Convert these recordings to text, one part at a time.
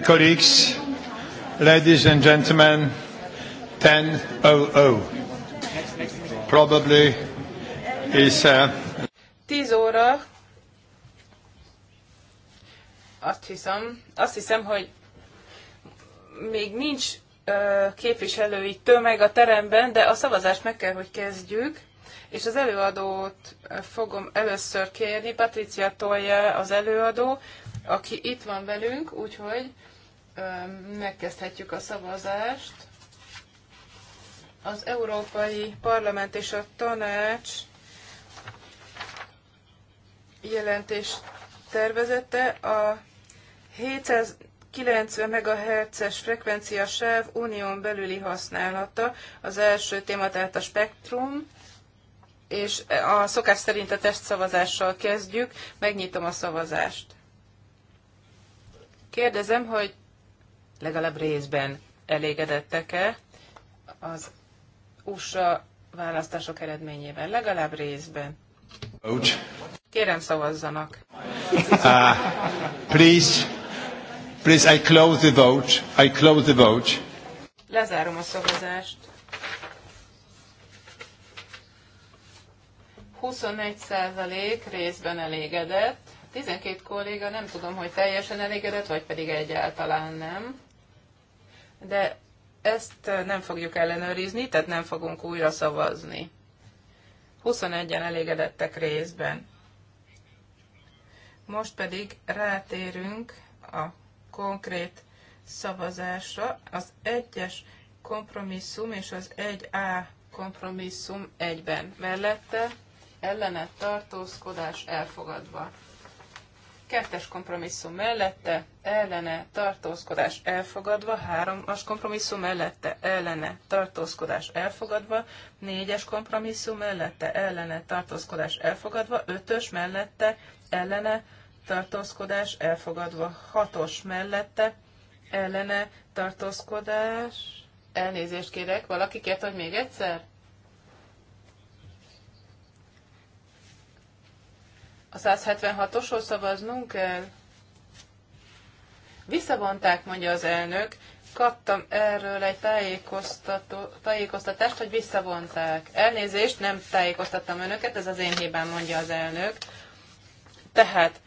Colleagues, ladies and gentlemen, 10.00. Probably is... Uh... 10 óra. Azt hiszem, azt hiszem, hogy még nincs uh, képviselői tömeg a teremben, de a szavazást meg kell, hogy kezdjük és az előadót fogom először kérni, Patricia Tolja az előadó, aki itt van velünk, úgyhogy megkezdhetjük a szavazást. Az Európai Parlament és a Tanács jelentés tervezete a 790 MHz-es frekvenciasáv unión belüli használata, az első téma tehát a spektrum, és a szokás szerint a testszavazással kezdjük, megnyitom a szavazást. Kérdezem, hogy legalább részben elégedettek-e az USA választások eredményében, legalább részben. Kérem szavazzanak. Uh, please, please, I close the vote. I close the vote. Lezárom a szavazást. 21% részben elégedett, 12 kolléga, nem tudom, hogy teljesen elégedett, vagy pedig egyáltalán nem. De ezt eh, nem fogjuk ellenőrizni, tehát nem fogunk újra szavazni. 21-en elégedettek részben. Most pedig rátérünk a konkrét szavazásra. Az egyes kompromisszum és az 1A kompromisszum egyben. Mellette ellenet tartózkodás elfogadva. Kettes kompromisszum mellette, ellene, tartózkodás elfogadva. Háromas kompromisszum mellette, ellene, tartózkodás elfogadva. Négyes kompromisszum mellette, ellene, tartózkodás elfogadva. Ötös mellette, ellene, tartózkodás elfogadva. Hatos mellette, ellene, tartózkodás. Elnézést kérek, valaki kérte, hogy még egyszer? A 176-osról szavaznunk kell. Visszavonták, mondja az elnök. Kaptam erről egy tájékoztató, tájékoztatást, hogy visszavonták. Elnézést, nem tájékoztattam önöket, ez az én hibám, mondja az elnök. Tehát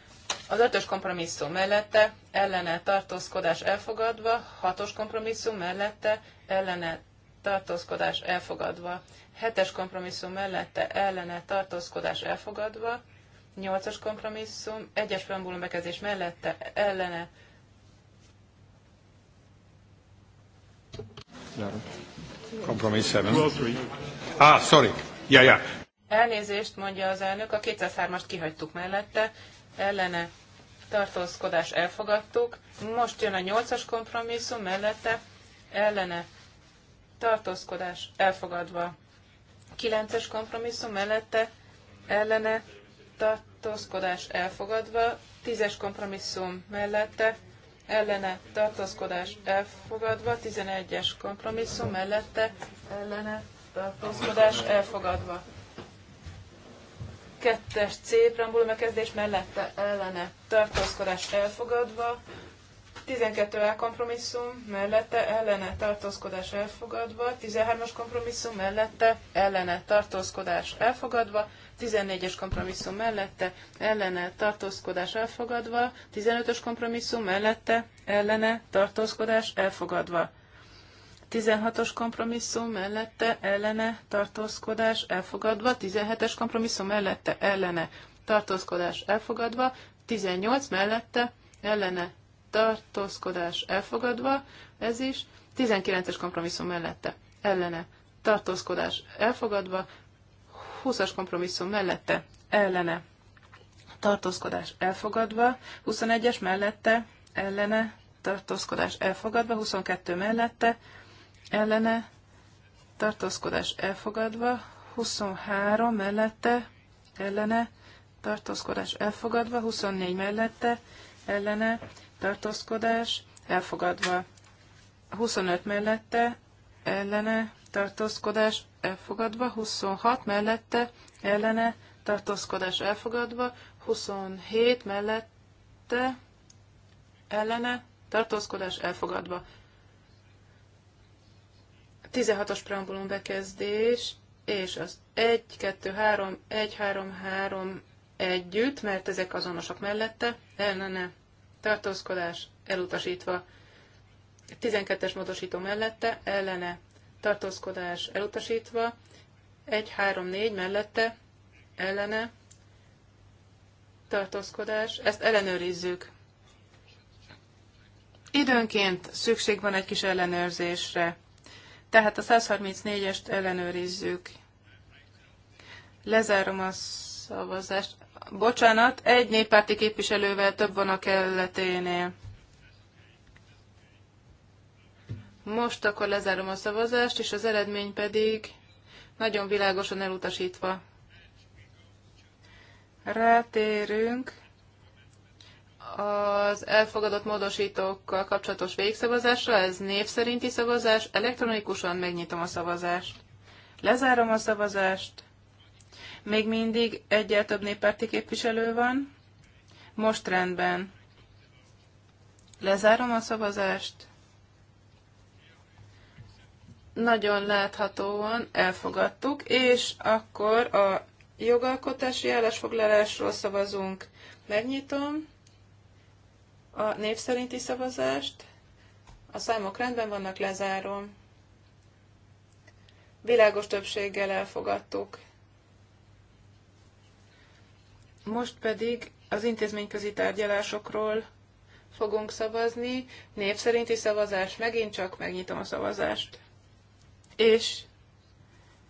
az ötös kompromisszum mellette ellene tartózkodás elfogadva, hatos kompromisszum mellette ellene tartózkodás elfogadva, hetes kompromisszum mellette ellene tartózkodás elfogadva, Nyolcas kompromisszum, egyes preambulum bekezdés mellette, ellene. Kompromiss 7. Ah, sorry. Yeah, yeah. Elnézést, mondja az elnök, a 203-ast kihagytuk mellette, ellene tartózkodás elfogadtuk, most jön a 8-as kompromisszum mellette, ellene tartózkodás elfogadva. 9-es kompromisszum mellette, ellene tartózkodás elfogadva, tízes kompromisszum mellette, ellene tartózkodás elfogadva, tizenegyes kompromisszum mellette, ellene tartózkodás elfogadva. Kettes C kezdés mellette, ellene tartózkodás elfogadva, 12A kompromisszum mellette ellene tartózkodás elfogadva, 13-as kompromisszum mellette ellene tartózkodás elfogadva, 14-es kompromisszum mellette, ellene tartózkodás elfogadva, 15-ös kompromisszum mellette, ellene tartózkodás elfogadva. 16-os kompromisszum mellette ellene tartózkodás elfogadva, 17-es kompromisszum mellette ellene tartózkodás elfogadva, 18 mellette ellene tartózkodás elfogadva, ez is, 19-es kompromisszum mellette ellene tartózkodás elfogadva, 20-as kompromisszum mellette ellene tartózkodás elfogadva, 21-es mellette ellene tartózkodás elfogadva, 22 mellette ellene tartózkodás elfogadva, 23 mellette ellene tartózkodás elfogadva, 24 mellette ellene tartózkodás elfogadva, 25 mellette ellene tartózkodás elfogadva, 26 mellette ellene tartózkodás elfogadva, 27 mellette ellene tartózkodás elfogadva. 16-os preambulum bekezdés, és az 1, 2, 3, 1, 3, 3 együtt, mert ezek azonosak mellette, ellene tartózkodás elutasítva. 12-es módosító mellette, ellene tartózkodás elutasítva, 1-3-4 mellette, ellene, tartózkodás, ezt ellenőrizzük. Időnként szükség van egy kis ellenőrzésre, tehát a 134-est ellenőrizzük. Lezárom a szavazást. Bocsánat, egy néppárti képviselővel több van a kelleténél. Most akkor lezárom a szavazást, és az eredmény pedig nagyon világosan elutasítva. Rátérünk az elfogadott módosítókkal kapcsolatos végszavazásra, ez név szerinti szavazás, elektronikusan megnyitom a szavazást. Lezárom a szavazást, még mindig egyel több néppárti képviselő van, most rendben. Lezárom a szavazást nagyon láthatóan elfogadtuk, és akkor a jogalkotási állásfoglalásról szavazunk. Megnyitom a név szerinti szavazást. A számok rendben vannak, lezárom. Világos többséggel elfogadtuk. Most pedig az intézményközi tárgyalásokról fogunk szavazni. Név szerinti szavazás, megint csak megnyitom a szavazást és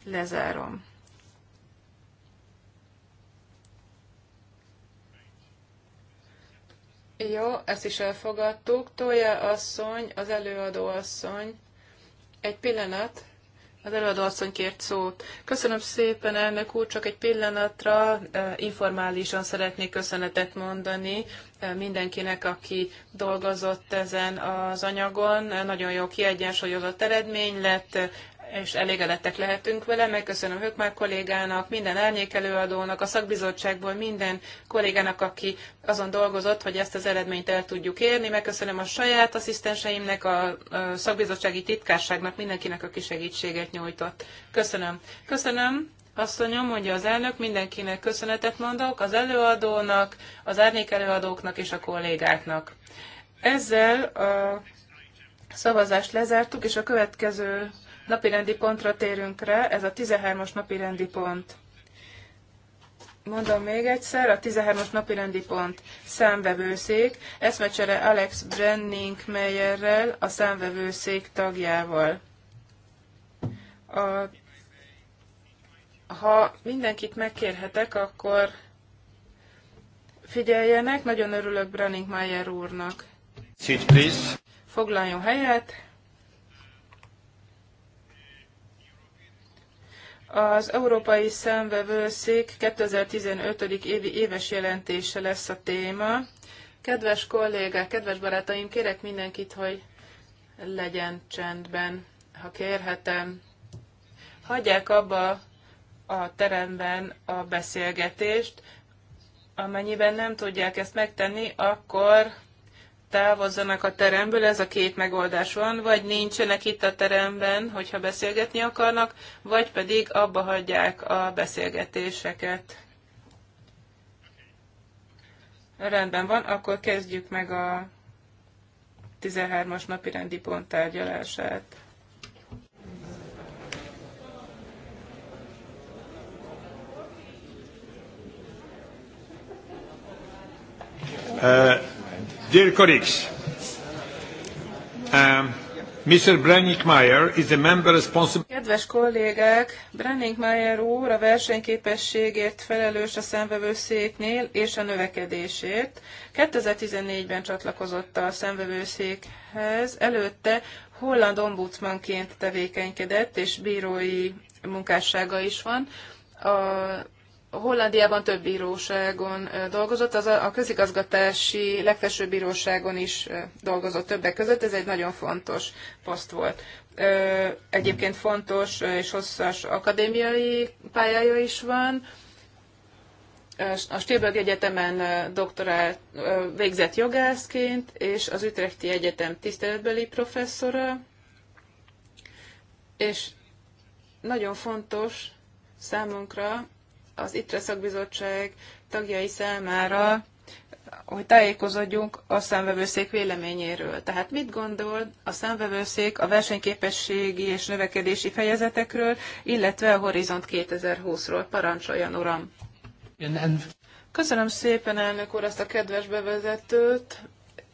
lezárom. Jó, ezt is elfogadtuk. Tolja asszony, az előadó asszony. Egy pillanat. Az előadó asszony kért szót. Köszönöm szépen, elnök úr, csak egy pillanatra eh, informálisan szeretnék köszönetet mondani eh, mindenkinek, aki dolgozott ezen az anyagon. Nagyon jó kiegyensúlyozott eredmény lett, és elégedettek lehetünk vele. Megköszönöm Hökmár kollégának, minden árnyékelőadónak, a szakbizottságból minden kollégának, aki azon dolgozott, hogy ezt az eredményt el tudjuk érni. Megköszönöm a saját asszisztenseimnek, a szakbizottsági titkárságnak, mindenkinek, aki segítséget nyújtott. Köszönöm. Köszönöm. Asszonyom, mondja az elnök, mindenkinek köszönetet mondok, az előadónak, az árnyékelőadóknak és a kollégáknak. Ezzel a szavazást lezártuk, és a következő napirendi pontra térünk rá, ez a 13-as napirendi pont. Mondom még egyszer, a 13-as napirendi pont számvevőszék, eszmecsere Alex Meyerrel, a számvevőszék tagjával. A, ha mindenkit megkérhetek, akkor figyeljenek, nagyon örülök Meyer úrnak. Foglaljon helyet! Az Európai Szemvevőszék 2015. évi éves jelentése lesz a téma. Kedves kollégák, kedves barátaim, kérek mindenkit, hogy legyen csendben, ha kérhetem. Hagyják abba a teremben a beszélgetést. Amennyiben nem tudják ezt megtenni, akkor távozzanak a teremből, ez a két megoldás van, vagy nincsenek itt a teremben, hogyha beszélgetni akarnak, vagy pedig abba hagyják a beszélgetéseket. Rendben van, akkor kezdjük meg a 13-as napi rendi pont tárgyalását. Uh, Dear colleagues, um, Mr. is member responsible. Kedves kollégák, Meyer úr a versenyképességért felelős a szemvevőszéknél és a növekedésért. 2014-ben csatlakozott a szemvevőszékhez, előtte holland ombudsmanként tevékenykedett, és bírói munkássága is van. A Hollandiában több bíróságon dolgozott, az a közigazgatási legfelsőbb bíróságon is dolgozott többek között, ez egy nagyon fontos poszt volt. Egyébként fontos és hosszas akadémiai pályája is van. A Stilberg Egyetemen doktorál végzett jogászként, és az Utrechti Egyetem tiszteletbeli professzora, és nagyon fontos számunkra, az ITRE szakbizottság tagjai számára, hogy tájékozódjunk a számvevőszék véleményéről. Tehát mit gondol a számvevőszék a versenyképességi és növekedési fejezetekről, illetve a Horizont 2020-ról? Parancsoljon, uram! Köszönöm szépen, elnök úr, azt a kedves bevezetőt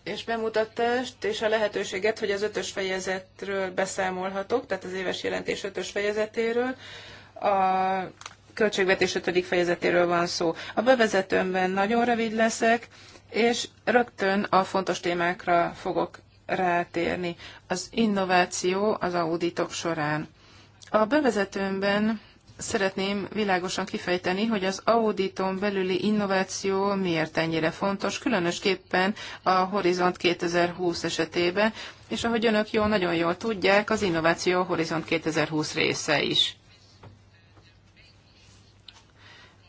és bemutatást, és a lehetőséget, hogy az ötös fejezetről beszámolhatok, tehát az éves jelentés ötös fejezetéről. A költségvetés 5. fejezetéről van szó. A bevezetőmben nagyon rövid leszek, és rögtön a fontos témákra fogok rátérni. Az innováció az auditok során. A bevezetőmben szeretném világosan kifejteni, hogy az auditon belüli innováció miért ennyire fontos, különösképpen a Horizont 2020 esetében, és ahogy önök jól, nagyon jól tudják, az innováció a Horizont 2020 része is.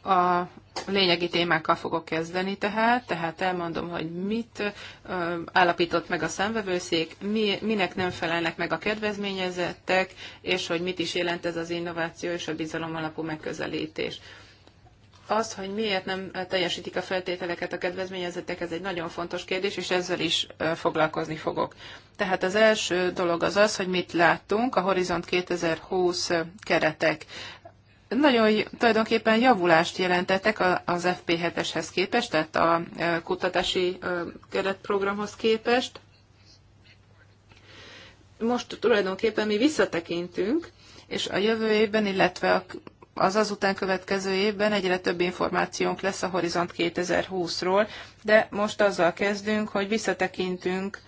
A lényegi témákkal fogok kezdeni tehát, tehát elmondom, hogy mit ö, állapított meg a szemvevőszék, mi, minek nem felelnek meg a kedvezményezettek, és hogy mit is jelent ez az innováció és a bizalom alapú megközelítés. Az, hogy miért nem teljesítik a feltételeket a kedvezményezettek, ez egy nagyon fontos kérdés, és ezzel is foglalkozni fogok. Tehát az első dolog az az, hogy mit láttunk a Horizont 2020 keretek nagyon tulajdonképpen javulást jelentettek az FP7-eshez képest, tehát a e, kutatási e, keretprogramhoz képest. Most tulajdonképpen mi visszatekintünk, és a jövő évben, illetve az azután következő évben egyre több információnk lesz a Horizont 2020-ról, de most azzal kezdünk, hogy visszatekintünk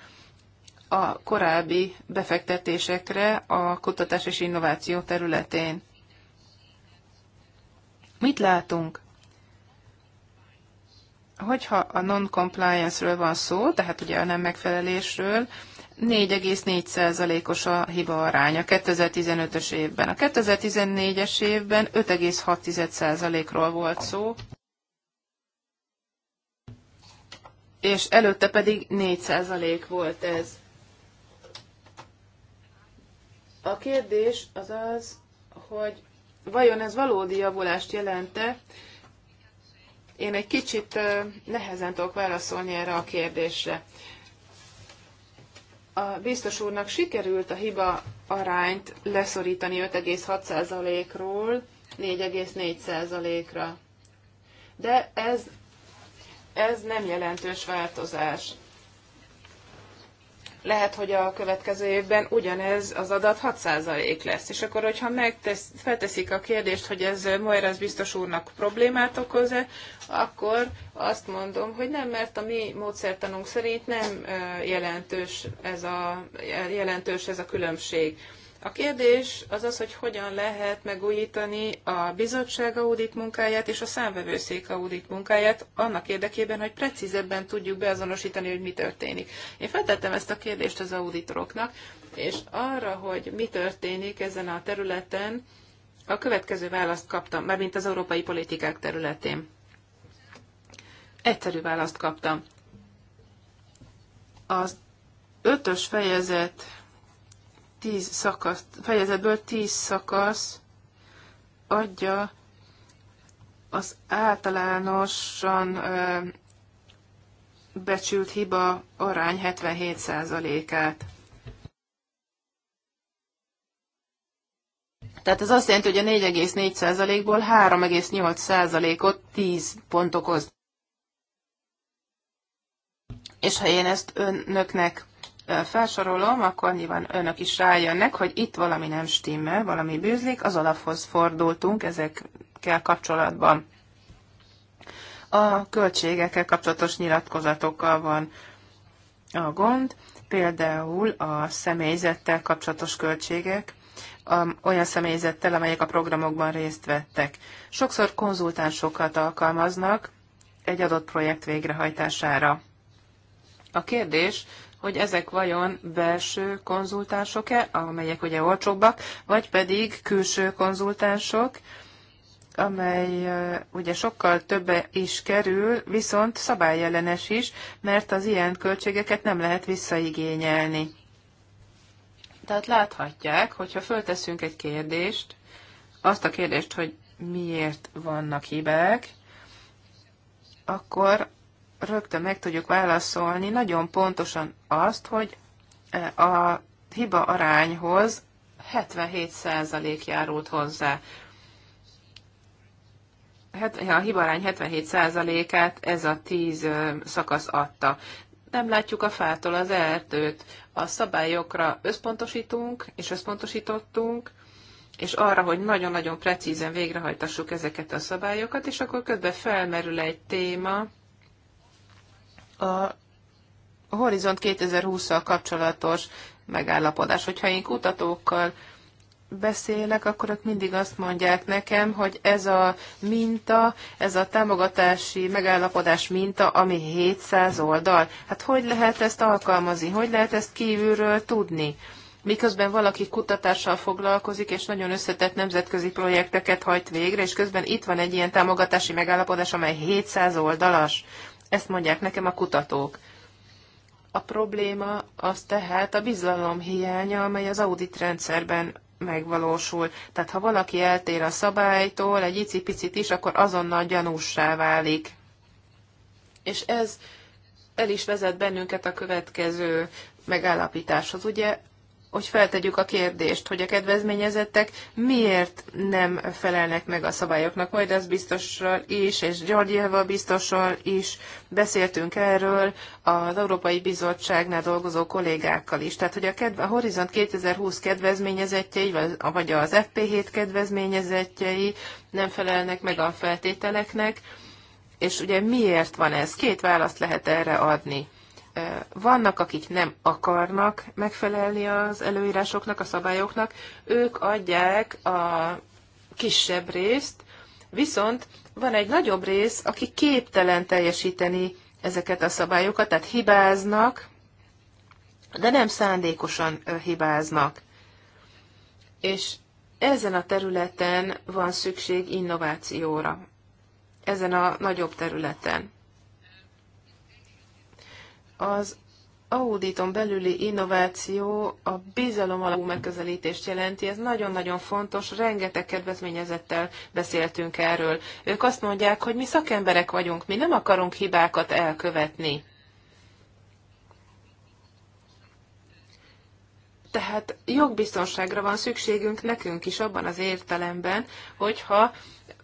a korábbi befektetésekre a kutatás és innováció területén. Mit látunk? Hogyha a non-compliance-ről van szó, tehát ugye a nem megfelelésről, 4,4%-os a hiba aránya 2015-ös évben. A 2014-es évben 5,6%-ról volt szó, és előtte pedig 4% volt ez. A kérdés az az, hogy vajon ez valódi javulást jelente? Én egy kicsit nehezen tudok válaszolni erre a kérdésre. A biztos úrnak sikerült a hiba arányt leszorítani 5,6%-ról 4,4%-ra. De ez, ez nem jelentős változás lehet, hogy a következő évben ugyanez az adat 6% lesz. És akkor, hogyha megtesz, felteszik a kérdést, hogy ez Moeraz biztos úrnak problémát okoz-e, akkor azt mondom, hogy nem, mert a mi módszertanunk szerint nem jelentős ez a, jelentős ez a különbség. A kérdés az az, hogy hogyan lehet megújítani a bizottság audit munkáját és a számvevőszék audit munkáját annak érdekében, hogy precízebben tudjuk beazonosítani, hogy mi történik. Én feltettem ezt a kérdést az auditoroknak, és arra, hogy mi történik ezen a területen, a következő választ kaptam, mint az európai politikák területén. Egyszerű választ kaptam. Az ötös fejezet tíz szakasz, fejezetből tíz szakasz adja az általánosan becsült hiba arány 77%-át. Tehát ez azt jelenti, hogy a 4,4%-ból 3,8%-ot 10 pont okoz. És ha én ezt önöknek felsorolom, akkor nyilván önök is rájönnek, hogy itt valami nem stimmel, valami bűzlik, az alaphoz fordultunk ezekkel kapcsolatban. A költségekkel kapcsolatos nyilatkozatokkal van a gond, például a személyzettel kapcsolatos költségek, olyan személyzettel, amelyek a programokban részt vettek. Sokszor konzultánsokat alkalmaznak egy adott projekt végrehajtására. A kérdés, hogy ezek vajon belső konzultánsok-e, amelyek ugye olcsóbbak, vagy pedig külső konzultánsok, amely ugye sokkal többe is kerül, viszont szabályellenes is, mert az ilyen költségeket nem lehet visszaigényelni. Tehát láthatják, hogyha fölteszünk egy kérdést, azt a kérdést, hogy miért vannak hibák, akkor rögtön meg tudjuk válaszolni nagyon pontosan azt, hogy e, a hiba arányhoz 77% járult hozzá. A hiba arány 77%-át ez a 10 szakasz adta. Nem látjuk a fától az erdőt. A szabályokra összpontosítunk, és összpontosítottunk, és arra, hogy nagyon-nagyon precízen végrehajtassuk ezeket a szabályokat, és akkor közben felmerül egy téma, a Horizont 2020-szal kapcsolatos megállapodás. Hogyha én kutatókkal beszélek, akkor ők mindig azt mondják nekem, hogy ez a minta, ez a támogatási megállapodás minta, ami 700 oldal. Hát hogy lehet ezt alkalmazni? Hogy lehet ezt kívülről tudni? miközben valaki kutatással foglalkozik, és nagyon összetett nemzetközi projekteket hajt végre, és közben itt van egy ilyen támogatási megállapodás, amely 700 oldalas. Ezt mondják nekem a kutatók. A probléma az tehát a bizalom hiánya, amely az audit rendszerben megvalósul. Tehát ha valaki eltér a szabálytól egy icipicit is, akkor azonnal gyanússá válik. És ez el is vezet bennünket a következő megállapításhoz. Ugye hogy feltegyük a kérdést, hogy a kedvezményezettek miért nem felelnek meg a szabályoknak. Majd az biztosról is, és Györgyéval biztosról is beszéltünk erről az Európai Bizottságnál dolgozó kollégákkal is. Tehát, hogy a, kedve, a Horizont 2020 kedvezményezettjei, vagy az FP7 kedvezményezettjei nem felelnek meg a feltételeknek, és ugye miért van ez? Két választ lehet erre adni vannak, akik nem akarnak megfelelni az előírásoknak, a szabályoknak, ők adják a kisebb részt, viszont van egy nagyobb rész, aki képtelen teljesíteni ezeket a szabályokat, tehát hibáznak, de nem szándékosan hibáznak. És ezen a területen van szükség innovációra, ezen a nagyobb területen. Az auditon belüli innováció a bizalom alapú megközelítést jelenti. Ez nagyon-nagyon fontos, rengeteg kedvezményezettel beszéltünk erről. Ők azt mondják, hogy mi szakemberek vagyunk, mi nem akarunk hibákat elkövetni. Tehát jogbiztonságra van szükségünk nekünk is abban az értelemben, hogyha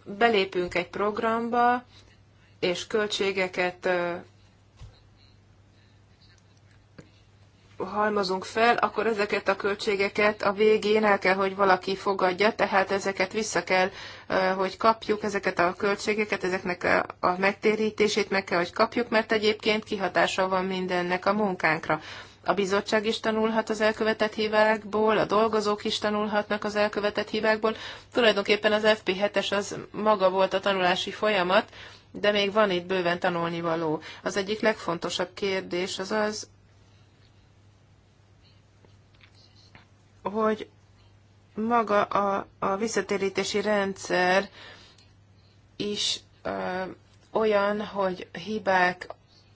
belépünk egy programba, és költségeket halmozunk fel, akkor ezeket a költségeket a végén el kell, hogy valaki fogadja, tehát ezeket vissza kell, hogy kapjuk, ezeket a költségeket, ezeknek a megtérítését meg kell, hogy kapjuk, mert egyébként kihatása van mindennek a munkánkra. A bizottság is tanulhat az elkövetett hívákból, a dolgozók is tanulhatnak az elkövetett hívákból. Tulajdonképpen az FP7-es az maga volt a tanulási folyamat, de még van itt bőven tanulnivaló. Az egyik legfontosabb kérdés az az, hogy maga a, a visszatérítési rendszer is ö, olyan, hogy hibák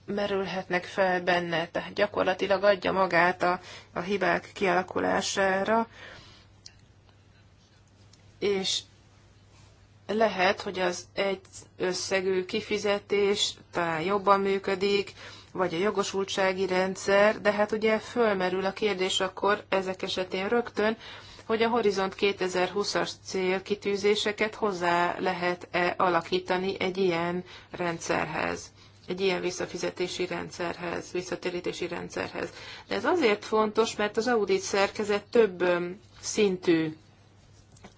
merülhetnek fel benne, tehát gyakorlatilag adja magát a, a hibák kialakulására, és lehet, hogy az egy összegű kifizetés talán jobban működik, vagy a jogosultsági rendszer, de hát ugye fölmerül a kérdés akkor ezek esetén rögtön, hogy a Horizont 2020-as célkitűzéseket hozzá lehet-e alakítani egy ilyen rendszerhez egy ilyen visszafizetési rendszerhez, visszatérítési rendszerhez. De ez azért fontos, mert az audit szerkezet több szintű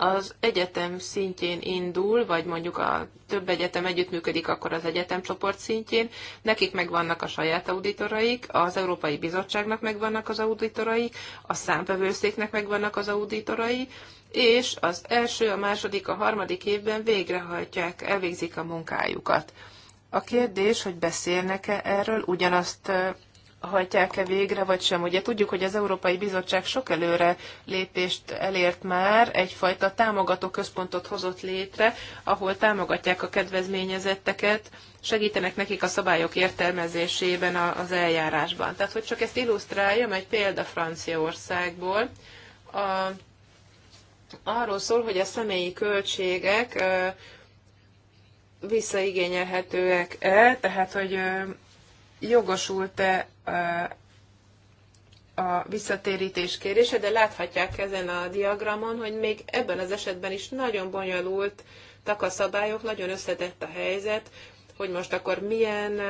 az egyetem szintjén indul, vagy mondjuk a több egyetem együttműködik, akkor az egyetemcsoport szintjén, nekik megvannak a saját auditoraik, az Európai Bizottságnak megvannak az auditorai, a számpevőszéknek megvannak az auditorai, és az első, a második, a harmadik évben végrehajtják, elvégzik a munkájukat. A kérdés, hogy beszélnek-e erről, ugyanazt hajtják-e végre, vagy sem. Ugye tudjuk, hogy az Európai Bizottság sok előre lépést elért már, egyfajta támogató központot hozott létre, ahol támogatják a kedvezményezetteket, segítenek nekik a szabályok értelmezésében az eljárásban. Tehát, hogy csak ezt illusztráljam, egy példa Franciaországból. A, arról szól, hogy a személyi költségek visszaigényelhetőek-e, tehát hogy jogosult-e a visszatérítés kérése, de láthatják ezen a diagramon, hogy még ebben az esetben is nagyon bonyolult a szabályok, nagyon összetett a helyzet, hogy most akkor milyen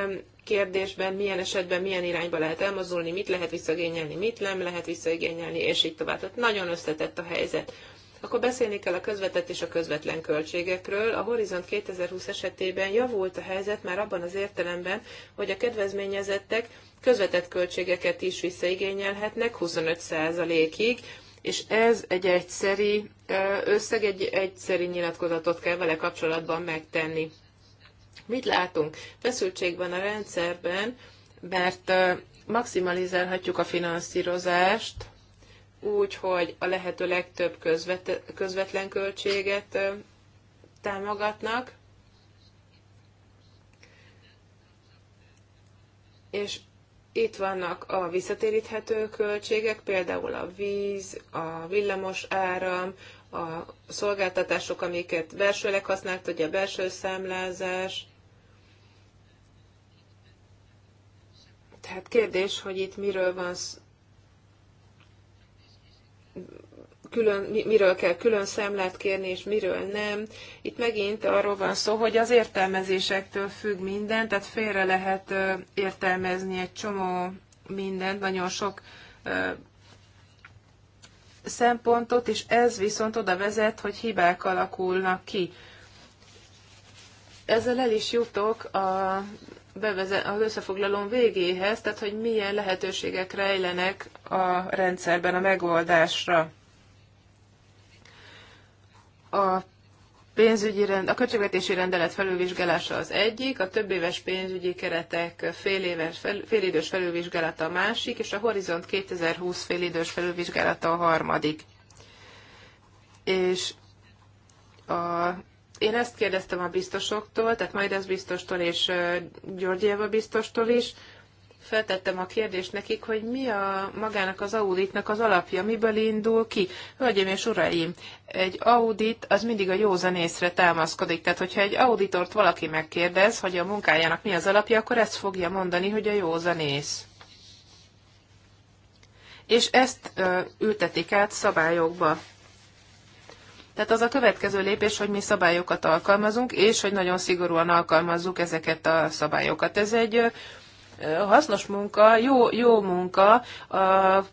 kérdésben, milyen esetben, milyen irányba lehet elmozdulni, mit lehet visszagényelni, mit nem lehet visszagényelni, és így tovább. Tehát nagyon összetett a helyzet akkor beszélni kell a közvetett és a közvetlen költségekről. A Horizont 2020 esetében javult a helyzet már abban az értelemben, hogy a kedvezményezettek közvetett költségeket is visszaigényelhetnek 25%-ig, és ez egy egyszeri összeg, egy egyszeri nyilatkozatot kell vele kapcsolatban megtenni. Mit látunk? Feszültség van a rendszerben, mert maximalizálhatjuk a finanszírozást, úgy, hogy a lehető legtöbb közvet, közvetlen költséget támogatnak, és itt vannak a visszatéríthető költségek, például a víz, a villamos áram, a szolgáltatások, amiket belsőleg használt, ugye a belső számlázás. Tehát kérdés, hogy itt miről van külön, miről kell külön számlát kérni, és miről nem. Itt megint arról van szó, hogy az értelmezésektől függ minden, tehát félre lehet értelmezni egy csomó mindent, nagyon sok szempontot, és ez viszont oda vezet, hogy hibák alakulnak ki. Ezzel el is jutok a bevezet, az összefoglalom végéhez, tehát hogy milyen lehetőségek rejlenek a rendszerben a megoldásra. A pénzügyi rend, a költségvetési rendelet felülvizsgálása az egyik, a több éves pénzügyi keretek fél éves, fel, idős felülvizsgálata a másik, és a Horizont 2020 idős felülvizsgálata a harmadik. És a én ezt kérdeztem a biztosoktól, tehát majd ez biztostól és Györgyéva biztostól is, feltettem a kérdést nekik, hogy mi a magának az auditnak az alapja, miből indul ki. Hölgyeim és uraim, egy audit az mindig a józan észre támaszkodik. Tehát, hogyha egy auditort valaki megkérdez, hogy a munkájának mi az alapja, akkor ezt fogja mondani, hogy a józan ész. És ezt ö, ültetik át szabályokba. Tehát az a következő lépés, hogy mi szabályokat alkalmazunk, és hogy nagyon szigorúan alkalmazzuk ezeket a szabályokat. Ez egy hasznos munka, jó, jó munka, a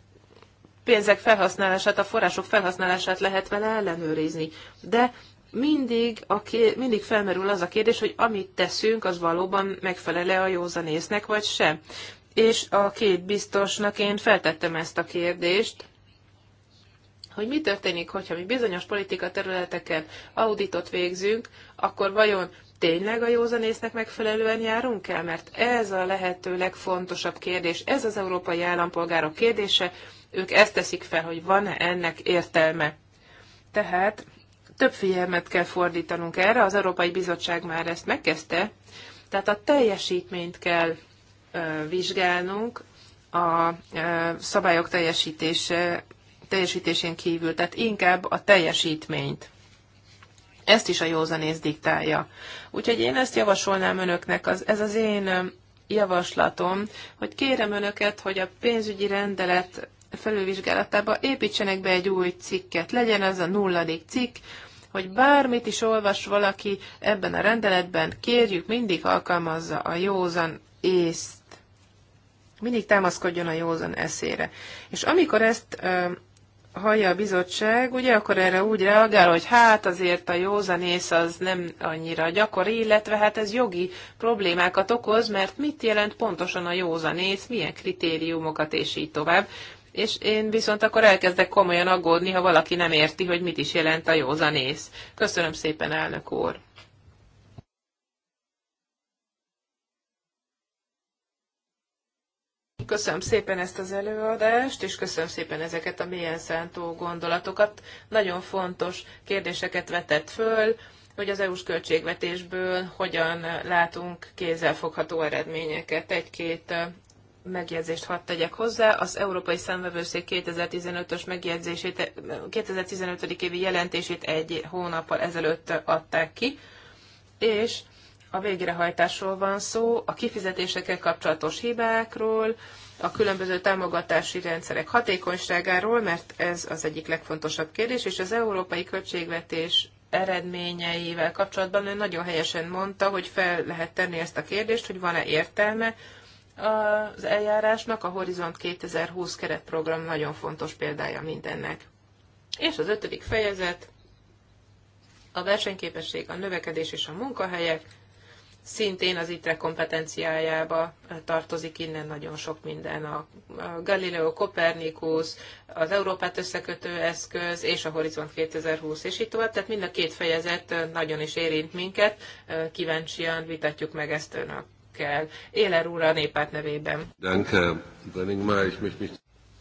pénzek felhasználását, a források felhasználását lehet vele ellenőrizni. De mindig, a ké, mindig felmerül az a kérdés, hogy amit teszünk, az valóban megfelele a józanésznek, vagy sem. És a két biztosnak én feltettem ezt a kérdést, hogy mi történik, hogyha mi bizonyos politika területeken auditot végzünk, akkor vajon tényleg a józanésznek megfelelően járunk el? Mert ez a lehető legfontosabb kérdés, ez az európai állampolgárok kérdése, ők ezt teszik fel, hogy van-e ennek értelme. Tehát több figyelmet kell fordítanunk erre, az Európai Bizottság már ezt megkezdte, tehát a teljesítményt kell vizsgálnunk, a szabályok teljesítése teljesítésén kívül, tehát inkább a teljesítményt. Ezt is a józanész diktálja. Úgyhogy én ezt javasolnám önöknek, az, ez az én javaslatom, hogy kérem önöket, hogy a pénzügyi rendelet felülvizsgálatába építsenek be egy új cikket. Legyen ez a nulladik cikk, hogy bármit is olvas valaki ebben a rendeletben, kérjük, mindig alkalmazza a józan észt. Mindig támaszkodjon a józan eszére. És amikor ezt hallja a bizottság, ugye, akkor erre úgy reagál, hogy hát azért a józanész az nem annyira gyakori, illetve hát ez jogi problémákat okoz, mert mit jelent pontosan a józanész, milyen kritériumokat és így tovább. És én viszont akkor elkezdek komolyan aggódni, ha valaki nem érti, hogy mit is jelent a józanész. Köszönöm szépen, elnök úr! Köszönöm szépen ezt az előadást, és köszönöm szépen ezeket a mélyen szántó gondolatokat. Nagyon fontos kérdéseket vetett föl, hogy az EU-s költségvetésből hogyan látunk kézzelfogható eredményeket. Egy-két megjegyzést hadd tegyek hozzá. Az Európai Számvevőszék 2015-ös megjegyzését, 2015. évi jelentését egy hónappal ezelőtt adták ki, és a végrehajtásról van szó, a kifizetésekkel kapcsolatos hibákról, a különböző támogatási rendszerek hatékonyságáról, mert ez az egyik legfontosabb kérdés, és az európai költségvetés eredményeivel kapcsolatban ő nagyon helyesen mondta, hogy fel lehet tenni ezt a kérdést, hogy van-e értelme az eljárásnak. A Horizont 2020 keretprogram nagyon fontos példája mindennek. És az ötödik fejezet, a versenyképesség, a növekedés és a munkahelyek, szintén az ITRE kompetenciájába tartozik innen nagyon sok minden. A Galileo Copernicus, az Európát összekötő eszköz és a Horizont 2020 és így tovább. Tehát mind a két fejezet nagyon is érint minket. Kíváncsian vitatjuk meg ezt önökkel. Éler úr a népát nevében.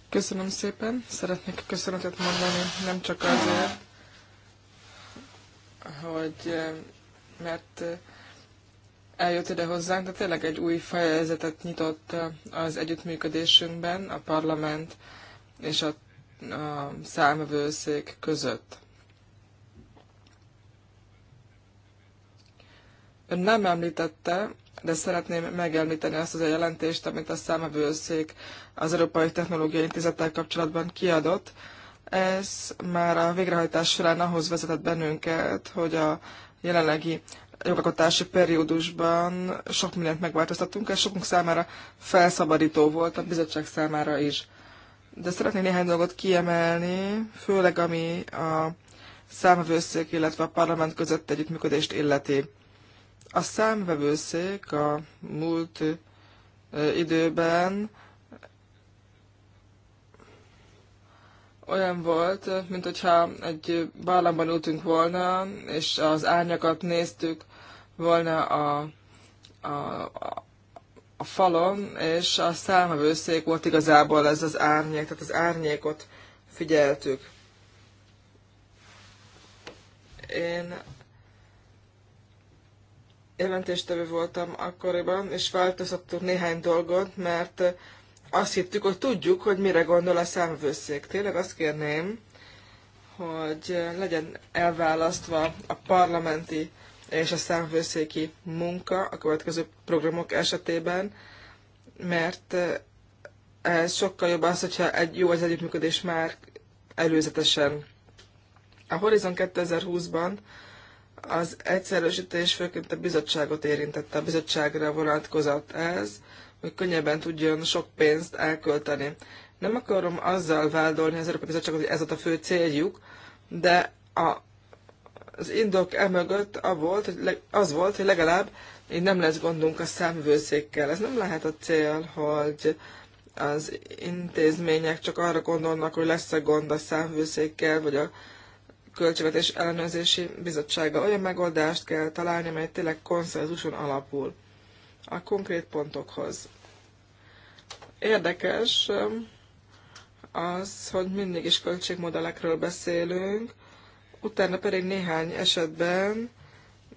Köszönöm szépen. Szeretnék köszönetet mondani nem csak azért, hogy eh, mert eh, eljött ide hozzánk, de tényleg egy új fejezetet nyitott az együttműködésünkben a parlament és a, a számvevőszék között. Ön nem említette, de szeretném megemlíteni azt az a jelentést, amit a számvevőszék az Európai Technológiai Intézettel kapcsolatban kiadott. Ez már a végrehajtás során ahhoz vezetett bennünket, hogy a jelenlegi jogalkotási periódusban sok mindent megváltoztattunk, és sokunk számára felszabadító volt, a bizottság számára is. De szeretnék néhány dolgot kiemelni, főleg ami a számvevőszék, illetve a parlament között együttműködést illeti. A számvevőszék a múlt időben olyan volt, mint hogyha egy barlangban ültünk volna, és az árnyakat néztük volna a, a, a a falon, és a számvevőszék volt igazából ez az árnyék, tehát az árnyékot figyeltük. Én jelentéstevő voltam akkoriban, és változtattuk néhány dolgot, mert azt hittük, hogy tudjuk, hogy mire gondol a számvőszék. Tényleg azt kérném, hogy legyen elválasztva a parlamenti és a számvőszéki munka a következő programok esetében, mert eh, ez sokkal jobb az, hogyha egy jó az együttműködés már előzetesen. A Horizon 2020-ban az egyszerűsítés főként a bizottságot érintette, a bizottságra vonatkozott ez, hogy könnyebben tudjon sok pénzt elkölteni. Nem akarom azzal vádolni az Európai Bizottságot, hogy ez ott a fő céljuk, de a az indok emögött az volt, hogy, az volt, hogy legalább így nem lesz gondunk a számvőszékkel. Ez nem lehet a cél, hogy az intézmények csak arra gondolnak, hogy lesz-e gond a számvőszékkel, vagy a Költségvetés Ellenőrzési Bizottsága. Olyan megoldást kell találni, amely tényleg konszenzuson alapul a konkrét pontokhoz. Érdekes um, az, hogy mindig is költségmodellekről beszélünk, utána pedig néhány esetben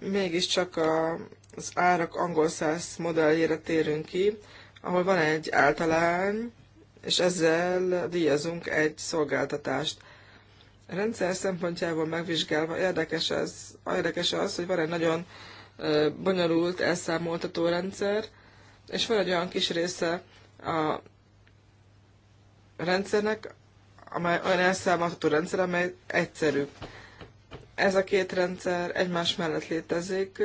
mégiscsak a, az árak angol száz modelljére térünk ki, ahol van egy általán és ezzel díjazunk egy szolgáltatást. A rendszer szempontjából megvizsgálva érdekes, ez, érdekes az, hogy van egy nagyon bonyolult elszámoltató rendszer, és van egy olyan kis része a rendszernek, amely olyan elszámoltató rendszer, amely egyszerű. Ez a két rendszer egymás mellett létezik,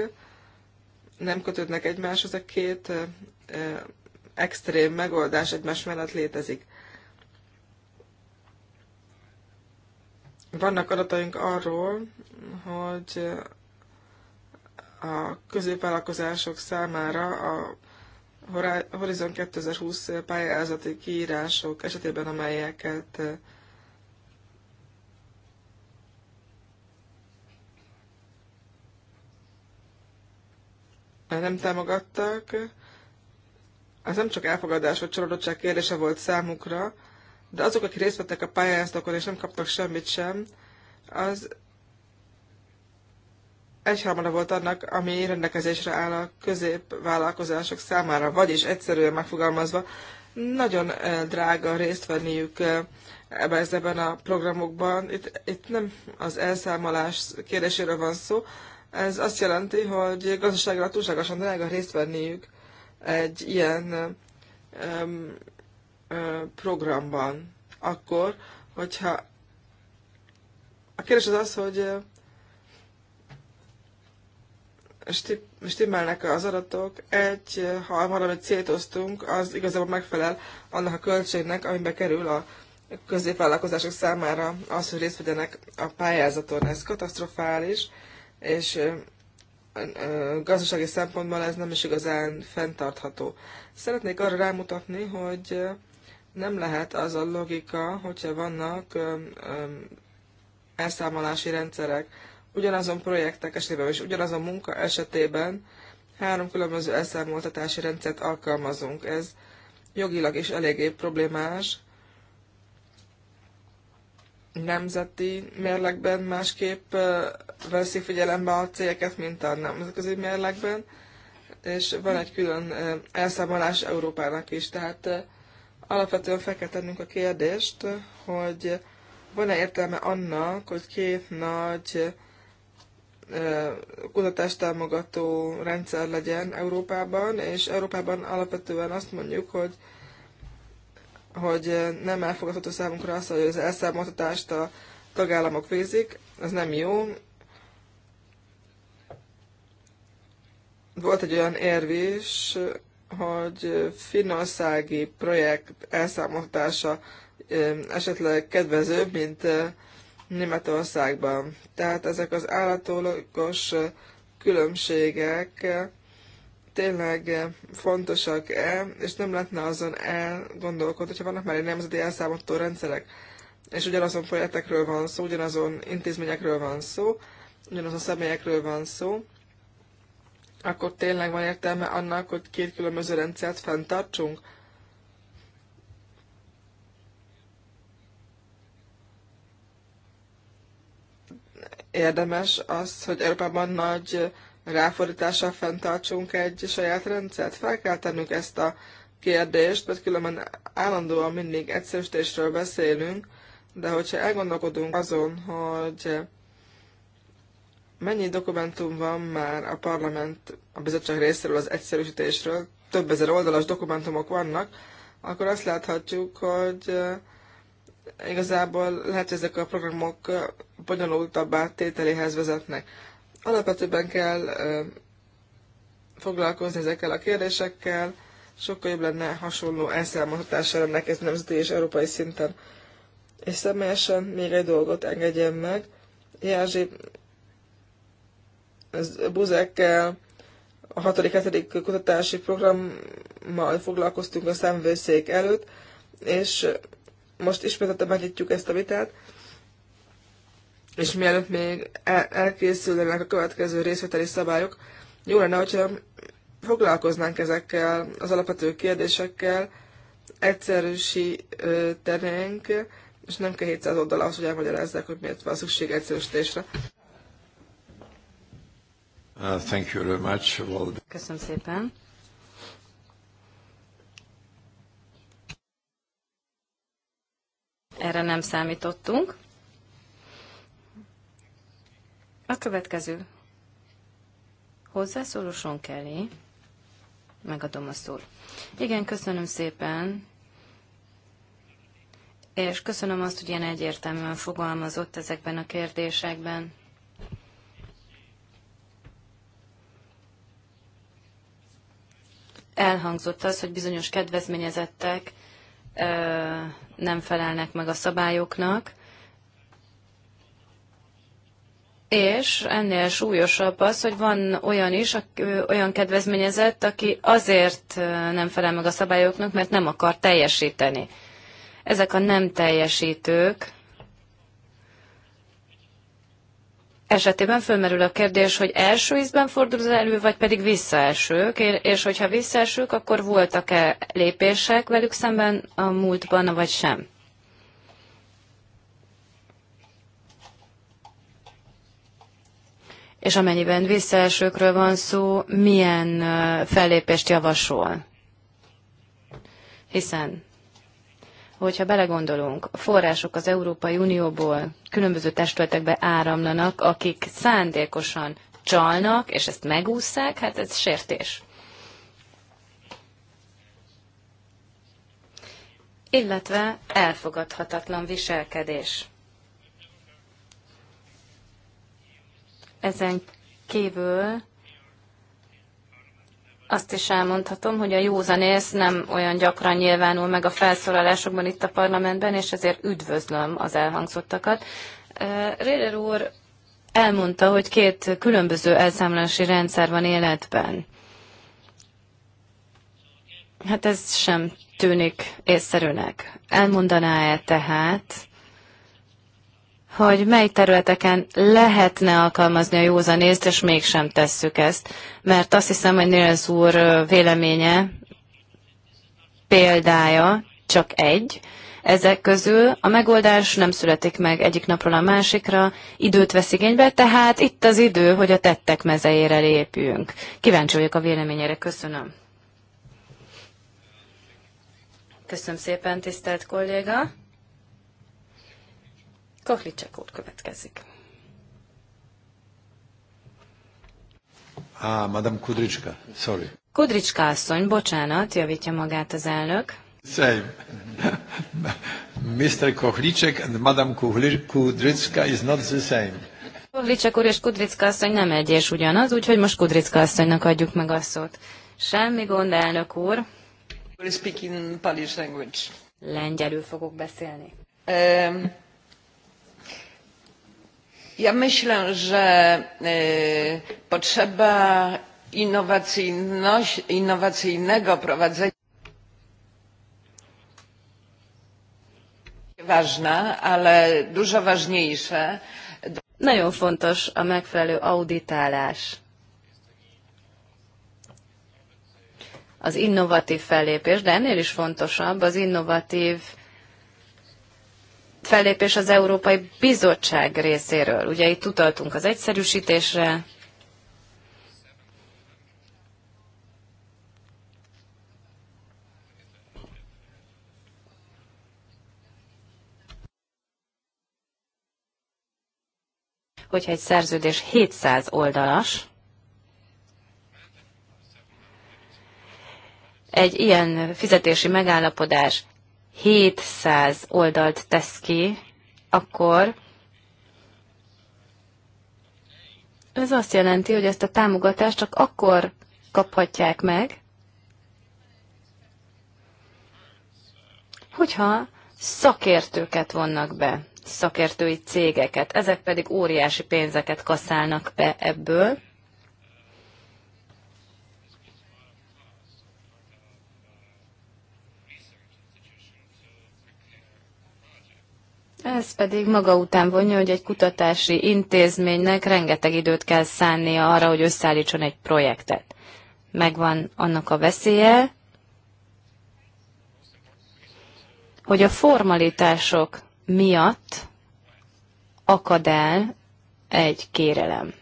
nem kötődnek egymáshoz, a két extrém megoldás egymás mellett létezik. Vannak adataink arról, hogy a középvállalkozások számára a Horizon 2020 pályázati kiírások esetében, amelyeket nem támogattak. Az nem csak elfogadás vagy csalódottság kérdése volt számukra, de azok, akik részt vettek a pályázatokon és nem kaptak semmit sem, az egyharmada volt annak, ami rendelkezésre áll a középvállalkozások számára, vagyis egyszerűen megfogalmazva, nagyon eh, drága részt venniük eh, ebben, a programokban. Itt, itt nem az elszámolás kérdéséről van szó, ez azt jelenti, hogy gazdaságra túlságosan drága részt venniük egy ilyen um, programban. Akkor, hogyha a kérdés az az, hogy stimmelnek -e az adatok, egy, ha valamit szétoztunk, az igazából megfelel annak a költségnek, amibe kerül a középvállalkozások számára az, hogy részt vegyenek a pályázaton. Ez katasztrofális, és gazdasági szempontból ez nem is igazán fenntartható. Szeretnék arra rámutatni, hogy nem lehet az a logika, hogyha vannak elszámolási rendszerek, ugyanazon projektek esetében és ugyanazon munka esetében három különböző elszámoltatási rendszert alkalmazunk. Ez jogilag is eléggé problémás, nemzeti mérlekben másképp veszi figyelembe a cégeket, mint a nemzetközi mérlekben, és van egy külön elszámolás Európának is. Tehát alapvetően fel kell tennünk a kérdést, hogy van-e értelme annak, hogy két nagy kutatástámogató rendszer legyen Európában, és Európában alapvetően azt mondjuk, hogy hogy nem elfogadható számunkra az, hogy az elszámoltatást a tagállamok végzik, ez nem jó, volt egy olyan érv is, hogy finnországi projekt elszámoltása esetleg kedvezőbb, mint eh, Németországban. Tehát ezek az állatólagos eh, különbségek eh, tényleg fontosak-e, és nem lehetne azon elgondolkodni, hogyha vannak már egy nemzeti elszámoltó rendszerek, és ugyanazon projektekről van szó, ugyanazon intézményekről van szó, ugyanazon személyekről van szó, akkor tényleg van értelme annak, hogy két különböző rendszert fenntartsunk? Érdemes az, hogy Európában nagy ráfordítással fenntartsunk egy saját rendszert? Fel kell tennünk ezt a kérdést, mert különben állandóan mindig egyszerűsítésről beszélünk, de hogyha elgondolkodunk azon, hogy Mennyi dokumentum van már a parlament, a bizottság részéről az egyszerűsítésről? Több ezer oldalas dokumentumok vannak, akkor azt láthatjuk, hogy eh, igazából lehet, hogy ezek a programok eh, bonyolultabbá tételéhez vezetnek. Alapvetőben kell eh, foglalkozni ezekkel a kérdésekkel, sokkal jobb lenne hasonló elszámoltatásra rendelkezni nemzeti és európai szinten. És személyesen még egy dolgot engedjen meg. Jerzy Buzekkel, eh, a 6.-7. kutatási programmal foglalkoztunk a szemvőszék előtt, és most ismételten megnyitjuk ezt a vitát, és mielőtt még elkészülnek a következő részvételi szabályok, jó lenne, hogyha foglalkoznánk ezekkel az alapvető kérdésekkel, egyszerűsítenénk, és nem kell 700 oldal ahhoz, hogy elmagyarázzák, hogy miért van szükség egyszerűsítésre. Uh, thank you very much. Well... Köszönöm szépen. Erre nem számítottunk. A következő. Hozzászóló Sean Kelly. Megadom a szót. Igen, köszönöm szépen. És köszönöm azt, hogy ilyen egyértelműen fogalmazott ezekben a kérdésekben. elhangzott az, hogy bizonyos kedvezményezettek nem felelnek meg a szabályoknak, és ennél súlyosabb az, hogy van olyan is, olyan kedvezményezett, aki azért nem felel meg a szabályoknak, mert nem akar teljesíteni. Ezek a nem teljesítők esetében fölmerül a kérdés, hogy első ízben fordul az elő, vagy pedig visszaesők, és hogyha visszaesők, akkor voltak-e lépések velük szemben a múltban, vagy sem? És amennyiben visszaesőkről van szó, milyen fellépést javasol? Hiszen hogyha belegondolunk, a források az Európai Unióból különböző testületekbe áramlanak, akik szándékosan csalnak, és ezt megúszszák, hát ez sértés. Illetve elfogadhatatlan viselkedés. Ezen kívül azt is elmondhatom, hogy a józanész nem olyan gyakran nyilvánul meg a felszólalásokban itt a parlamentben, és ezért üdvözlöm az elhangzottakat. Réder úr elmondta, hogy két különböző elszámolási rendszer van életben. Hát ez sem tűnik észszerűnek. Elmondaná-e tehát, hogy mely területeken lehetne alkalmazni a józanészt, és mégsem tesszük ezt. Mert azt hiszem, hogy Nélz úr véleménye, példája csak egy, ezek közül a megoldás nem születik meg egyik napról a másikra, időt vesz igénybe, tehát itt az idő, hogy a tettek mezejére lépjünk. Kíváncsi vagyok a véleményére, köszönöm. Köszönöm szépen, tisztelt kolléga. Kohlicek úr következik. Ah, Madame Kudricska, sorry. Kudricska asszony, bocsánat, javítja magát az elnök. Same. Mr. Kohlicek and Madame Kudricka is not the same. Kohlicek úr és Kudricka asszony nem egy és ugyanaz, úgyhogy most Kudricka asszonynak adjuk meg a szót. Semmi gond, elnök úr. We speak in Polish language. Lengyelül fogok beszélni. Um, ja myślę że potrzeba innowacyjnego prowadzenia ważna ale dużo ważniejsze Nagyon fontos a megfelelő auditálás. Az innovatív fellépés, de ennél is fontosabb az innovatív fellépés az Európai Bizottság részéről. Ugye itt utaltunk az egyszerűsítésre. hogyha egy szerződés 700 oldalas, egy ilyen fizetési megállapodás 700 oldalt tesz ki, akkor ez azt jelenti, hogy ezt a támogatást csak akkor kaphatják meg, hogyha szakértőket vonnak be, szakértői cégeket, ezek pedig óriási pénzeket kaszálnak be ebből. Ez pedig maga után vonja, hogy egy kutatási intézménynek rengeteg időt kell szánnia arra, hogy összeállítson egy projektet. Megvan annak a veszélye, hogy a formalitások miatt akad el egy kérelem.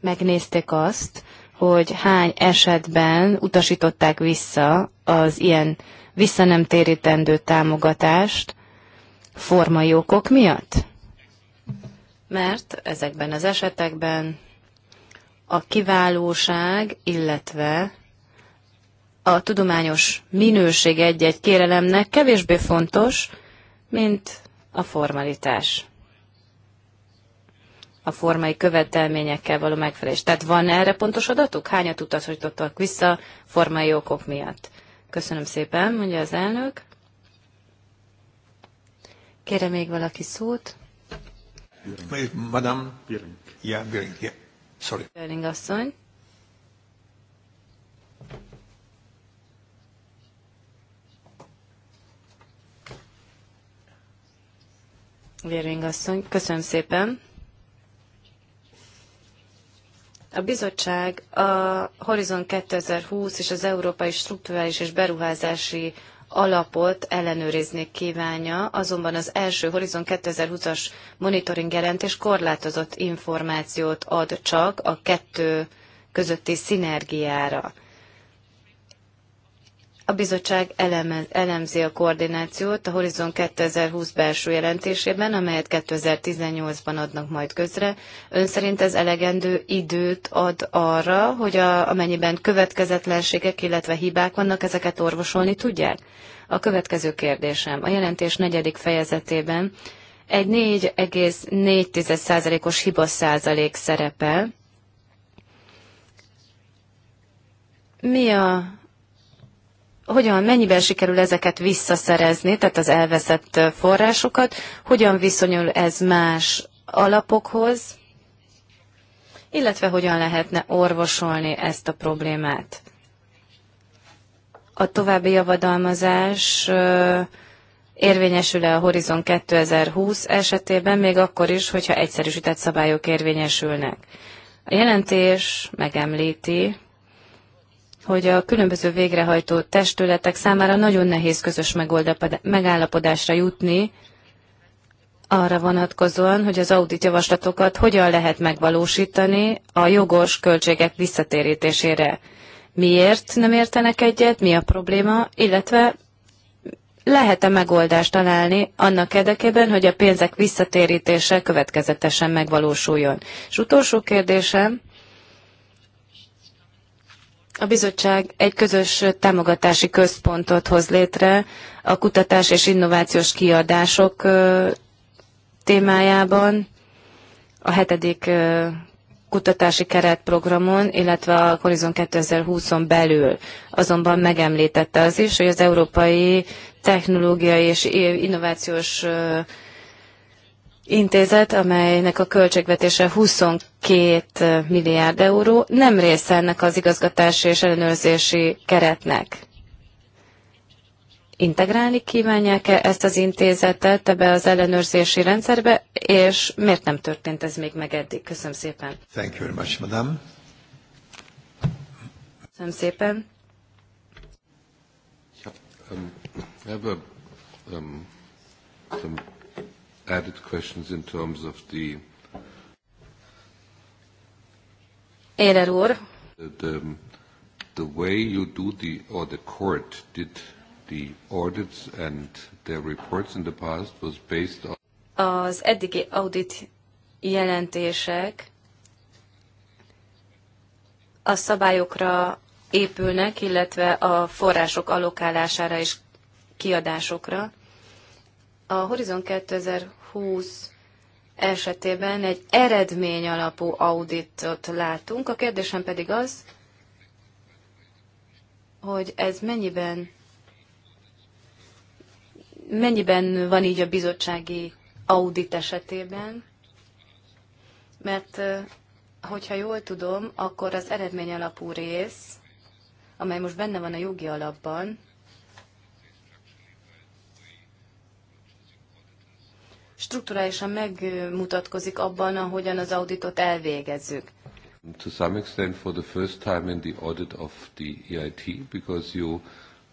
Megnézték azt, hogy hány esetben utasították vissza az ilyen vissza nem térítendő támogatást formai okok miatt? Mert ezekben az esetekben a kiválóság, illetve a tudományos minőség egy-egy kérelemnek kevésbé fontos, mint a formalitás a formai követelményekkel való megfelelés. Tehát van erre pontos adatuk? Hányat utasítottak vissza formai okok miatt? Köszönöm szépen, mondja az elnök. Kérem még valaki szót? Madame. Biring. Yeah, Biring. Yeah. Sorry. Biring asszony. Biring asszony, köszönöm szépen. A bizottság a Horizon 2020 és az Európai Strukturális és Beruházási alapot ellenőrizni kívánja, azonban az első Horizon 2020-as monitoring jelentés korlátozott információt ad csak a kettő közötti szinergiára. A bizottság elemzi a koordinációt a Horizon 2020 belső jelentésében, amelyet 2018-ban adnak majd közre. Ön szerint ez elegendő időt ad arra, hogy a, amennyiben következetlenségek, illetve hibák vannak, ezeket orvosolni tudják? A következő kérdésem. A jelentés negyedik fejezetében egy 4,4%-os hiba százalék szerepel. Mi a hogyan, mennyiben sikerül ezeket visszaszerezni, tehát az elveszett forrásokat, hogyan viszonyul ez más alapokhoz, illetve hogyan lehetne orvosolni ezt a problémát. A további javadalmazás érvényesül-e a Horizon 2020 esetében, még akkor is, hogyha egyszerűsített szabályok érvényesülnek. A jelentés megemlíti, hogy a különböző végrehajtó testületek számára nagyon nehéz közös megállapodásra jutni arra vonatkozóan, hogy az audit javaslatokat hogyan lehet megvalósítani a jogos költségek visszatérítésére. Miért nem értenek egyet, mi a probléma, illetve lehet-e megoldást találni annak érdekében, hogy a pénzek visszatérítése következetesen megvalósuljon? És utolsó kérdésem, a bizottság egy közös támogatási központot hoz létre a kutatás és innovációs kiadások témájában, a hetedik kutatási keretprogramon, illetve a Horizon 2020-on belül. Azonban megemlítette az is, hogy az Európai Technológiai és Innovációs intézet, amelynek a költségvetése 22 milliárd euró, nem része ennek az igazgatási és ellenőrzési keretnek. Integrálni kívánják-e ezt az intézetet ebbe az ellenőrzési rendszerbe, és miért nem történt ez még meg eddig? Köszönöm szépen. Thank you very much, madam. Köszönöm szépen. um, I have a, um, some added questions in terms of the Érer úr. The, the way you do the, or the court did the audits and their reports in the past was based on az eddigi audit jelentések a szabályokra épülnek, illetve a források alokálására és kiadásokra a Horizon 2020 esetében egy eredmény alapú auditot látunk. A kérdésem pedig az, hogy ez mennyiben mennyiben van így a bizottsági audit esetében, mert hogyha jól tudom, akkor az eredmény alapú rész, amely most benne van a jogi alapban, strukturálisan megmutatkozik abban, ahogyan az auditot elvégezzük. To some extent for the first time in the audit of the EIT, because you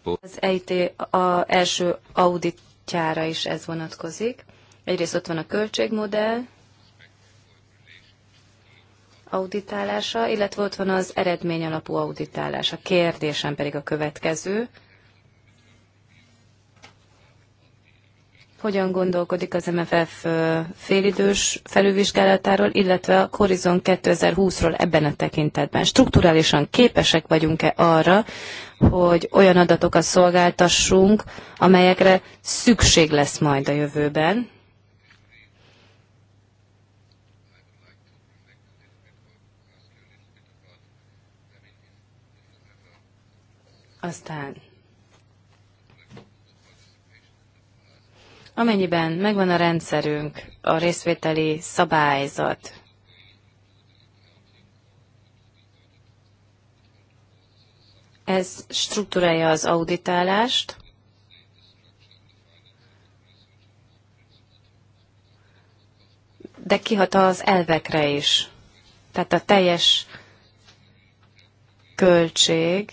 both... Az EIT a első auditjára is ez vonatkozik. Egyrészt ott van a költségmodell, auditálása, illetve ott van az eredmény alapú auditálása. A kérdésem pedig a következő. hogyan gondolkodik az MFF félidős felülvizsgálatáról, illetve a Horizon 2020-ról ebben a tekintetben. Strukturálisan képesek vagyunk-e arra, hogy olyan adatokat szolgáltassunk, amelyekre szükség lesz majd a jövőben, Aztán Amennyiben megvan a rendszerünk, a részvételi szabályzat, ez struktúrája az auditálást, de kihat az elvekre is. Tehát a teljes költség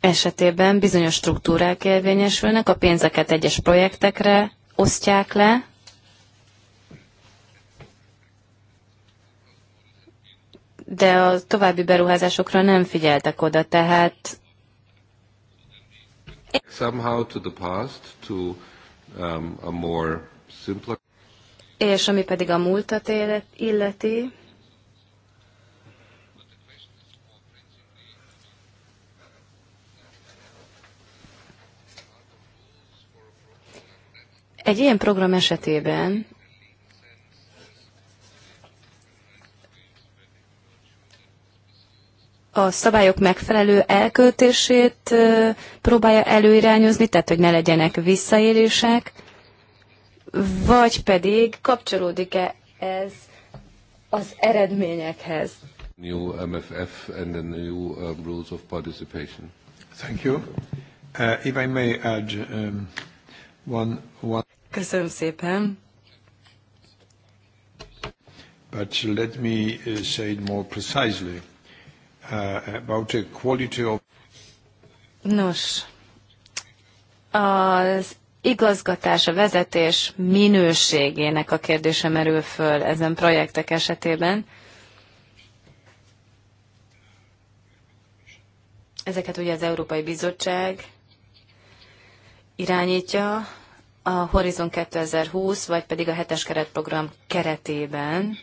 esetében bizonyos struktúrák érvényesülnek, a pénzeket egyes projektekre osztják le, de a további beruházásokra nem figyeltek oda, tehát somehow to the past to um, a more simpler és ami pedig a múltat illeti, Egy ilyen program esetében a szabályok megfelelő elköltését próbálja előirányozni, tehát hogy ne legyenek visszaélések, vagy pedig kapcsolódik-e ez az eredményekhez? New MFF and the new um, rules of participation. Thank you. Uh, if I may add, um... One, one. Köszönöm szépen. But let me uh, say it more precisely uh, about the quality of. Nos, az igazgatás, a vezetés minőségének a kérdése merül föl ezen projektek esetében. Ezeket ugye az Európai Bizottság irányítja, a Horizon 2020, vagy pedig a hetes keretprogram keretében,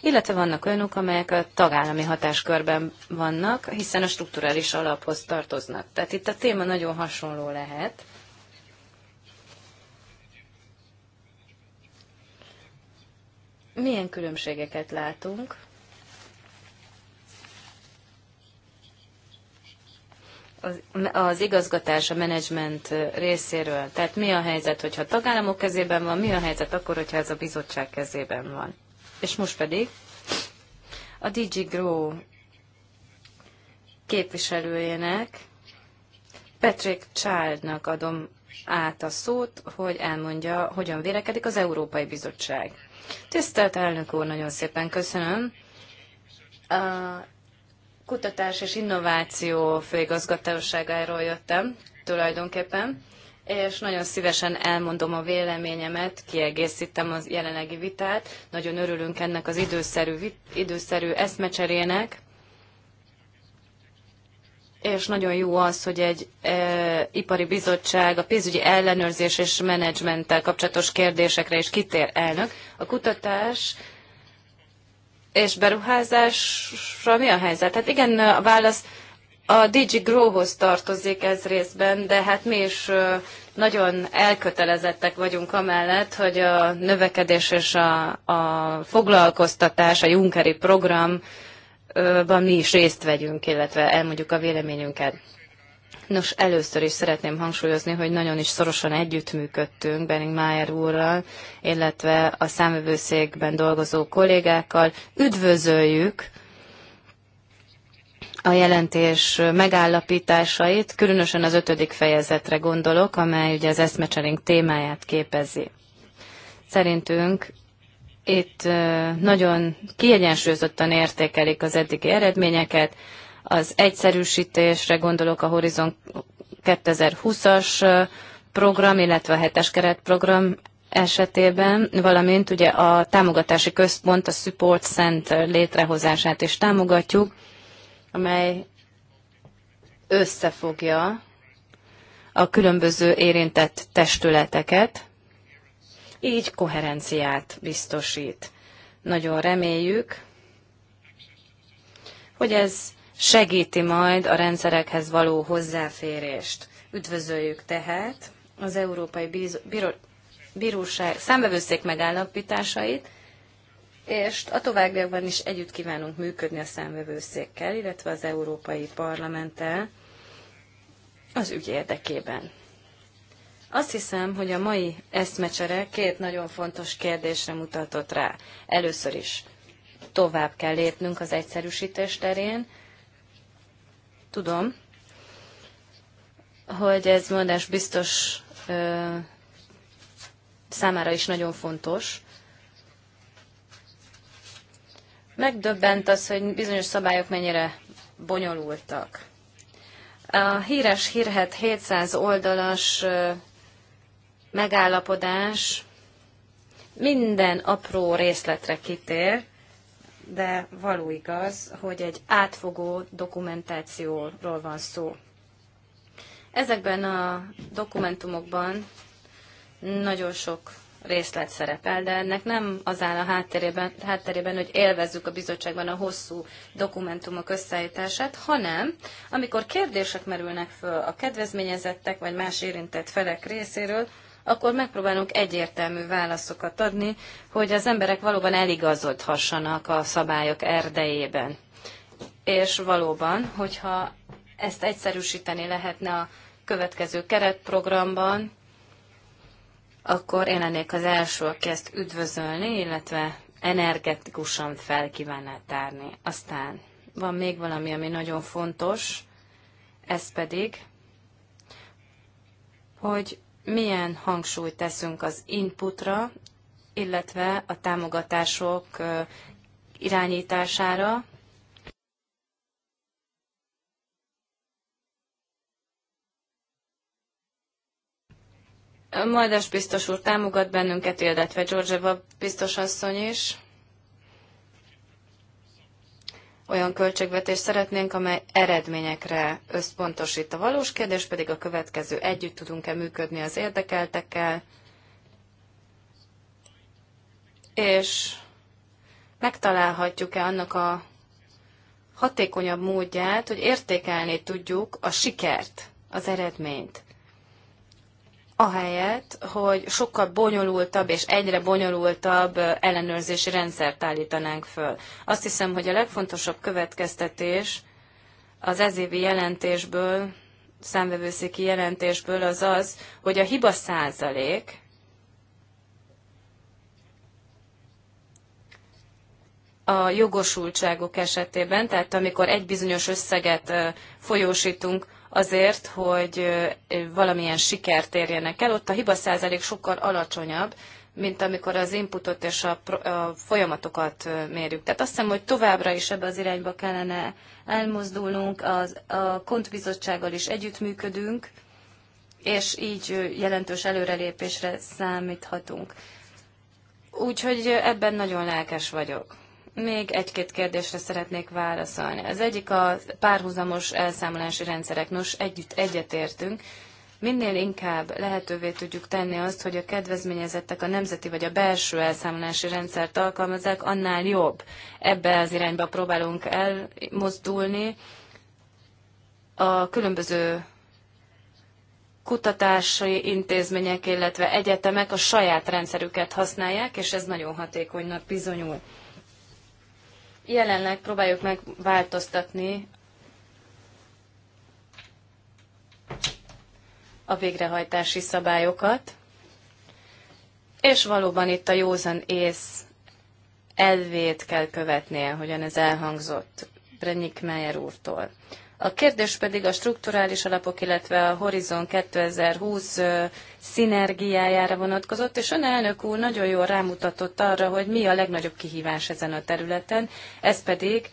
illetve vannak olyanok, amelyek a tagállami hatáskörben vannak, hiszen a strukturális alaphoz tartoznak. Tehát itt a téma nagyon hasonló lehet. Milyen különbségeket látunk? az igazgatás, a menedzsment részéről? Tehát mi a helyzet, hogyha a tagállamok kezében van, mi a helyzet akkor, hogyha ez a bizottság kezében van? És most pedig a DG Grow képviselőjének, Patrick Childnak adom át a szót, hogy elmondja, hogyan vérekedik az Európai Bizottság. Tisztelt elnök úr, nagyon szépen köszönöm kutatás és innováció főigazgatóságáról jöttem tulajdonképpen, és nagyon szívesen elmondom a véleményemet, kiegészítem az jelenlegi vitát. Nagyon örülünk ennek az időszerű, időszerű eszmecserének, és nagyon jó az, hogy egy e, ipari bizottság a pénzügyi ellenőrzés és menedzsmenttel kapcsolatos kérdésekre is kitér elnök. A kutatás és beruházásra mi a helyzet? Hát igen, a válasz a Digi Growhoz tartozik ez részben, de hát mi is nagyon elkötelezettek vagyunk amellett, hogy a növekedés és a, a foglalkoztatás, a Junkeri programban mi is részt vegyünk, illetve elmondjuk a véleményünket. Nos, először is szeretném hangsúlyozni, hogy nagyon is szorosan együttműködtünk Benning Mayer úrral, illetve a számövőszékben dolgozó kollégákkal. Üdvözöljük a jelentés megállapításait, különösen az ötödik fejezetre gondolok, amely ugye az eszmecsering témáját képezi. Szerintünk itt nagyon kiegyensúlyozottan értékelik az eddigi eredményeket, az egyszerűsítésre gondolok a Horizon 2020-as program, illetve a hetes keretprogram esetében, valamint ugye a támogatási központ, a Support Center létrehozását is támogatjuk, amely összefogja a különböző érintett testületeket, így koherenciát biztosít. Nagyon reméljük, hogy ez segíti majd a rendszerekhez való hozzáférést. Üdvözöljük tehát az Európai Bíz- Bíró- Bíróság számbevőszék megállapításait, és a továbbiakban is együtt kívánunk működni a számvevőszékkel, illetve az Európai Parlamenttel az ügy érdekében. Azt hiszem, hogy a mai eszmecsere két nagyon fontos kérdésre mutatott rá. Először is tovább kell lépnünk az egyszerűsítés terén, Tudom, hogy ez mondás biztos ö, számára is nagyon fontos. Megdöbbent az, hogy bizonyos szabályok mennyire bonyolultak. A híres hírhet 700 oldalas ö, megállapodás minden apró részletre kitér, de való igaz, hogy egy átfogó dokumentációról van szó. Ezekben a dokumentumokban nagyon sok részlet szerepel, de ennek nem az áll a hátterében, hátterében, hogy élvezzük a bizottságban a hosszú dokumentumok összeállítását, hanem amikor kérdések merülnek föl a kedvezményezettek vagy más érintett felek részéről, akkor megpróbálunk egyértelmű válaszokat adni, hogy az emberek valóban eligazodhassanak a szabályok erdejében. És valóban, hogyha ezt egyszerűsíteni lehetne a következő keretprogramban, akkor én lennék az első, aki ezt üdvözölni, illetve energetikusan felkívánná tárni. Aztán van még valami, ami nagyon fontos, ez pedig, hogy milyen hangsúlyt teszünk az inputra, illetve a támogatások irányítására, Majdas biztos úr támogat bennünket, illetve Georgeva biztos asszony is olyan költségvetést szeretnénk, amely eredményekre összpontosít. A valós kérdés pedig a következő. Együtt tudunk-e működni az érdekeltekkel, és megtalálhatjuk-e annak a hatékonyabb módját, hogy értékelni tudjuk a sikert, az eredményt ahelyett, hogy sokkal bonyolultabb és egyre bonyolultabb ellenőrzési rendszert állítanánk föl. Azt hiszem, hogy a legfontosabb következtetés az ezévi jelentésből, számvevőszéki jelentésből az az, hogy a hiba százalék a jogosultságok esetében, tehát amikor egy bizonyos összeget folyósítunk azért, hogy valamilyen sikert érjenek el. Ott a hiba százalék sokkal alacsonyabb, mint amikor az inputot és a, folyamatokat mérjük. Tehát azt hiszem, hogy továbbra is ebbe az irányba kellene elmozdulnunk, az, a kontbizottsággal is együttműködünk, és így jelentős előrelépésre számíthatunk. Úgyhogy ebben nagyon lelkes vagyok még egy-két kérdésre szeretnék válaszolni. Az egyik a párhuzamos elszámolási rendszerek. Nos, együtt egyetértünk. Minél inkább lehetővé tudjuk tenni azt, hogy a kedvezményezettek a nemzeti vagy a belső elszámolási rendszert alkalmazzák, annál jobb. Ebbe az irányba próbálunk elmozdulni. A különböző kutatási intézmények, illetve egyetemek a saját rendszerüket használják, és ez nagyon hatékonynak bizonyul. Jelenleg próbáljuk meg változtatni a végrehajtási szabályokat, és valóban itt a józan ész elvét kell követnie, hogyan ez elhangzott Brenik Meyer úrtól. A kérdés pedig a strukturális alapok, illetve a Horizon 2020 szinergiájára vonatkozott, és ön elnök úr nagyon jól rámutatott arra, hogy mi a legnagyobb kihívás ezen a területen, ez pedig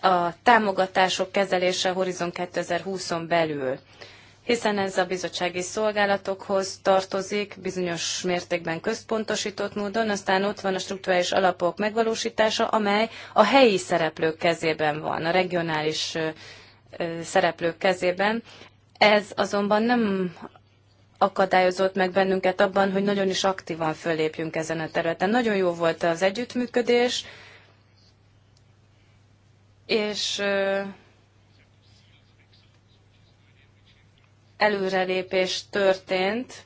a támogatások kezelése Horizon 2020-on belül hiszen ez a bizottsági szolgálatokhoz tartozik, bizonyos mértékben központosított módon, aztán ott van a struktúrális alapok megvalósítása, amely a helyi szereplők kezében van, a regionális szereplők kezében. Ez azonban nem akadályozott meg bennünket abban, hogy nagyon is aktívan fölépjünk ezen a területen. Nagyon jó volt az együttműködés, és előrelépés történt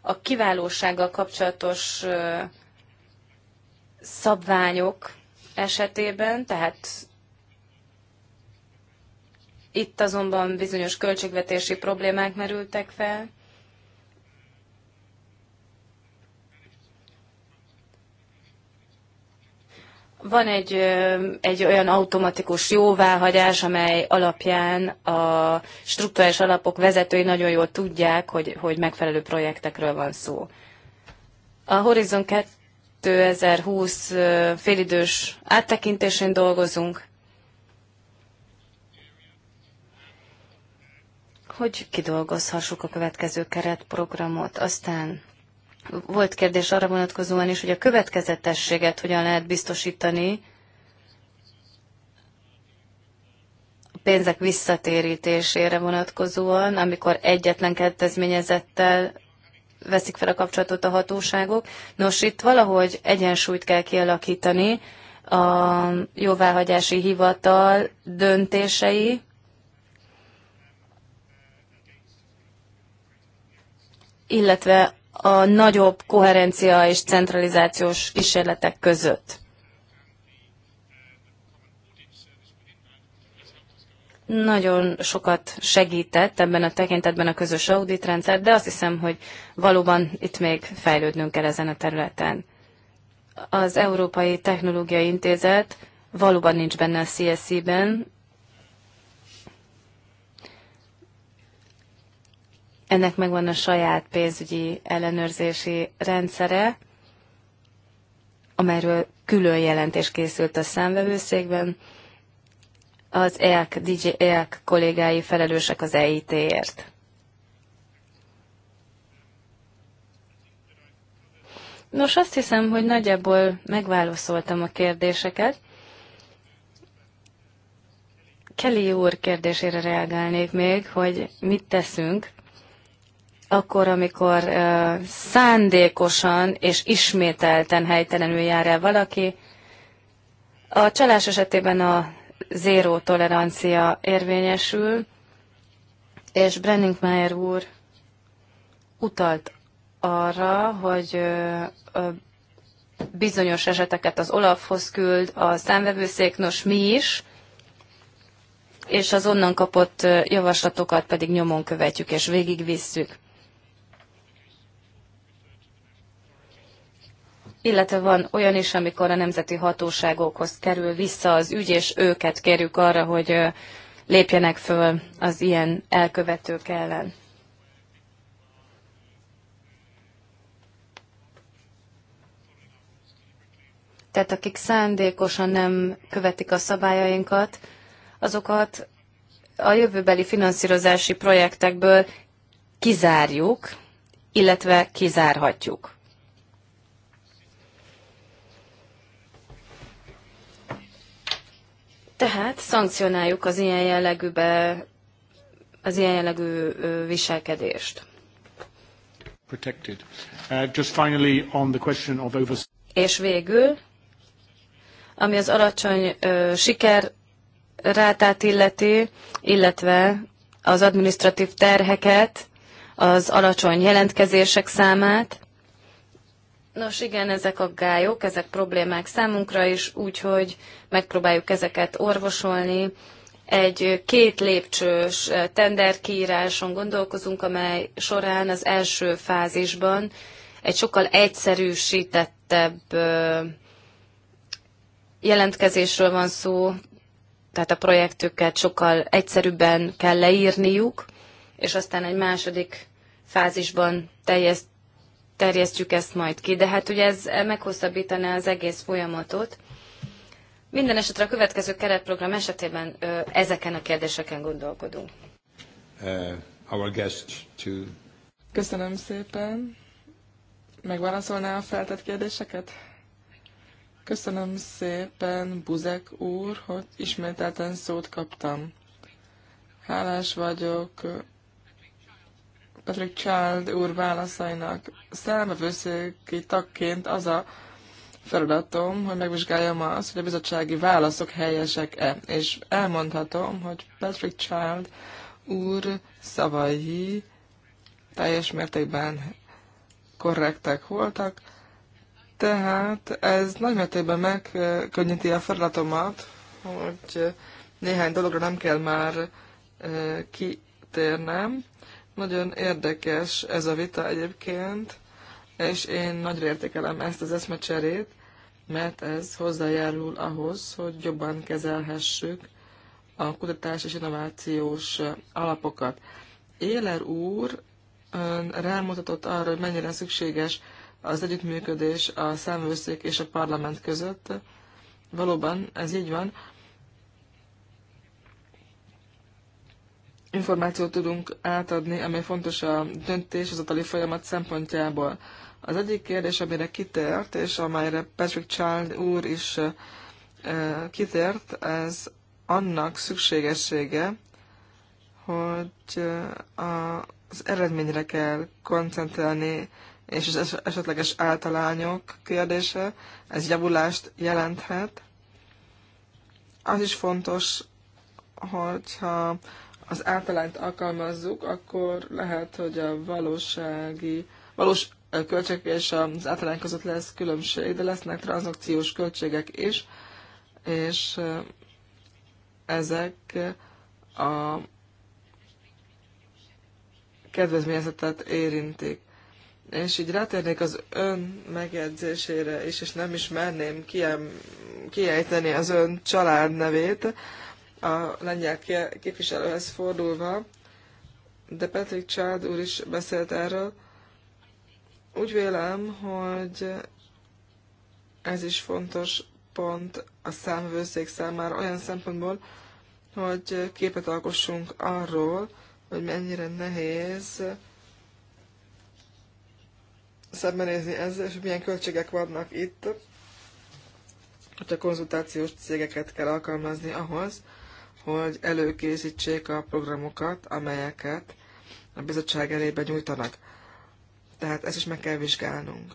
a kiválósággal kapcsolatos szabványok esetében, tehát itt azonban bizonyos költségvetési problémák merültek fel. Van egy, egy olyan automatikus jóváhagyás, amely alapján a struktúrás alapok vezetői nagyon jól tudják, hogy, hogy megfelelő projektekről van szó. A Horizon 2020 félidős áttekintésén dolgozunk, hogy kidolgozhassuk a következő keretprogramot. Aztán volt kérdés arra vonatkozóan is, hogy a következetességet hogyan lehet biztosítani a pénzek visszatérítésére vonatkozóan, amikor egyetlen kedvezményezettel veszik fel a kapcsolatot a hatóságok. Nos, itt valahogy egyensúlyt kell kialakítani a jóváhagyási hivatal döntései, illetve a nagyobb koherencia és centralizációs kísérletek között. Nagyon sokat segített ebben a tekintetben a közös auditrendszer, de azt hiszem, hogy valóban itt még fejlődnünk kell ezen a területen. Az Európai Technológiai Intézet valóban nincs benne a CSC-ben, Ennek megvan a saját pénzügyi ellenőrzési rendszere, amelyről külön jelentés készült a számvevőszékben. Az EAC, DJ EAC kollégái felelősek az EIT-ért. Nos, azt hiszem, hogy nagyjából megválaszoltam a kérdéseket. Kelly úr kérdésére reagálnék még, hogy mit teszünk akkor, amikor uh, szándékosan és ismételten helytelenül jár el valaki. A csalás esetében a zéró tolerancia érvényesül, és Meyer úr utalt arra, hogy uh, bizonyos eseteket az Olafhoz küld a számvevőszék, nos mi is, és az onnan kapott javaslatokat pedig nyomon követjük és végigvisszük. illetve van olyan is, amikor a nemzeti hatóságokhoz kerül vissza az ügy, és őket kérjük arra, hogy lépjenek föl az ilyen elkövetők ellen. Tehát akik szándékosan nem követik a szabályainkat, azokat a jövőbeli finanszírozási projektekből kizárjuk, illetve kizárhatjuk. Tehát szankcionáljuk az ilyen jellegű, be, az ilyen jellegű viselkedést. Protected. Uh, just finally on the question of over... És végül, ami az alacsony uh, siker rátát illeti, illetve az administratív terheket, az alacsony jelentkezések számát, Nos igen, ezek a gályok, ezek problémák számunkra is, úgyhogy megpróbáljuk ezeket orvosolni. Egy két lépcsős tenderkiíráson gondolkozunk, amely során az első fázisban egy sokkal egyszerűsítettebb jelentkezésről van szó, tehát a projektüket sokkal egyszerűbben kell leírniuk, és aztán egy második fázisban teljes, terjesztjük ezt majd ki, de hát ugye ez meghosszabbítaná az egész folyamatot. Minden esetre a következő keretprogram esetében ö, ezeken a kérdéseken gondolkodunk. Uh, our guest to... Köszönöm szépen. Megválaszolná a feltett kérdéseket? Köszönöm szépen, Buzek úr, hogy ismételten szót kaptam. Hálás vagyok Patrick Child úr válaszainak. Számvevőszéki tagként az a feladatom, hogy megvizsgáljam azt, hogy a bizottsági válaszok helyesek-e. És elmondhatom, hogy Patrick Child úr szavai teljes mértékben korrektek voltak, tehát ez nagy mértékben megkönnyíti a feladatomat, hogy néhány dologra nem kell már eh, kitérnem, nagyon érdekes ez a vita egyébként, és én nagyra értékelem ezt az eszmecserét, mert ez hozzájárul ahhoz, hogy jobban kezelhessük a kutatás és innovációs alapokat. Éler úr rámutatott arra, hogy mennyire szükséges az együttműködés a számvőszék és a parlament között. Valóban ez így van. információt tudunk átadni, ami fontos a döntéshozatali folyamat szempontjából. Az egyik kérdés, amire kitért, és amelyre Patrick Child úr is kitért, ez annak szükségessége, hogy az eredményre kell koncentrálni, és az esetleges általányok kérdése, ez javulást jelenthet. Az is fontos, hogyha az általányt alkalmazzuk, akkor lehet, hogy a valósági, valós költségek és az általány között lesz különbség, de lesznek tranzakciós költségek is, és ezek a kedvezményezetet érintik. És így rátérnék az ön megjegyzésére is, és nem is merném kiem, kiejteni az ön család nevét, a lengyel képviselőhez fordulva, de Patrick Csád úr is beszélt erről. Úgy vélem, hogy ez is fontos pont a számvőszék számára olyan szempontból, hogy képet alkossunk arról, hogy mennyire nehéz szembenézni ezzel, és milyen költségek vannak itt, hogy a konzultációs cégeket kell alkalmazni ahhoz, hogy előkészítsék a programokat, amelyeket a bizottság elébe nyújtanak. Tehát ezt is meg kell vizsgálnunk.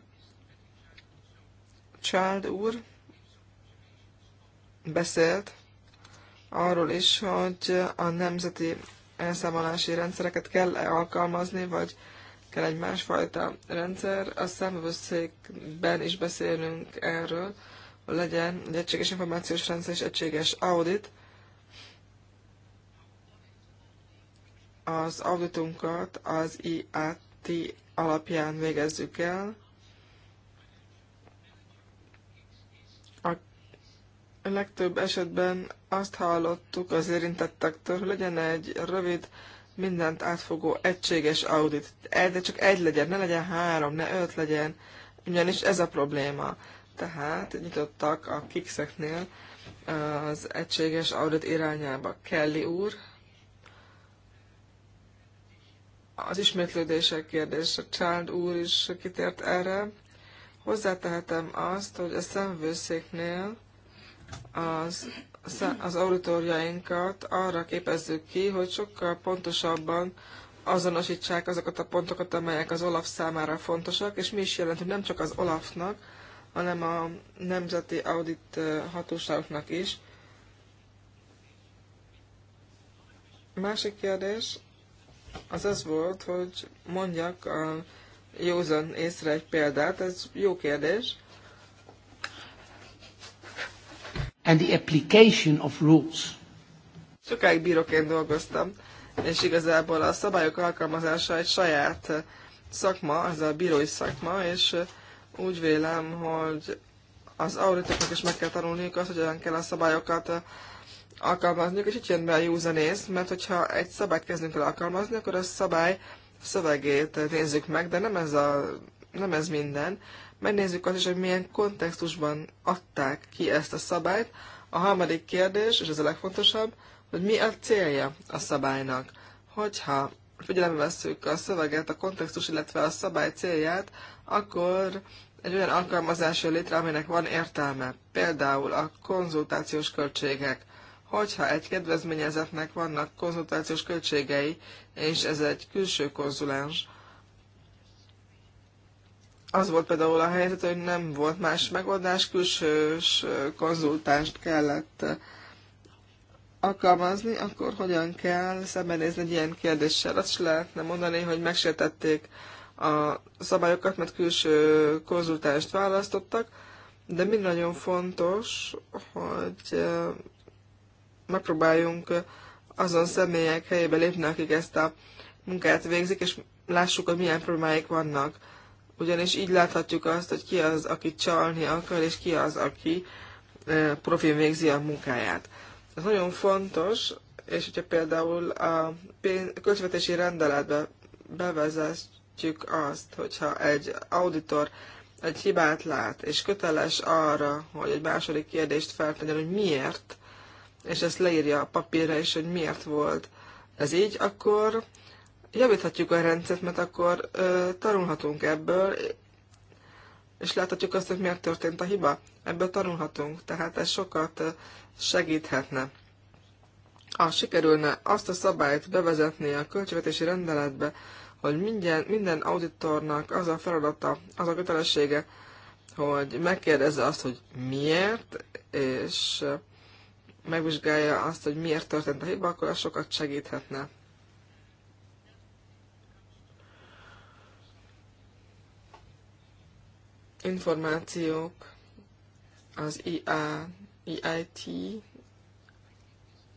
Child úr beszélt arról is, hogy a nemzeti elszámolási rendszereket kell -e alkalmazni, vagy kell egy másfajta rendszer. A számövőszékben is beszélünk erről, hogy legyen egy egységes információs rendszer és egységes audit, az auditunkat az IAT alapján végezzük el. A legtöbb esetben azt hallottuk az érintettektől, hogy legyen egy rövid, mindent átfogó, egységes audit. De csak egy legyen, ne legyen három, ne öt legyen, ugyanis ez a probléma. Tehát nyitottak a kikszeknél az egységes audit irányába. Kelly úr, az ismétlődések a Child úr is kitért erre. Hozzátehetem azt, hogy a szemvőszéknél az, az auditorjainkat arra képezzük ki, hogy sokkal pontosabban azonosítsák azokat a pontokat, amelyek az OLAF számára fontosak, és mi is jelent, hogy nem csak az olafnak, hanem a nemzeti audit hatóságoknak is. Másik kérdés, az az volt, hogy mondjak a józan észre egy példát, ez jó kérdés. And the application of rules. Sokáig bíróként dolgoztam, és igazából a szabályok alkalmazása egy saját szakma, az a bírói szakma, és úgy vélem, hogy az auditoknak is meg kell tanulniuk azt, hogy hogyan kell a szabályokat alkalmazni, és itt jön be a józanész, mert hogyha egy szabályt kezdünk el alkalmazni, akkor a szabály szövegét nézzük meg, de nem ez, a, nem ez minden. Megnézzük azt is, hogy milyen kontextusban adták ki ezt a szabályt. A harmadik kérdés, és ez a legfontosabb, hogy mi a célja a szabálynak. Hogyha figyelembe veszük a szöveget, a kontextus, illetve a szabály célját, akkor egy olyan alkalmazás jön létre, aminek van értelme. Például a konzultációs költségek hogyha egy kedvezményezetnek vannak konzultációs költségei, és ez egy külső konzulens, az volt például a helyzet, hogy nem volt más megoldás, külsős konzultást kellett alkalmazni, akkor hogyan kell szembenézni egy ilyen kérdéssel? Azt is lehetne mondani, hogy megsértették a szabályokat, mert külső konzultást választottak, de mind nagyon fontos, hogy megpróbáljunk azon személyek helyébe lépni, akik ezt a munkát végzik, és lássuk, hogy milyen problémáik vannak. Ugyanis így láthatjuk azt, hogy ki az, aki csalni akar, és ki az, aki profin végzi a munkáját. Ez nagyon fontos, és hogyha például a költségvetési rendeletbe bevezetjük azt, hogyha egy auditor egy hibát lát, és köteles arra, hogy egy második kérdést feltenjen, hogy miért és ezt leírja a papírra is, hogy miért volt ez így, akkor javíthatjuk a rendszert, mert akkor ö, tanulhatunk ebből, és láthatjuk azt, hogy miért történt a hiba. Ebből tanulhatunk, tehát ez sokat segíthetne. Ha sikerülne azt a szabályt bevezetni a költségvetési rendeletbe, hogy minden, minden auditornak az a feladata, az a kötelessége, hogy megkérdezze azt, hogy miért, és megvizsgálja azt, hogy miért történt a hiba, akkor az sokat segíthetne. Információk az IA, EIT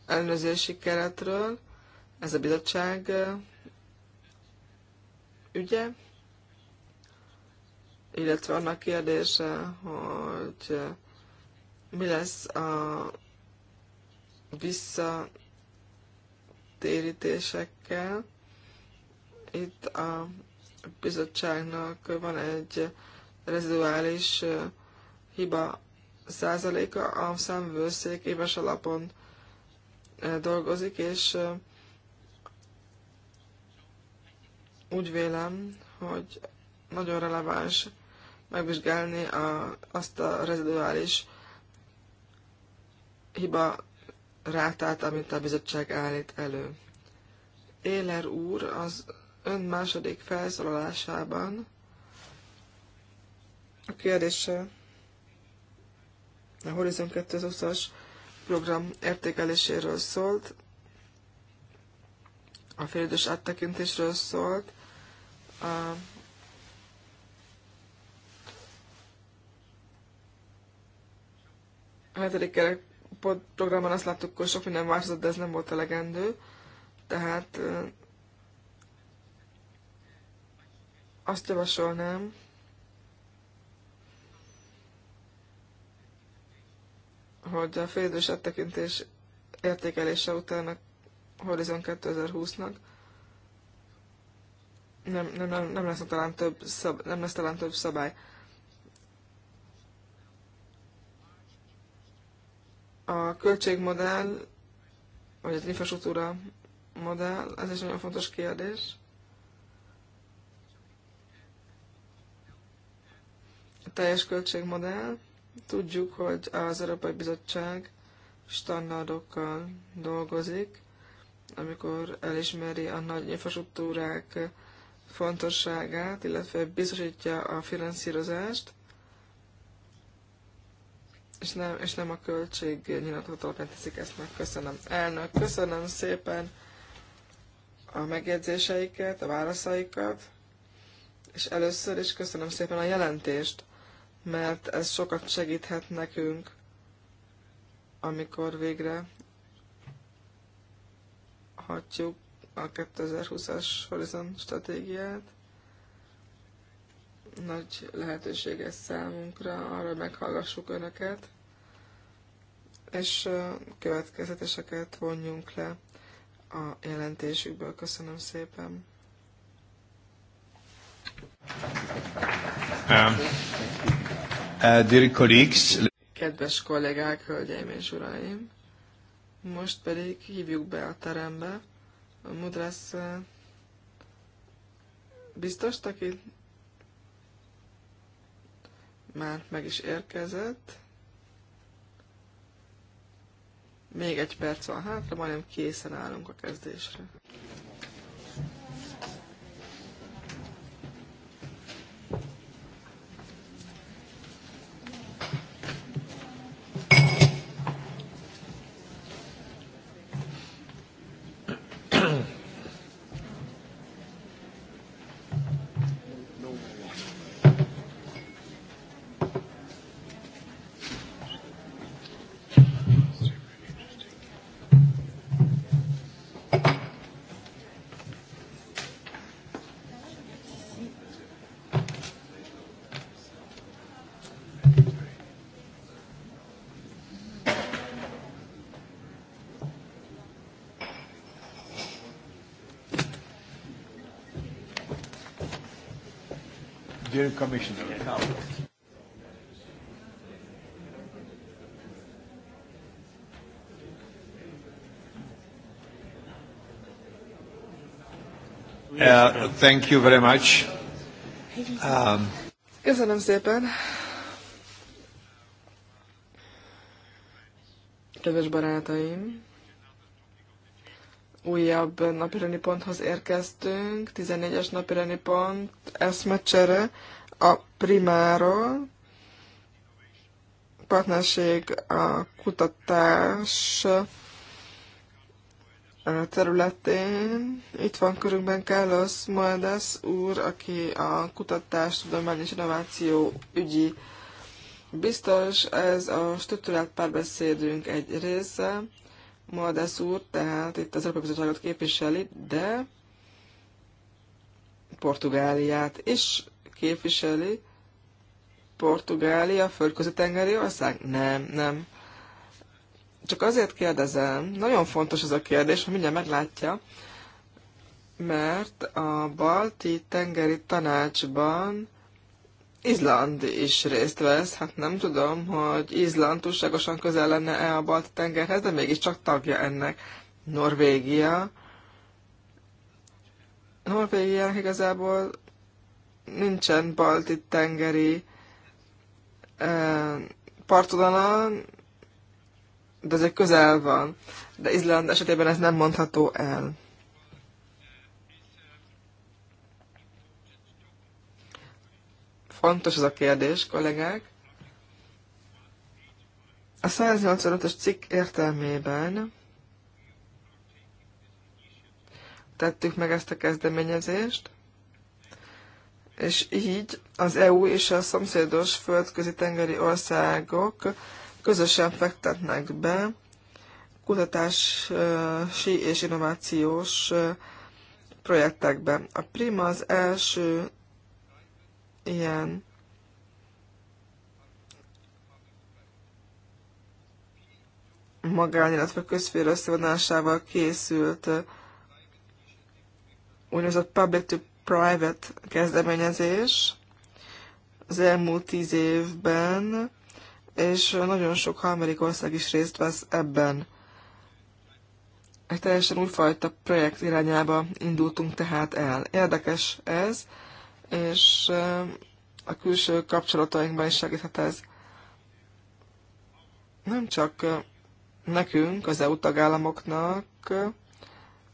ellenőrzési keretről, ez a bizottság ügye, illetve annak kérdése, hogy mi lesz a visszatérítésekkel. Itt a bizottságnak van egy rezuális hiba százaléka, a számvőszék éves alapon dolgozik, és úgy vélem, hogy nagyon releváns megvizsgálni a, azt a reziduális hiba rátát, amit a bizottság állít elő. Éler úr az ön második felszólalásában a kérdése a Horizon 2020-as program értékeléséről szólt, a félidős áttekintésről szólt, a hetedik programban azt láttuk, hogy sok minden változott, de ez nem volt elegendő. Tehát azt javasolnám, hogy a félidős áttekintés értékelése után a Horizon 2020-nak nem, nem, nem, nem, lesz talán több szab, nem lesz talán több szabály. A költségmodell, vagy az infrastruktúra modell, ez is nagyon fontos kérdés. A teljes költségmodell. Tudjuk, hogy az Európai Bizottság standardokkal dolgozik, amikor elismeri a nagy infrastruktúrák fontosságát, illetve biztosítja a finanszírozást és nem, és nem a költség nyilatkozat alapján teszik ezt meg. Köszönöm. Elnök, köszönöm szépen a megjegyzéseiket, a válaszaikat, és először is köszönöm szépen a jelentést, mert ez sokat segíthet nekünk, amikor végre hagyjuk a 2020-as horizont stratégiát nagy lehetőség ez számunkra, arra meghallgassuk Önöket, és következeteseket vonjunk le a jelentésükből. Köszönöm szépen! Um, uh, Kedves kollégák, hölgyeim és uraim! Most pedig hívjuk be a terembe a Mudrász biztos, aki már meg is érkezett. Még egy perc van hátra, majdnem készen állunk a kezdésre. dear Commissioner. Uh, thank you very much. Um, Köszönöm szépen. Kedves barátaim, újabb napirani ponthoz érkeztünk, 14-es napirani pont, eszmecsere a primáról, partnerség a kutatás területén. Itt van körünkben Carlos Moedas úr, aki a kutatás, tudomány és innováció ügyi biztos. Ez a struktúrált párbeszédünk egy része. Maldász úr, tehát itt az Európai Bizottságot képviseli, de Portugáliát is képviseli. Portugália földközi tengeri ország? Nem, nem. Csak azért kérdezem, nagyon fontos ez a kérdés, hogy mindjárt meglátja, mert a balti tengeri tanácsban Izland is részt vesz, hát nem tudom, hogy Izland túlságosan közel lenne-e a balti tengerhez, de mégiscsak tagja ennek Norvégia. Norvégiának igazából nincsen balti tengeri eh, partodala, de azért közel van. De Izland esetében ez nem mondható el. Fontos ez a kérdés, kollégák. A 185-ös cikk értelmében tettük meg ezt a kezdeményezést, és így az EU és a szomszédos földközi tengeri országok közösen fektetnek be kutatási és innovációs projektekbe. A Prima az első ilyen magány, illetve közfér összevonásával készült uh, úgynevezett public to private kezdeményezés az elmúlt tíz évben, és nagyon sok harmadik ország is részt vesz ebben. Egy teljesen újfajta projekt irányába indultunk tehát el. Érdekes ez, és a külső kapcsolatainkban is segíthet ez. Nem csak nekünk, az EU tagállamoknak,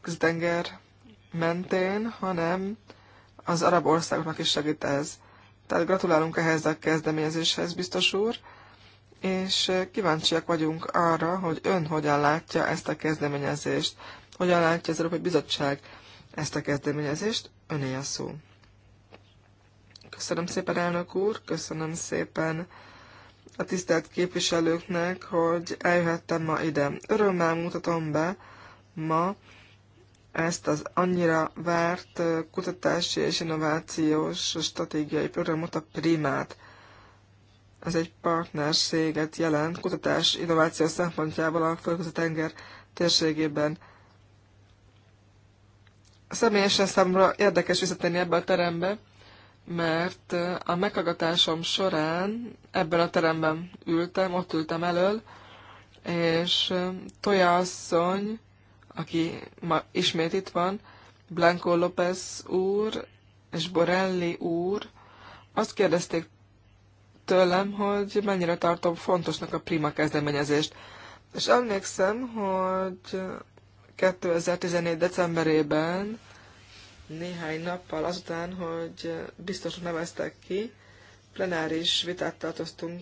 köztenger mentén, hanem az arab országoknak is segít ez. Tehát gratulálunk ehhez a kezdeményezéshez, biztos úr, és kíváncsiak vagyunk arra, hogy ön hogyan látja ezt a kezdeményezést, hogyan látja az Európai Bizottság ezt a kezdeményezést, öné a szó. Köszönöm szépen, elnök úr, köszönöm szépen a tisztelt képviselőknek, hogy eljöhettem ma ide. Örömmel mutatom be ma ezt az annyira várt kutatási és innovációs stratégiai programot, a Primát. Ez egy partnerséget jelent kutatás innováció szempontjából a földközi tenger térségében. Személyesen számomra érdekes visszatérni ebbe a terembe, mert a meghallgatásom során ebben a teremben ültem, ott ültem elől, és Toya asszony, aki ma ismét itt van, Blanco López úr és Borelli úr, azt kérdezték tőlem, hogy mennyire tartom fontosnak a prima kezdeményezést. És emlékszem, hogy 2014. decemberében néhány nappal azután, hogy biztosan neveztek ki, plenáris vitát tartoztunk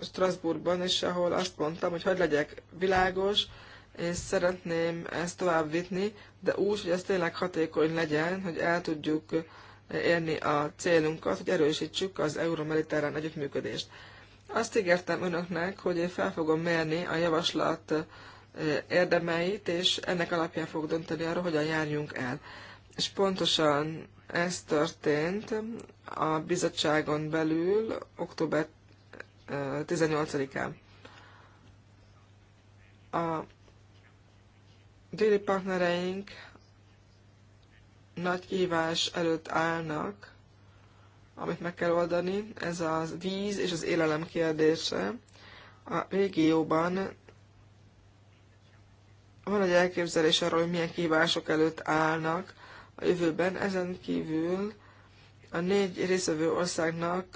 Strasbourgban, és ahol azt mondtam, hogy hogy legyek világos, és szeretném ezt tovább vitni, de úgy, hogy ez tényleg hatékony legyen, hogy el tudjuk érni a célunkat, hogy erősítsük az euromediterrán együttműködést. Azt ígértem önöknek, hogy én fel fogom mérni a javaslat eh, érdemeit, és ennek alapján fog dönteni arra, hogyan járjunk el. És pontosan ez történt a bizottságon belül október 18-án. A déli partnereink nagy kihívás előtt állnak, amit meg kell oldani, ez a víz és az élelem kérdése. A régióban van egy elképzelés arról, hogy milyen kihívások előtt állnak a jövőben. Ezen kívül a négy részvevő országnak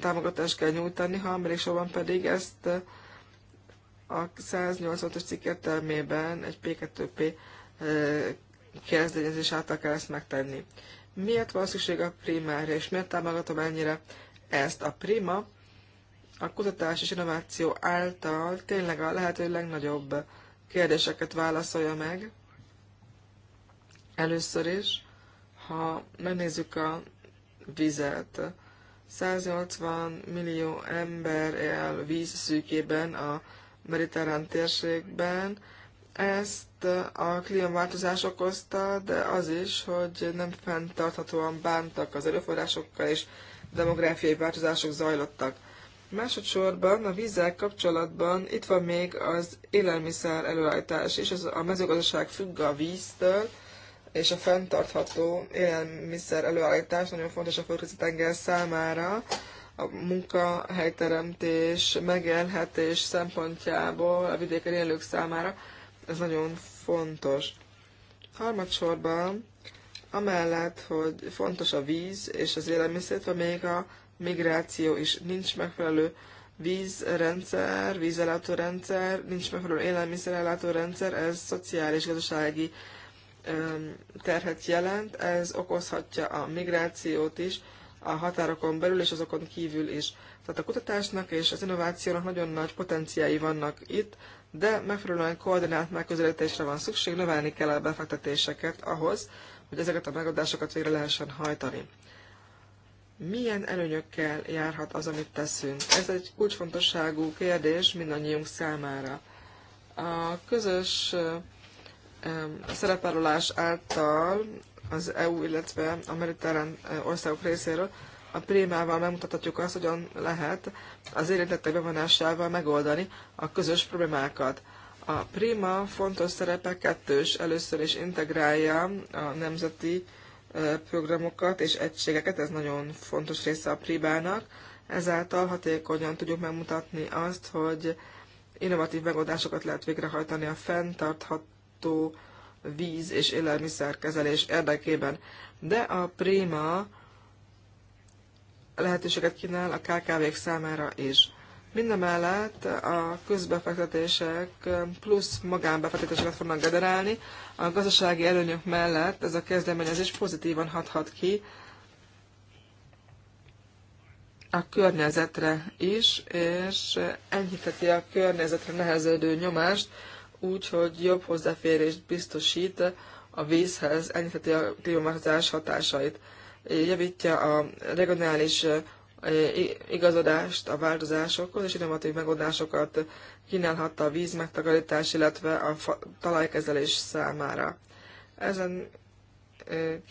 támogatást kell nyújtani, harmadiksorban pedig ezt a 180 ös cikk értelmében egy P2P eh, kezdeményezés által kell ezt megtenni. Miért van szükség a primára, és miért támogatom ennyire ezt? A prima a kutatás és innováció által tényleg a lehető legnagyobb kérdéseket válaszolja meg, Először is, ha megnézzük a vizet, 180 millió ember él vízszűkében a mediterrán térségben. Ezt a klímaváltozás okozta, de az is, hogy nem fenntarthatóan bántak az erőforrásokkal, és demográfiai változások zajlottak. Másodszorban a vízzel kapcsolatban itt van még az élelmiszer előállítás, és az a mezőgazdaság függ a víztől, és a fenntartható élelmiszer előállítás nagyon fontos a földközi tenger számára, a munkahelyteremtés, megélhetés szempontjából a vidéken élők számára. Ez nagyon fontos. Harmadsorban, amellett, hogy fontos a víz és az élelmiszer, van még a migráció is. Nincs megfelelő vízrendszer, vízellátórendszer, nincs megfelelő élelmiszerellátórendszer, ez szociális, gazdasági terhet jelent, ez okozhatja a migrációt is, a határokon belül és azokon kívül is. Tehát a kutatásnak és az innovációnak nagyon nagy potenciái vannak itt, de megfelelően koordinált megközelítésre van szükség, növelni kell a befektetéseket ahhoz, hogy ezeket a megoldásokat végre lehessen hajtani. Milyen előnyökkel járhat az, amit teszünk? Ez egy kulcsfontosságú kérdés mindannyiunk számára. A közös a szerepvállalás által az EU, illetve a mediterrán e, országok részéről a prémával megmutathatjuk azt, hogyan lehet az érintettek bevonásával megoldani a közös problémákat. A Prima fontos szerepe kettős, először is integrálja a nemzeti e, programokat és egységeket, ez nagyon fontos része a Primának, ezáltal hatékonyan tudjuk megmutatni azt, hogy innovatív megoldásokat lehet végrehajtani a fenntartható fenntartható víz és élelmiszerkezelés érdekében. De a Prima lehetőséget kínál a KKV-k számára is. Mindemellett a közbefektetések plusz magánbefektetéseket fognak generálni. A gazdasági előnyök mellett ez a kezdeményezés pozitívan hathat ki a környezetre is, és enyhíteti a környezetre nehezedő nyomást, úgy, hogy jobb hozzáférést biztosít a vízhez, enyhítheti a klímaváltozás hatásait, javítja a regionális igazodást a változásokhoz, és innovatív megoldásokat kínálhatta a víz megtakarítás, illetve a talajkezelés számára. Ezen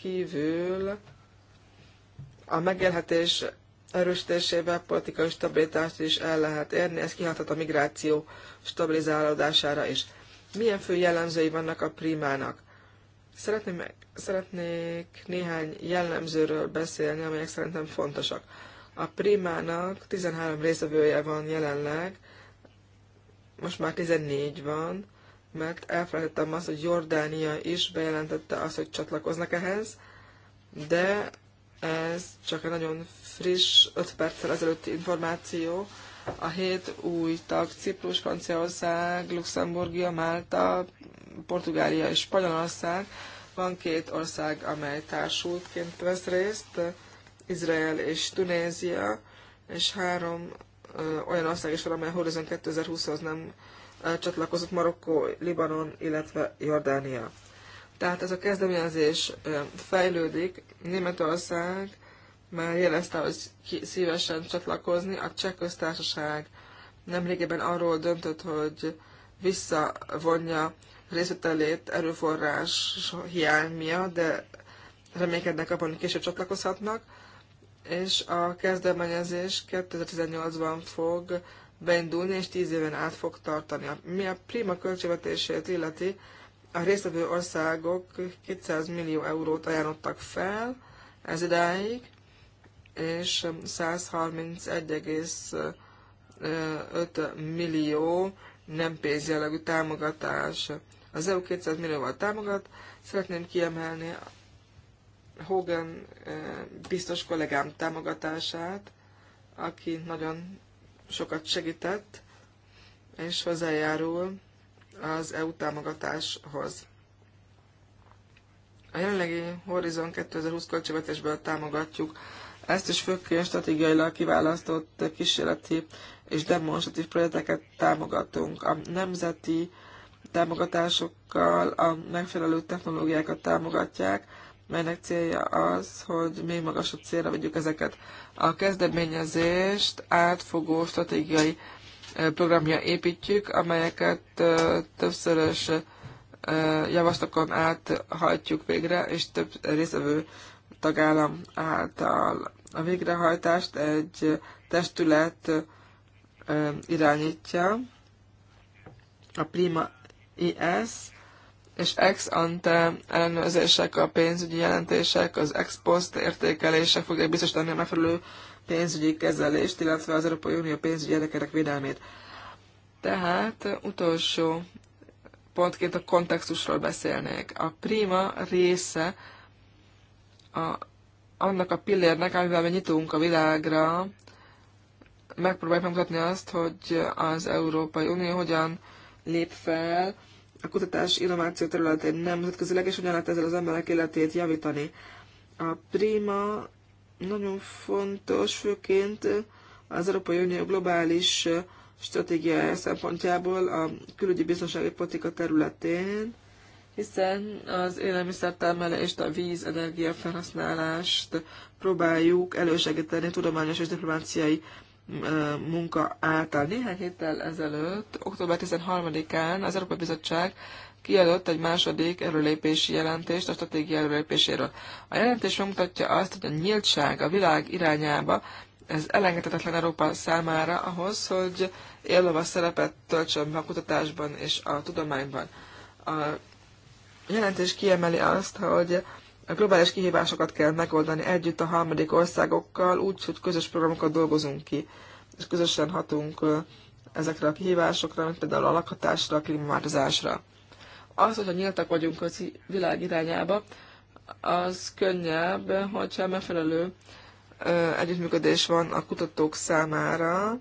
kívül a megélhetés erősítésével politikai stabilitást is el lehet érni, ez kihathat a migráció stabilizálódására is. Milyen fő jellemzői vannak a primának? Szeretném, szeretnék néhány jellemzőről beszélni, amelyek szerintem fontosak. A primának 13 részvevője van jelenleg, most már 14 van, mert elfelejtettem azt, hogy Jordánia is bejelentette azt, hogy csatlakoznak ehhez, de ez csak egy nagyon friss, 5 perccel ezelőtti információ. A hét új tag Ciprus, Franciaország, Luxemburgia, Málta, Portugália és Spanyolország. Van két ország, amely társultként vesz részt, Izrael és Tunézia, és három ö, olyan ország is van, amely Horizon 2020-hoz nem ö, csatlakozott, Marokkó, Libanon, illetve Jordánia. Tehát ez a kezdeményezés fejlődik. Németország már jelezte, hogy szívesen csatlakozni. A cseh köztársaság nemrégiben arról döntött, hogy visszavonja részvételét erőforrás hiány miatt, de reménykednek abban, hogy később csatlakozhatnak, és a kezdeményezés 2018-ban fog beindulni, és 10 éven át fog tartani. Mi a prima költségvetését illeti, a résztvevő országok 200 millió eurót ajánlottak fel ez idáig, és 131,5 millió nem pénzjellegű támogatás. Az EU 200 millióval támogat. Szeretném kiemelni Hogan eh, biztos kollégám támogatását, aki nagyon sokat segített, és hozzájárul az EU támogatáshoz. A jelenlegi Horizon 2020 költségvetésből támogatjuk ezt is főként stratégiailag kiválasztott kísérleti és demonstratív projekteket támogatunk. A nemzeti támogatásokkal a megfelelő technológiákat támogatják, melynek célja az, hogy még magasabb célra vegyük ezeket. A kezdeményezést átfogó stratégiai programja építjük, amelyeket többszörös javaslatokon át hajtjuk végre, és több részvevő tagállam által a végrehajtást egy testület irányítja, a Prima IS, és ex ante ellenőrzések, a pénzügyi jelentések, az ex post értékelések fogják biztosítani a megfelelő pénzügyi kezelést, illetve az Európai Unió pénzügyi érdekének védelmét. Tehát utolsó pontként a kontextusról beszélnék. A prima része a, annak a pillérnek, amivel mi nyitunk a világra, megpróbáljuk megmutatni azt, hogy az Európai Unió hogyan lép fel a kutatás innováció területén nemzetközileg, és hogyan lehet ezzel az emberek életét javítani. A prima nagyon fontos, főként az Európai Unió globális stratégiája szempontjából a külügyi biztonsági politika területén, hiszen az élelmiszertermelést, a víz, energia felhasználást próbáljuk elősegíteni tudományos és diplomáciai munka által. Néhány héttel ezelőtt, október 13-án az Európai Bizottság kijelölt egy második előlépési jelentést a stratégia előlépéséről. A jelentés megmutatja azt, hogy a nyíltság a világ irányába, ez elengedhetetlen Európa számára ahhoz, hogy élve a szerepet töltsön be a kutatásban és a tudományban. A jelentés kiemeli azt, hogy a globális kihívásokat kell megoldani együtt a harmadik országokkal, úgy, hogy közös programokat dolgozunk ki, és közösen hatunk ezekre a kihívásokra, mint például a lakhatásra, a klímaváltozásra az, hogyha nyíltak vagyunk az világ irányába, az könnyebb, hogyha megfelelő együttműködés van a kutatók számára.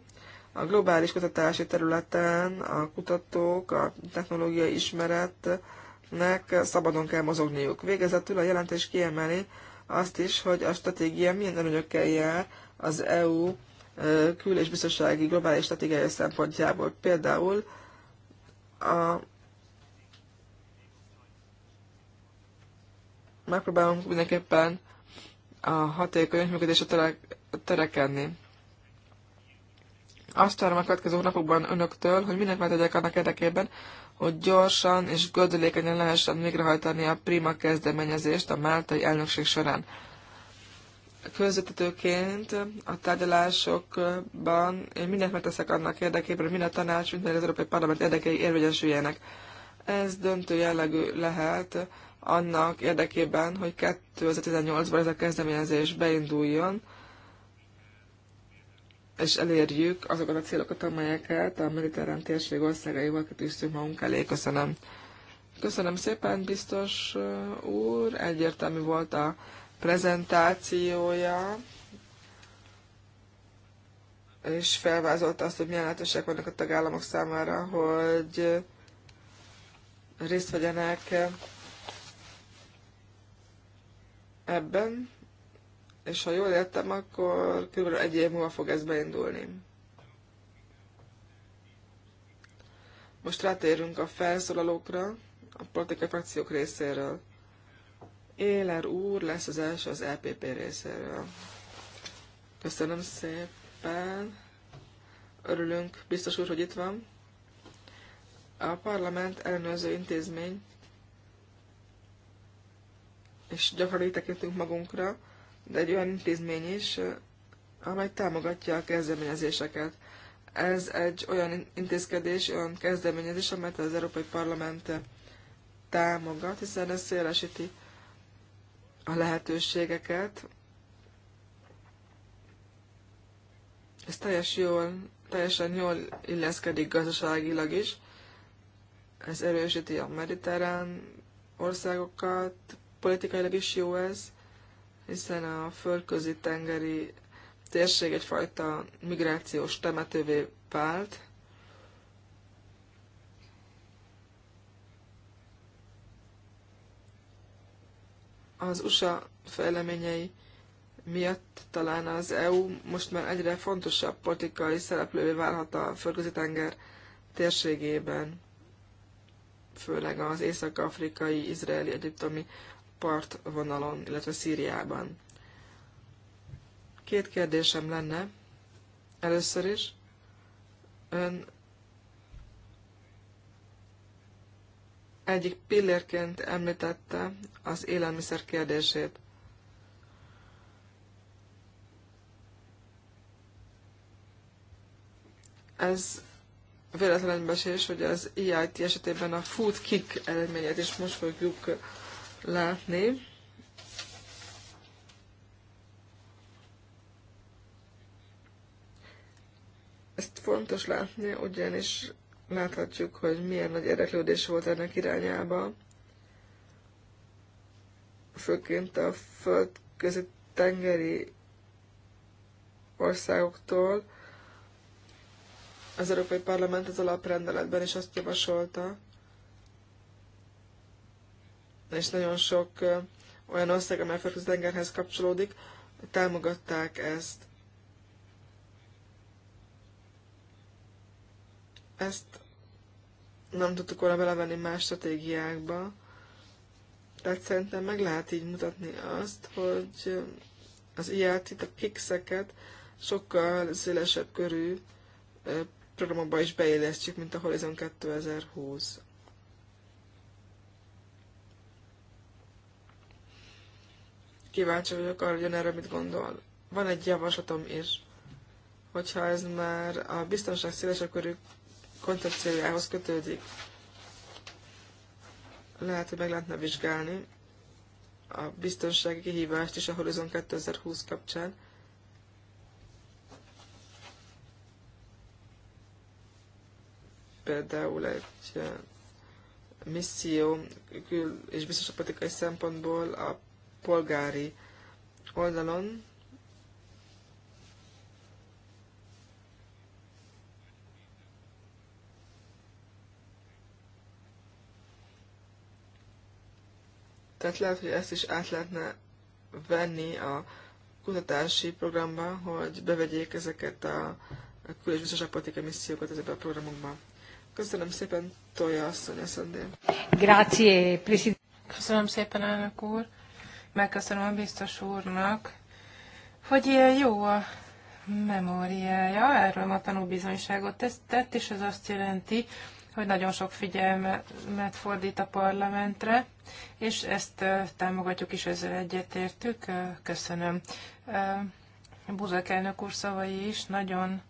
A globális kutatási területen a kutatók, a technológiai ismeretnek szabadon kell mozogniuk. Végezetül a jelentés kiemeli azt is, hogy a stratégia milyen előnyökkel jár az EU kül- és biztonsági globális stratégiai szempontjából. Például a megpróbálunk mindenképpen a hatékony működésre törekedni. Azt várom a következő napokban önöktől, hogy mindent megtegyek annak érdekében, hogy gyorsan és gördülékenyen lehessen végrehajtani a prima kezdeményezést a máltai elnökség során. Közvetítőként a tárgyalásokban én mindent megteszek annak érdekében, hogy mind a tanács, mind az Európai Parlament érdekei érvényesüljenek. Ez döntő jellegű lehet annak érdekében, hogy 2018-ban ez a kezdeményezés beinduljon, és elérjük azokat a célokat, amelyeket a mediterrán térség országaival kitűztünk magunk elé. Köszönöm. Köszönöm szépen, biztos uh, úr. Egyértelmű volt a prezentációja, és felvázolta azt, hogy milyen lehetőségek vannak a tagállamok számára, hogy részt vegyenek ebben, és ha jól értem, akkor kb. egy év múlva fog ez beindulni. Most rátérünk a felszólalókra, a politikai frakciók részéről. Éler úr lesz az első az LPP e részéről. Köszönöm szépen. Örülünk, biztos úr, hogy itt van. A parlament ellenőrző intézmény és gyakran így tekintünk magunkra, de egy olyan intézmény is, amely támogatja a kezdeményezéseket. Ez egy olyan intézkedés, olyan kezdeményezés, amelyet az Európai Parlament támogat, hiszen ez szélesíti a lehetőségeket. Ez teljes jól, teljesen jól illeszkedik gazdaságilag is. Ez erősíti a mediterrán országokat, politikailag is jó ez, hiszen a földközi tengeri térség egyfajta migrációs temetővé vált. Az USA fejleményei miatt talán az EU most már egyre fontosabb politikai szereplővé válhat a földközi tenger térségében, főleg az észak-afrikai, izraeli, egyiptomi partvonalon, illetve Szíriában. Két kérdésem lenne. Először is, ön egyik pillérként említette az élelmiszer kérdését. Ez véletlenül besés, hogy az EIT esetében a food kick eredményét is most fogjuk látni. Ezt fontos látni, ugyanis láthatjuk, hogy milyen nagy érdeklődés volt ennek irányába, főként a között tengeri országoktól. Az Európai Parlament az alaprendeletben is azt javasolta, és nagyon sok olyan ország, amely a tengerhez kapcsolódik, támogatták ezt. Ezt nem tudtuk volna belevenni más stratégiákba. Tehát szerintem meg lehet így mutatni azt, hogy az iát, itt a kikszeket sokkal szélesebb körű programokba is beélesztjük, mint a Horizon 2020. kíváncsi vagyok arra, hogy ön erre mit gondol. Van egy javaslatom is, hogyha ez már a biztonság szélesebb körű koncepciójához kötődik, lehet, hogy meg lehetne vizsgálni a biztonsági kihívást is a Horizon 2020 kapcsán. Például egy eh, misszió kül- és biztonságpolitikai szempontból a polgári oldalon. Tehát lehet, hogy ezt is át lehetne venni a kutatási programba, hogy bevegyék ezeket a kül- és biztonságpolitikai missziókat ezekbe a programokba. Köszönöm szépen, Tolja asszony, Grazie, Köszönöm szépen, elnök úr megköszönöm a biztos úrnak, hogy ilyen jó a memóriája, erről ma tanúbizonyságot tett, és ez azt jelenti, hogy nagyon sok figyelmet fordít a parlamentre, és ezt támogatjuk is, ezzel egyetértük. Köszönöm. Buzek elnök úr szavai is nagyon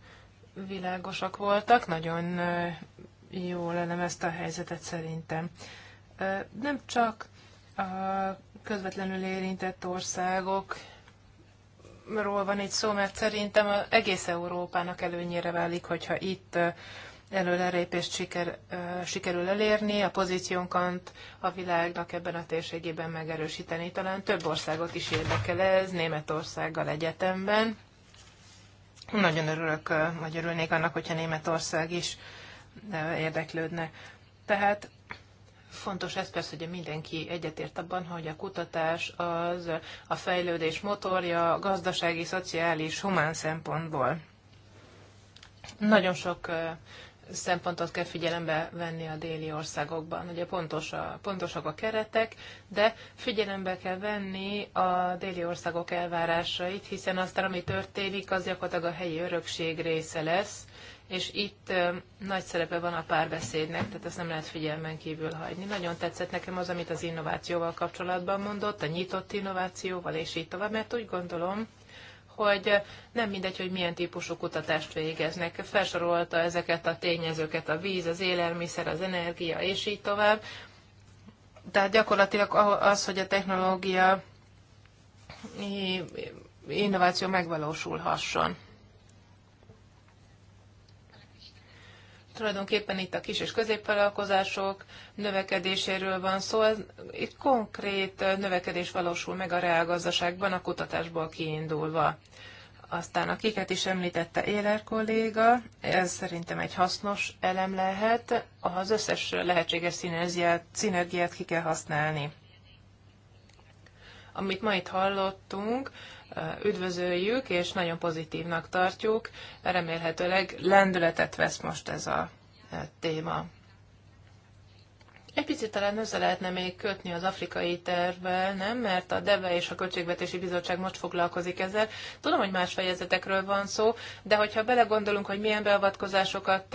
világosak voltak, nagyon jól elemezte a helyzetet szerintem. Nem csak a közvetlenül érintett országok ról van itt szó, mert szerintem az egész Európának előnyére válik, hogyha itt előrelépést siker, sikerül elérni, a pozíciónkant a világnak ebben a térségében megerősíteni. Talán több országot is érdekel ez, Németországgal egyetemben. Nagyon örülök, vagy örülnék annak, hogyha Németország is érdeklődne. Tehát Fontos ez persze, hogy mindenki egyetért abban, hogy a kutatás az a fejlődés motorja gazdasági, szociális, humán szempontból. Nagyon sok szempontot kell figyelembe venni a déli országokban. Ugye pontos a, pontosak a keretek, de figyelembe kell venni a déli országok elvárásait, hiszen aztán, ami történik, az gyakorlatilag a helyi örökség része lesz, és itt nagy szerepe van a párbeszédnek, tehát ezt nem lehet figyelmen kívül hagyni. Nagyon tetszett nekem az, amit az innovációval kapcsolatban mondott, a nyitott innovációval, és így tovább, mert úgy gondolom, hogy nem mindegy, hogy milyen típusú kutatást végeznek. Felsorolta ezeket a tényezőket, a víz, az élelmiszer, az energia, és így tovább. Tehát gyakorlatilag az, hogy a technológia innováció megvalósulhasson. tulajdonképpen itt a kis és középvállalkozások növekedéséről van szó, szóval itt konkrét növekedés valósul meg a reálgazdaságban a kutatásból kiindulva. Aztán a kiket is említette Éler kolléga, ez szerintem egy hasznos elem lehet, az összes lehetséges szinergiát, szinergiát ki kell használni. Amit ma itt hallottunk, üdvözöljük, és nagyon pozitívnak tartjuk. Remélhetőleg lendületet vesz most ez a e, téma. Egy picit talán össze lehetne még kötni az afrikai tervvel, nem? Mert a DEVE és a Költségvetési Bizottság most foglalkozik ezzel. Tudom, hogy más fejezetekről van szó, de hogyha belegondolunk, hogy milyen beavatkozásokat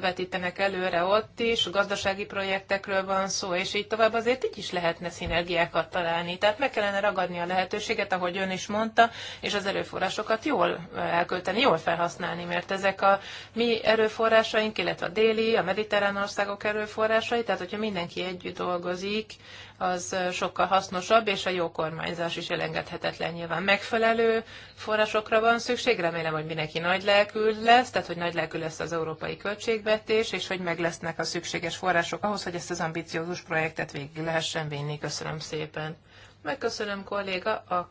vetítenek előre ott is, gazdasági projektekről van szó, és így tovább, azért így is lehetne szinergiákat találni. Tehát meg kellene ragadni a lehetőséget, ahogy ön is mondta, és az erőforrásokat jól elkölteni, jól felhasználni, mert ezek a mi erőforrásaink, illetve a déli, a mediterrán országok erőforrásai, tehát hogyha mi mindenki együtt dolgozik, az sokkal hasznosabb, és a jó kormányzás is elengedhetetlen nyilván. Megfelelő forrásokra van szükség, remélem, hogy mindenki nagy lelkül lesz, tehát hogy nagy lelkül lesz az európai költségvetés, és hogy meg lesznek a szükséges források ahhoz, hogy ezt az ambiciózus projektet végig lehessen vinni. Köszönöm szépen. Megköszönöm, kolléga, a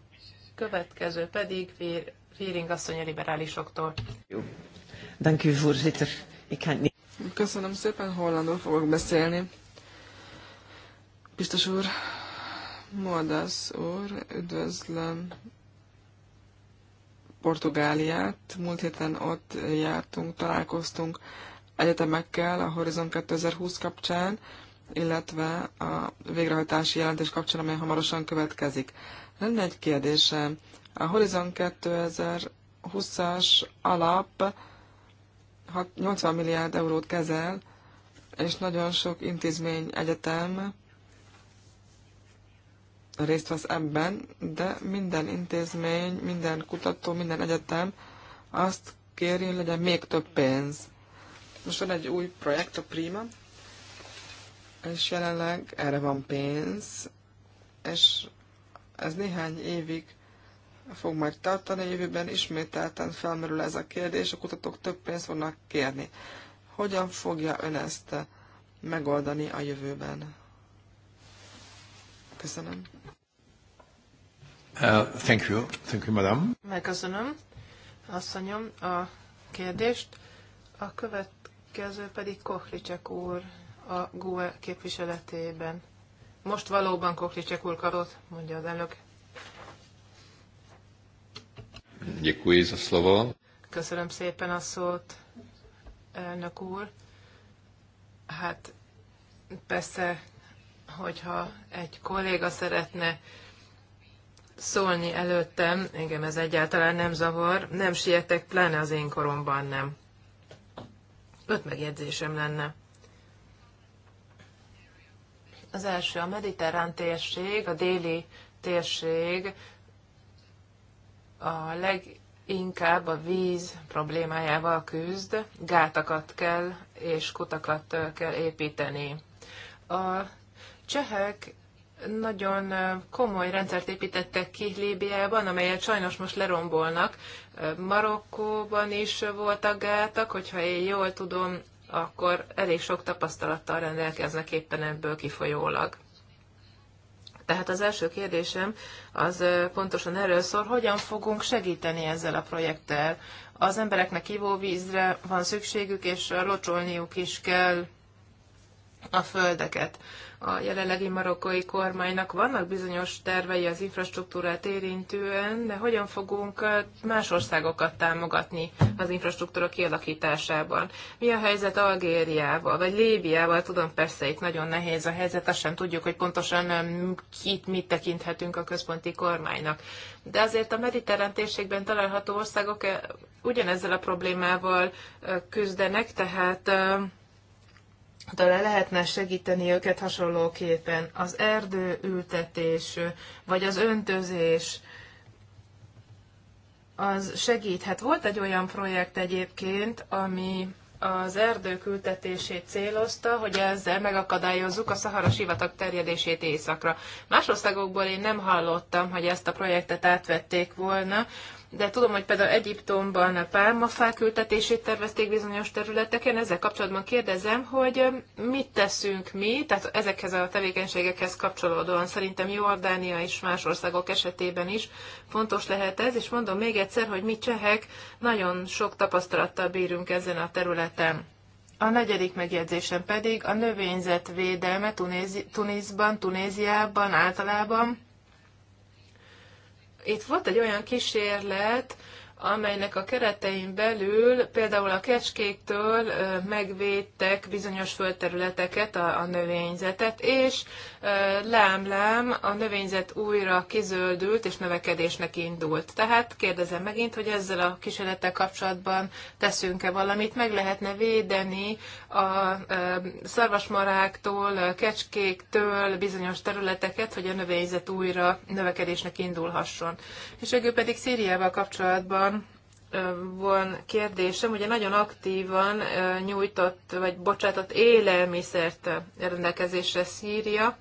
következő pedig Véring asszony a liberálisoktól. Jó. Köszönöm szépen, hollandul fogok beszélni. Biztos úr, Moldász úr, üdvözlöm Portugáliát. Múlt héten ott jártunk, találkoztunk egyetemekkel a Horizon 2020 kapcsán, illetve a végrehajtási jelentés kapcsán, amely hamarosan következik. Lenne egy kérdésem. A Horizon 2020-as alap 80 milliárd eurót kezel, és nagyon sok intézmény, egyetem részt vesz ebben, de minden intézmény, minden kutató, minden egyetem azt kéri, hogy legyen még több pénz. Most van egy új projekt, a Prima, és jelenleg erre van pénz, és ez néhány évig fog majd tartani, jövőben ismételten felmerül ez a kérdés, a kutatók több pénzt fognak kérni. Hogyan fogja ön ezt megoldani a jövőben? Köszönöm. Uh, thank you. Thank you, madam. Megköszönöm, asszonyom, a kérdést. A következő pedig Kohlicek úr a GUE képviseletében. Most valóban Kohlicek úr kapott, mondja az elnök. Děkuji za slovo. Köszönöm szépen a szót, elnök úr. Hát persze hogyha egy kolléga szeretne szólni előttem, engem ez egyáltalán nem zavar, nem sietek, pláne az én koromban nem. Öt megjegyzésem lenne. Az első, a mediterrán térség, a déli térség a leginkább a víz problémájával küzd, gátakat kell és kutakat kell építeni. A csehek nagyon komoly rendszert építettek ki Líbiában, amelyet sajnos most lerombolnak. Marokkóban is voltak gátak, hogyha én jól tudom, akkor elég sok tapasztalattal rendelkeznek éppen ebből kifolyólag. Tehát az első kérdésem az pontosan erről szól, hogyan fogunk segíteni ezzel a projekttel. Az embereknek ivóvízre van szükségük, és locsolniuk is kell a földeket. A jelenlegi marokkói kormánynak vannak bizonyos tervei az infrastruktúrát érintően, de hogyan fogunk más országokat támogatni az infrastruktúra kialakításában? Mi a helyzet Algériával, vagy Líbiával? Tudom, persze itt nagyon nehéz a helyzet, azt sem tudjuk, hogy pontosan kit mit tekinthetünk a központi kormánynak. De azért a mediterrán térségben található országok ugyanezzel a problémával küzdenek, tehát le lehetne segíteni őket hasonlóképpen. Az erdőültetés, vagy az öntözés, az segíthet. Volt egy olyan projekt egyébként, ami az erdők ültetését célozta, hogy ezzel megakadályozzuk a szahara sivatag terjedését északra. Más országokból én nem hallottam, hogy ezt a projektet átvették volna, de tudom, hogy például Egyiptomban a pálmafák ültetését tervezték bizonyos területeken. Ezzel kapcsolatban kérdezem, hogy mit teszünk mi, tehát ezekhez a tevékenységekhez kapcsolódóan szerintem Jordánia és más országok esetében is fontos lehet ez, és mondom még egyszer, hogy mi csehek nagyon sok tapasztalattal bírunk ezen a területen. A negyedik megjegyzésem pedig a növényzetvédelme Tunézi- Tunizban, Tunéziában általában itt volt egy olyan kísérlet, amelynek a keretein belül például a kecskéktől megvédtek bizonyos földterületeket, a, a növényzetet, és lám-lám a növényzet újra kizöldült és növekedésnek indult. Tehát kérdezem megint, hogy ezzel a kísérlettel kapcsolatban teszünk-e valamit, meg lehetne védeni a szarvasmaráktól, kecskéktől bizonyos területeket, hogy a növényzet újra növekedésnek indulhasson. És végül pedig Szíriával kapcsolatban van kérdésem, ugye nagyon aktívan nyújtott, vagy bocsátott élelmiszert rendelkezésre Szíria,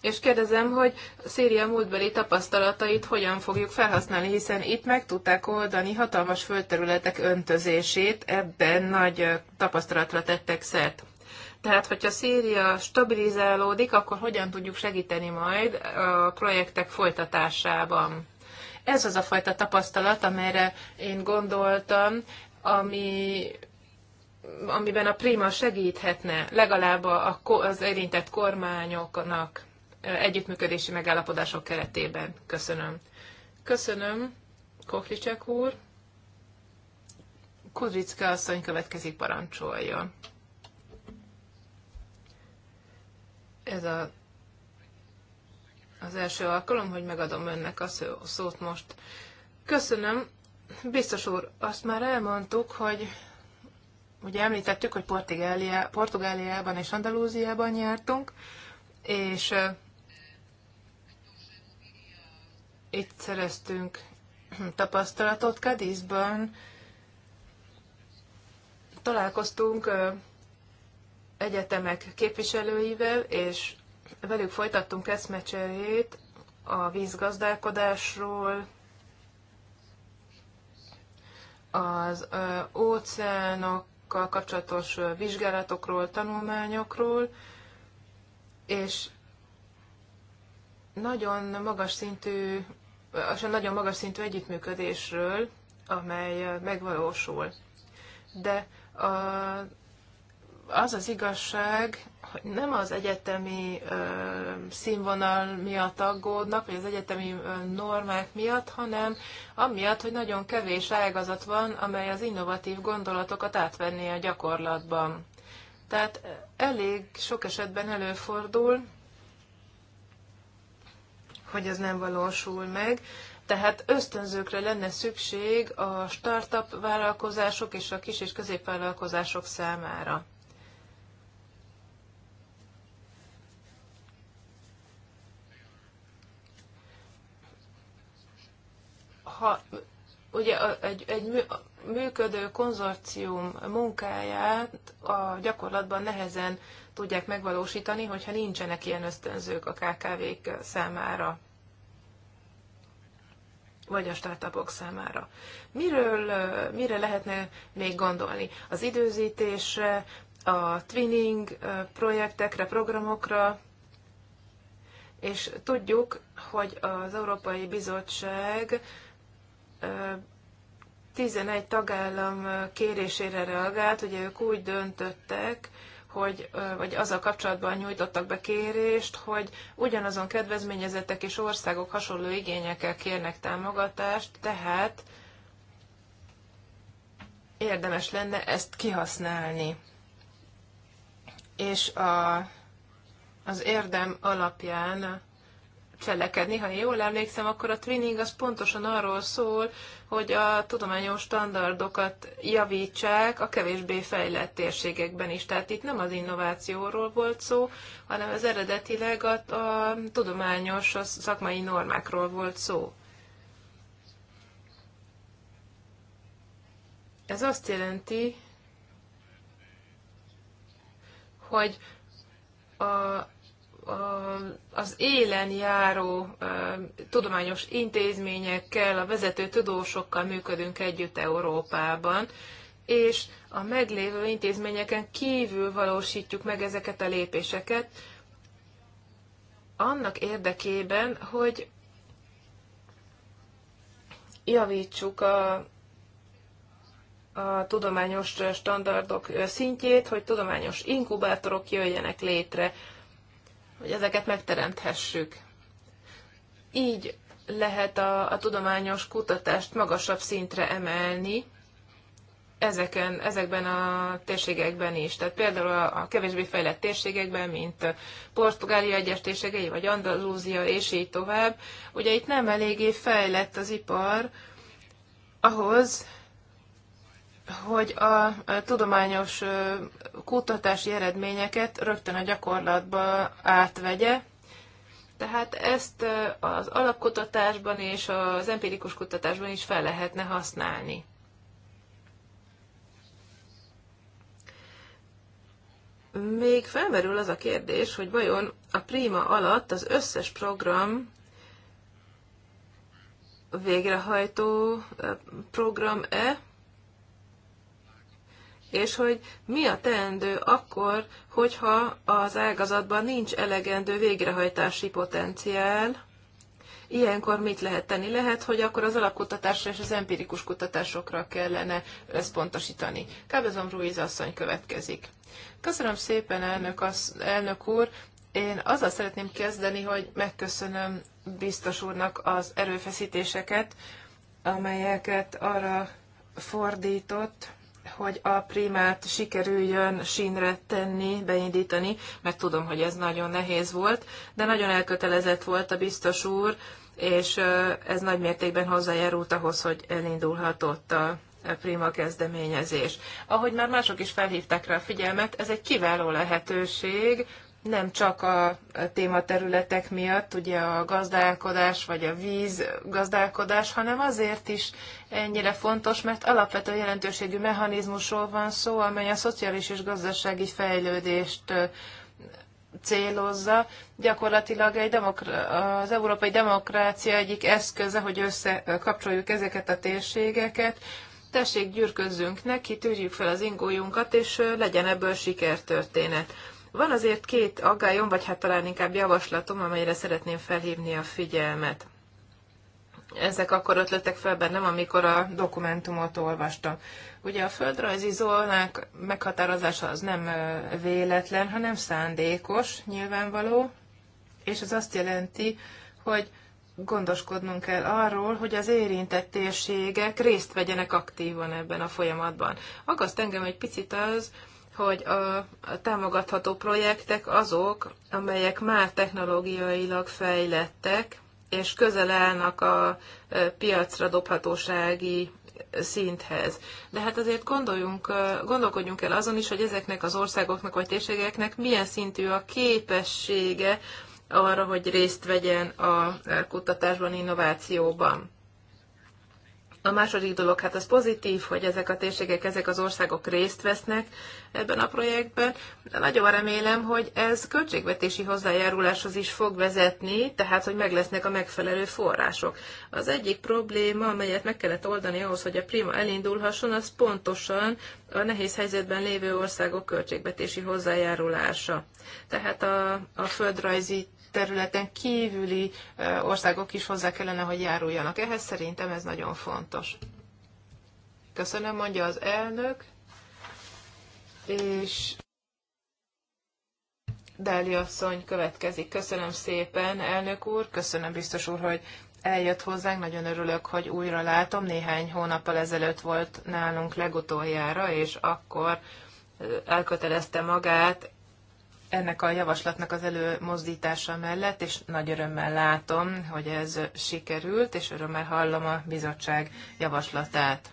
és kérdezem, hogy Szíria múltbeli tapasztalatait hogyan fogjuk felhasználni, hiszen itt meg tudták oldani hatalmas földterületek öntözését, ebben nagy tapasztalatra tettek szert. Tehát, hogyha Szíria stabilizálódik, akkor hogyan tudjuk segíteni majd a projektek folytatásában? ez az a fajta tapasztalat, amelyre én gondoltam, ami amiben a Prima segíthetne legalább a, az érintett kormányoknak együttműködési megállapodások keretében. Köszönöm. Köszönöm, Koklicek úr. Kudricka asszony következik, parancsoljon. Ez a az első alkalom, hogy megadom önnek a szót most. Köszönöm. Biztos úr, azt már elmondtuk, hogy ugye említettük, hogy Portugália, Portugáliában és Andalúziában jártunk, és uh, itt szereztünk tapasztalatot Kadizban. Találkoztunk uh, egyetemek képviselőivel, és velük folytattunk eszmecserét a vízgazdálkodásról, az óceánokkal kapcsolatos vizsgálatokról, tanulmányokról, és nagyon magas szintű, nagyon magas szintű együttműködésről, amely megvalósul. De a, az az igazság, hogy nem az egyetemi ö, színvonal miatt aggódnak, vagy az egyetemi ö, normák miatt, hanem amiatt, hogy nagyon kevés ágazat van, amely az innovatív gondolatokat átvenné a gyakorlatban. Tehát elég sok esetben előfordul, hogy ez nem valósul meg. Tehát ösztönzőkre lenne szükség a startup vállalkozások és a kis- és középvállalkozások számára. ha, ugye egy, egy működő konzorcium munkáját a gyakorlatban nehezen tudják megvalósítani, hogyha nincsenek ilyen ösztönzők a KKV-k számára vagy a startupok számára. Miről, mire lehetne még gondolni? Az időzítésre, a twinning projektekre, programokra, és tudjuk, hogy az Európai Bizottság 11 tagállam kérésére reagált, ugye ők úgy döntöttek, hogy, vagy azzal kapcsolatban nyújtottak be kérést, hogy ugyanazon kedvezményezettek és országok hasonló igényekkel kérnek támogatást, tehát érdemes lenne ezt kihasználni. És a, az érdem alapján cselekedni. Ha jól emlékszem, akkor a twinning az pontosan arról szól, hogy a tudományos standardokat javítsák a kevésbé fejlett térségekben is. Tehát itt nem az innovációról volt szó, hanem az eredetileg a, a tudományos a szakmai normákról volt szó. Ez azt jelenti, hogy a az élen járó tudományos intézményekkel, a vezető tudósokkal működünk együtt Európában, és a meglévő intézményeken kívül valósítjuk meg ezeket a lépéseket, annak érdekében, hogy javítsuk a, a tudományos standardok szintjét, hogy tudományos inkubátorok jöjjenek létre, hogy ezeket megteremthessük. Így lehet a, a tudományos kutatást magasabb szintre emelni ezeken, ezekben a térségekben is. Tehát például a, a kevésbé fejlett térségekben, mint Portugália egyes térségei, vagy Andalúzia, és így tovább. Ugye itt nem eléggé fejlett az ipar ahhoz, hogy a tudományos kutatási eredményeket rögtön a gyakorlatba átvegye. Tehát ezt az alapkutatásban és az empirikus kutatásban is fel lehetne használni. Még felmerül az a kérdés, hogy vajon a Prima alatt az összes program végrehajtó program-e, és hogy mi a teendő akkor, hogyha az ágazatban nincs elegendő végrehajtási potenciál, Ilyenkor mit lehet tenni? Lehet, hogy akkor az alapkutatásra és az empirikus kutatásokra kellene összpontosítani. Kábezom Ruiz asszony következik. Köszönöm szépen, elnök, az, elnök úr. Én azzal szeretném kezdeni, hogy megköszönöm biztos úrnak az erőfeszítéseket, amelyeket arra fordított, hogy a primát sikerüljön sínre tenni, beindítani, mert tudom, hogy ez nagyon nehéz volt, de nagyon elkötelezett volt a biztos úr, és ez nagy mértékben hozzájárult ahhoz, hogy elindulhatott a prima kezdeményezés. Ahogy már mások is felhívták rá a figyelmet, ez egy kiváló lehetőség nem csak a tématerületek miatt, ugye a gazdálkodás vagy a víz gazdálkodás, hanem azért is ennyire fontos, mert alapvető jelentőségű mechanizmusról van szó, amely a szociális és gazdasági fejlődést célozza. Gyakorlatilag egy demokra- az európai demokrácia egyik eszköze, hogy összekapcsoljuk ezeket a térségeket, tessék, gyűrközzünk neki, tűrjük fel az ingójunkat, és legyen ebből sikertörténet. Van azért két aggályom, vagy hát talán inkább javaslatom, amelyre szeretném felhívni a figyelmet. Ezek akkor ötlöttek fel bennem, amikor a dokumentumot olvastam. Ugye a földrajzi zónák meghatározása az nem véletlen, hanem szándékos, nyilvánvaló, és ez azt jelenti, hogy gondoskodnunk kell arról, hogy az érintett térségek részt vegyenek aktívan ebben a folyamatban. Agaszt engem egy picit az, hogy a, támogatható projektek azok, amelyek már technológiailag fejlettek, és közel állnak a piacra dobhatósági szinthez. De hát azért gondoljunk, gondolkodjunk el azon is, hogy ezeknek az országoknak vagy térségeknek milyen szintű a képessége arra, hogy részt vegyen a kutatásban, innovációban. A második dolog, hát az pozitív, hogy ezek a térségek, ezek az országok részt vesznek ebben a projektben, de nagyon remélem, hogy ez költségvetési hozzájáruláshoz is fog vezetni, tehát hogy meg lesznek a megfelelő források. Az egyik probléma, amelyet meg kellett oldani ahhoz, hogy a prima elindulhasson, az pontosan a nehéz helyzetben lévő országok költségvetési hozzájárulása. Tehát a, a földrajzi területen kívüli országok is hozzá kellene, hogy járuljanak. Ehhez szerintem ez nagyon fontos. Köszönöm, mondja az elnök, és Dáli asszony következik. Köszönöm szépen, elnök úr, köszönöm biztos úr, hogy eljött hozzánk, nagyon örülök, hogy újra látom. Néhány hónappal ezelőtt volt nálunk legutoljára, és akkor elkötelezte magát ennek a javaslatnak az előmozdítása mellett, és nagy örömmel látom, hogy ez sikerült, és örömmel hallom a bizottság javaslatát.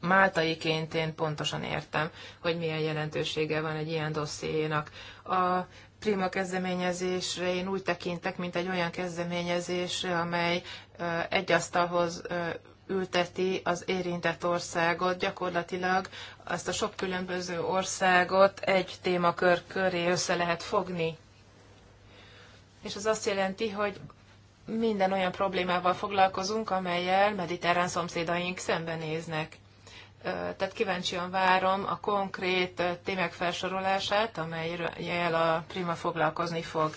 Máltaiként én pontosan értem, hogy milyen jelentősége van egy ilyen dossziénak. A Prima kezdeményezésre én úgy tekintek, mint egy olyan kezdeményezésre, amely egy asztalhoz ülteti az érintett országot, gyakorlatilag azt a sok különböző országot egy témakör köré össze lehet fogni. És az azt jelenti, hogy minden olyan problémával foglalkozunk, amelyel mediterrán szomszédaink szembenéznek. Tehát kíváncsian várom a konkrét témák felsorolását, amelyel a Prima foglalkozni fog.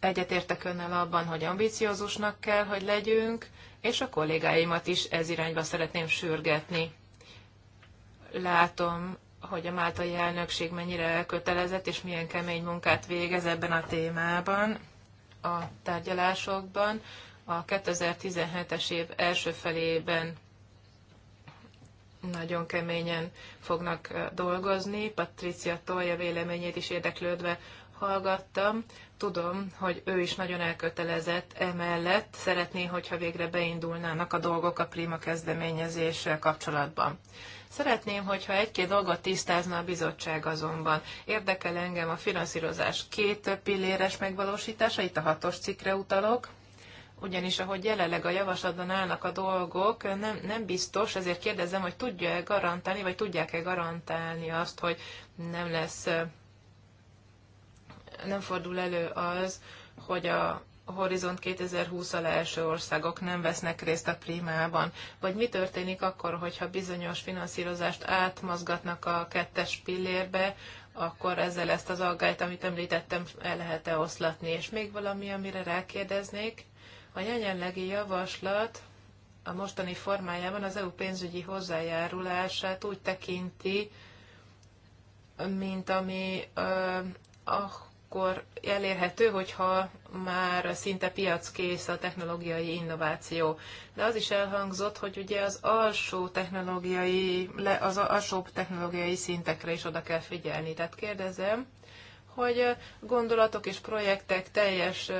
Egyetértek önnel abban, hogy ambiciózusnak kell, hogy legyünk, és a kollégáimat is ez irányba szeretném sürgetni. Látom, hogy a máltai elnökség mennyire elkötelezett, és milyen kemény munkát végez ebben a témában, a tárgyalásokban. A 2017-es év első felében nagyon keményen fognak dolgozni. Patricia Tolja véleményét is érdeklődve hallgattam tudom, hogy ő is nagyon elkötelezett emellett, szeretné, hogyha végre beindulnának a dolgok a Prima kezdeményezéssel kapcsolatban. Szeretném, hogyha egy-két dolgot tisztázna a bizottság azonban. Érdekel engem a finanszírozás két pilléres megvalósítása, itt a hatos cikkre utalok, ugyanis ahogy jelenleg a javaslatban állnak a dolgok, nem, nem biztos, ezért kérdezem, hogy tudja-e garantálni, vagy tudják-e garantálni azt, hogy nem lesz nem fordul elő az, hogy a Horizont 2020 alá első országok nem vesznek részt a primában? Vagy mi történik akkor, hogyha bizonyos finanszírozást átmozgatnak a kettes pillérbe, akkor ezzel ezt az aggályt, amit említettem, el lehet-e oszlatni? És még valami, amire rákérdeznék, a jelenlegi javaslat a mostani formájában az EU pénzügyi hozzájárulását úgy tekinti, mint ami uh, a akkor elérhető, hogyha már szinte piackész a technológiai innováció. De az is elhangzott, hogy ugye az alsó technológiai, az alsóbb technológiai szintekre is oda kell figyelni. Tehát kérdezem, hogy gondolatok és projektek teljes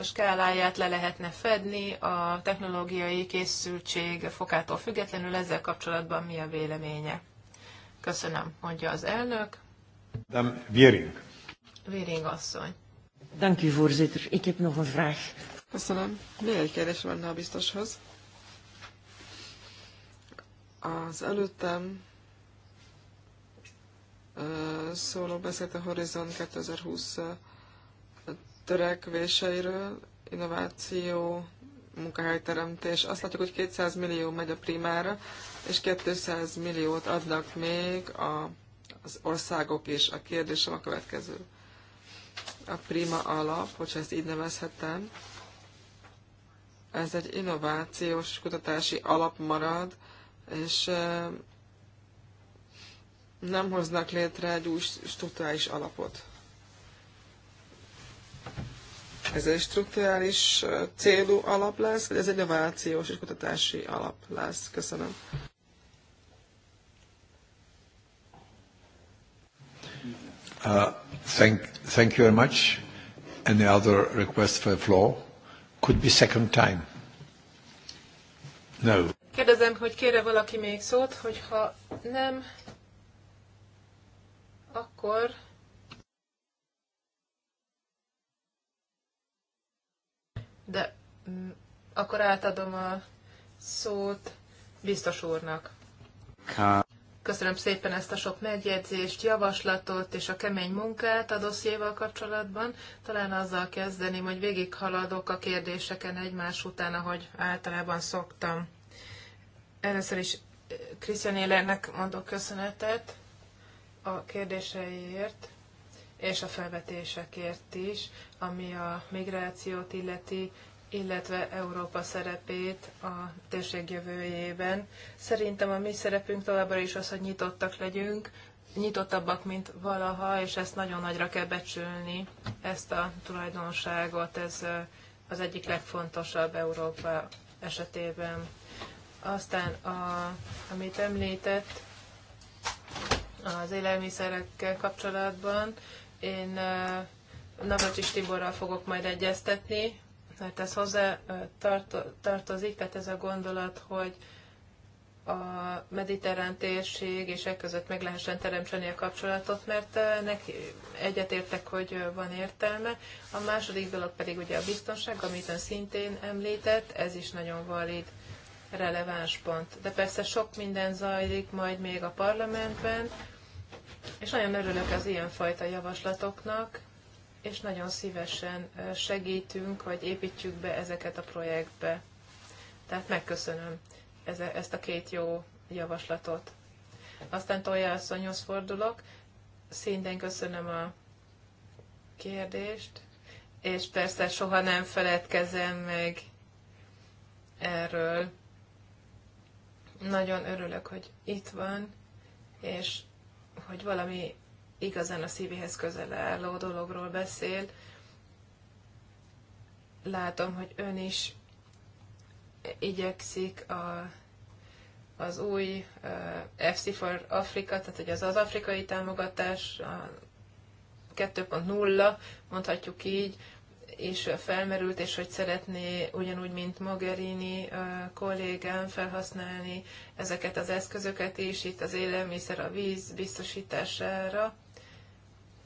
skáláját le lehetne fedni a technológiai készültség fokától függetlenül ezzel kapcsolatban mi a véleménye. Köszönöm, mondja az elnök. Madame Viering. Viering asszony. Dank u, voorzitter. Ik heb nog een vraag. Köszönöm. Még egy kérdés lenne a biztoshoz. Az előttem szóló beszélt a Horizon 2020 törekvéseiről, innováció, munkahelyteremtés. Azt látjuk, hogy 200 millió megy a primára, és 200 milliót adnak még a az országok is. A kérdésem a következő. A prima alap, hogyha ezt így nevezhetem, ez egy innovációs kutatási alap marad, és nem hoznak létre egy új struktúrális alapot. Ez egy strukturális célú alap lesz, vagy ez egy innovációs és kutatási alap lesz? Köszönöm. Uh, thank, thank you very much. Any other request for the floor? Could be second time. No. Kérdezem, hogy kére valaki még szót, hogyha nem, akkor de mm, akkor átadom a szót biztos úrnak. Ká. Köszönöm szépen ezt a sok megjegyzést, javaslatot és a kemény munkát a dossziéval kapcsolatban. Talán azzal kezdeném, hogy végighaladok a kérdéseken egymás után, ahogy általában szoktam. Először is Krisztián Élernek mondok köszönetet a kérdéseiért és a felvetésekért is, ami a migrációt illeti, illetve Európa szerepét a térség jövőjében. Szerintem a mi szerepünk továbbra is az, hogy nyitottak legyünk, nyitottabbak, mint valaha, és ezt nagyon nagyra kell becsülni, ezt a tulajdonságot, ez az egyik legfontosabb Európa esetében. Aztán, a, amit említett az élelmiszerekkel kapcsolatban, én Navacsis Tiborral fogok majd egyeztetni, mert ez hozzá tartozik, tehát ez a gondolat, hogy a mediterrán térség és e között meg lehessen teremteni a kapcsolatot, mert neki egyetértek, hogy van értelme. A második dolog pedig ugye a biztonság, amit ön szintén említett, ez is nagyon valid, releváns pont. De persze sok minden zajlik majd még a parlamentben, és nagyon örülök az ilyenfajta javaslatoknak, és nagyon szívesen segítünk, vagy építjük be ezeket a projektbe. Tehát megköszönöm ezt a két jó javaslatot. Aztán Tolja asszonyhoz fordulok, szintén köszönöm a kérdést, és persze soha nem feledkezem meg erről. Nagyon örülök, hogy itt van, és hogy valami igazán a szívéhez közel álló dologról beszél. Látom, hogy ön is igyekszik a, az új uh, FC for Africa, tehát hogy az az afrikai támogatás a 2.0, mondhatjuk így, és felmerült, és hogy szeretné ugyanúgy, mint Mogherini kollégám felhasználni ezeket az eszközöket is, itt az élelmiszer, a víz biztosítására,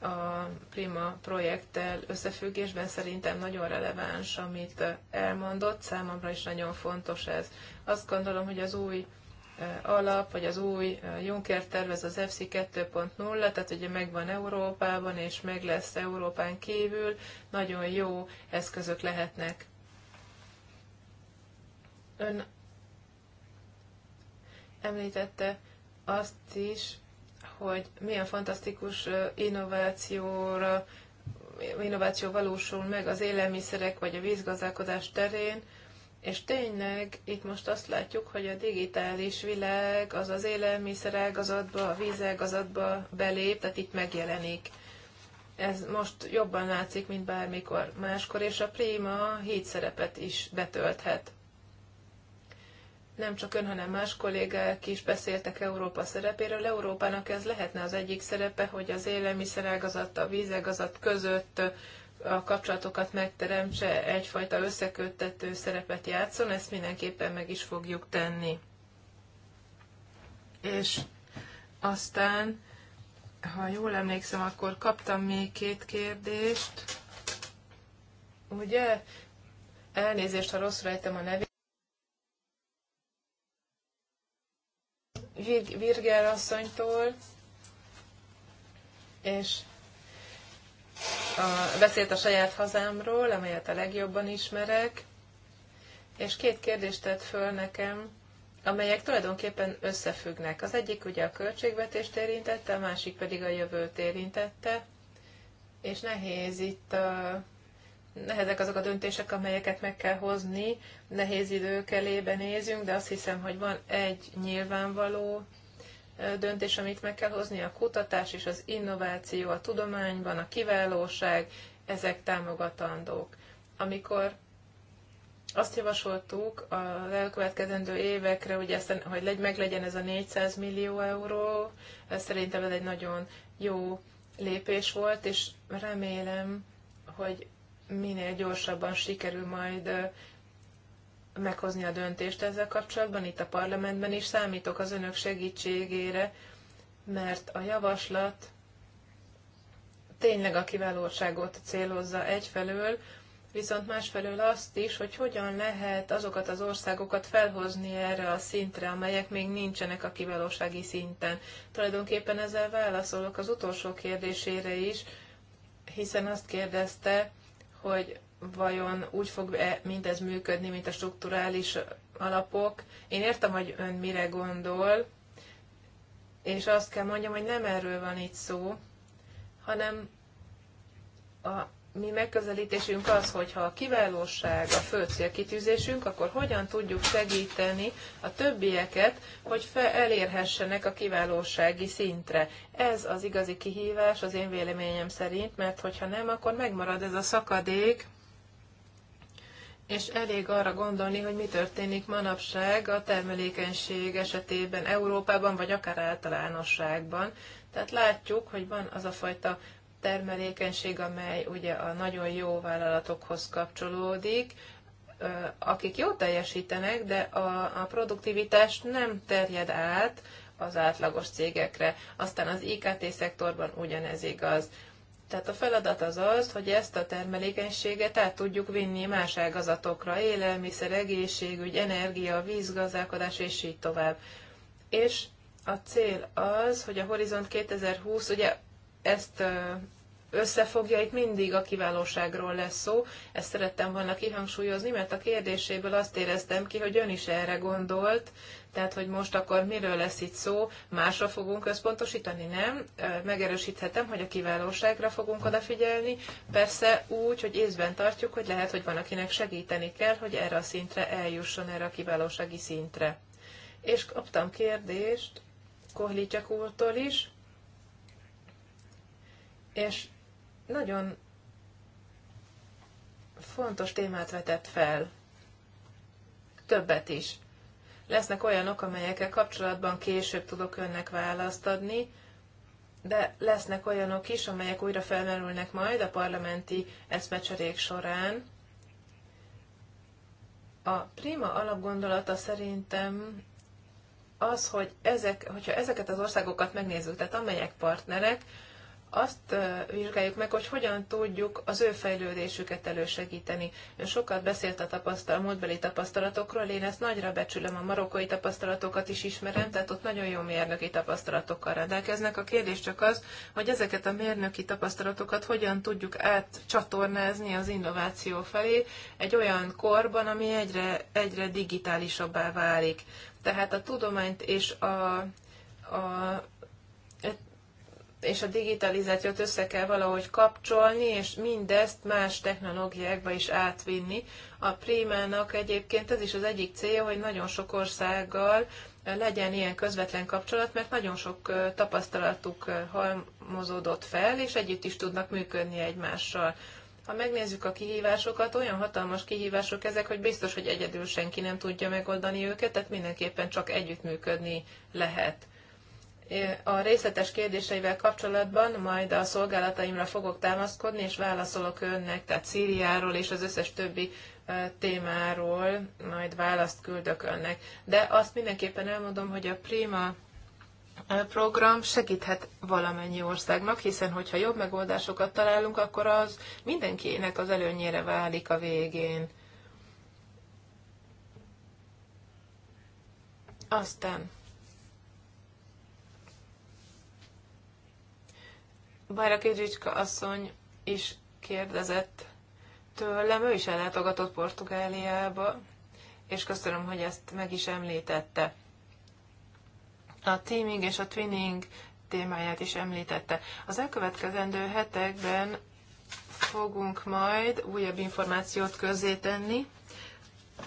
a Prima projekttel összefüggésben szerintem nagyon releváns, amit elmondott, számomra is nagyon fontos ez. Azt gondolom, hogy az új e, alap, vagy az új e, Juncker tervez az FC 2.0, tehát ugye megvan Európában, és meg lesz Európán kívül, nagyon jó eszközök lehetnek. Ön említette azt is, hogy milyen fantasztikus innovációra, innováció valósul meg az élelmiszerek vagy a vízgazdálkodás terén, és tényleg itt most azt látjuk, hogy a digitális világ az az élelmiszerágazatba, a vízágazatba belép, tehát itt megjelenik. Ez most jobban látszik, mint bármikor máskor, és a Prima szerepet is betölthet nem csak ön, hanem más kollégák is beszéltek Európa szerepéről. Európának ez lehetne az egyik szerepe, hogy az élelmiszerágazat, a vízegazat között a kapcsolatokat megteremtse, egyfajta összeköttető szerepet játszon, ezt mindenképpen meg is fogjuk tenni. És aztán, ha jól emlékszem, akkor kaptam még két kérdést. Ugye? Elnézést, ha rosszul rejtem a nevét. Virgel asszonytól, és a, beszélt a saját hazámról, amelyet a legjobban ismerek, és két kérdést tett föl nekem, amelyek tulajdonképpen összefüggnek. Az egyik ugye a költségvetést érintette, a másik pedig a jövőt érintette, és nehéz itt a, nehezek azok a döntések, amelyeket meg kell hozni, nehéz idők elébe nézünk, de azt hiszem, hogy van egy nyilvánvaló döntés, amit meg kell hozni, a kutatás és az innováció a tudományban, a kiválóság, ezek támogatandók. Amikor azt javasoltuk az elkövetkezendő évekre, hogy, ezt, hogy meglegyen ez a 400 millió euró, szerintem ez egy nagyon jó lépés volt, és remélem, hogy minél gyorsabban sikerül majd meghozni a döntést ezzel kapcsolatban, itt a parlamentben is számítok az önök segítségére, mert a javaslat tényleg a kiválóságot célozza egyfelől, viszont másfelől azt is, hogy hogyan lehet azokat az országokat felhozni erre a szintre, amelyek még nincsenek a kiválósági szinten. Tulajdonképpen ezzel válaszolok az utolsó kérdésére is, hiszen azt kérdezte, hogy vajon úgy fog -e mindez működni, mint a strukturális alapok. Én értem, hogy ön mire gondol, és azt kell mondjam, hogy nem erről van itt szó, hanem a mi megközelítésünk az, hogy ha a kiválóság a fő célkitűzésünk, akkor hogyan tudjuk segíteni a többieket, hogy elérhessenek a kiválósági szintre. Ez az igazi kihívás az én véleményem szerint, mert hogyha nem, akkor megmarad ez a szakadék, és elég arra gondolni, hogy mi történik manapság a termelékenység esetében Európában, vagy akár általánosságban. Tehát látjuk, hogy van az a fajta termelékenység, amely ugye a nagyon jó vállalatokhoz kapcsolódik, akik jól teljesítenek, de a, a produktivitás nem terjed át az átlagos cégekre. Aztán az IKT szektorban ugyanez igaz. Tehát a feladat az az, hogy ezt a termelékenységet át tudjuk vinni más ágazatokra, élelmiszer, egészségügy, energia, vízgazdálkodás, és így tovább. És a cél az, hogy a Horizont 2020, ugye ezt összefogja, itt mindig a kiválóságról lesz szó. Ezt szerettem volna kihangsúlyozni, mert a kérdéséből azt éreztem ki, hogy ön is erre gondolt, tehát hogy most akkor miről lesz itt szó, másra fogunk központosítani, nem? Megerősíthetem, hogy a kiválóságra fogunk odafigyelni, persze úgy, hogy észben tartjuk, hogy lehet, hogy van akinek segíteni kell, hogy erre a szintre eljusson, erre a kiválósági szintre. És kaptam kérdést Kohlicsak úrtól is, és nagyon fontos témát vetett fel, többet is. Lesznek olyanok, amelyekkel kapcsolatban később tudok önnek választ adni, de lesznek olyanok is, amelyek újra felmerülnek majd a parlamenti eszmecserék során. A prima alapgondolata szerintem az, hogy ezek, hogyha ezeket az országokat megnézzük, tehát amelyek partnerek, azt vizsgáljuk meg, hogy hogyan tudjuk az ő fejlődésüket elősegíteni. Ön sokat beszélt a tapasztal, múltbeli tapasztalatokról, én ezt nagyra becsülöm, a marokkai tapasztalatokat is ismerem, tehát ott nagyon jó mérnöki tapasztalatokkal rendelkeznek. A kérdés csak az, hogy ezeket a mérnöki tapasztalatokat hogyan tudjuk átcsatornázni az innováció felé egy olyan korban, ami egyre, egyre digitálisabbá válik. Tehát a tudományt és a, a és a digitalizációt össze kell valahogy kapcsolni, és mindezt más technológiákba is átvinni. A Primának egyébként ez is az egyik célja, hogy nagyon sok országgal legyen ilyen közvetlen kapcsolat, mert nagyon sok tapasztalatuk halmozódott fel, és együtt is tudnak működni egymással. Ha megnézzük a kihívásokat, olyan hatalmas kihívások ezek, hogy biztos, hogy egyedül senki nem tudja megoldani őket, tehát mindenképpen csak együttműködni lehet. A részletes kérdéseivel kapcsolatban majd a szolgálataimra fogok támaszkodni, és válaszolok önnek, tehát Szíriáról és az összes többi témáról majd választ küldök önnek. De azt mindenképpen elmondom, hogy a Prima program segíthet valamennyi országnak, hiszen hogyha jobb megoldásokat találunk, akkor az mindenkinek az előnyére válik a végén. Aztán Bajra Kédzsicska asszony is kérdezett tőlem, ő is ellátogatott Portugáliába, és köszönöm, hogy ezt meg is említette. A teaming és a twinning témáját is említette. Az elkövetkezendő hetekben fogunk majd újabb információt közzétenni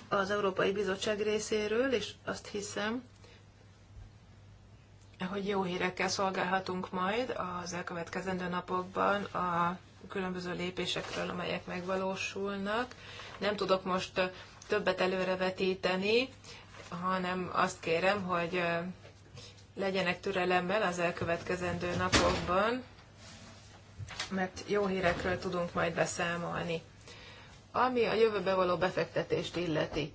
az Európai Bizottság részéről, és azt hiszem, hogy jó hírekkel szolgálhatunk majd az elkövetkezendő napokban a különböző lépésekről, amelyek megvalósulnak. Nem tudok most többet előrevetíteni, hanem azt kérem, hogy legyenek türelemmel az elkövetkezendő napokban, mert jó hírekről tudunk majd beszámolni. Ami a jövőbe való befektetést illeti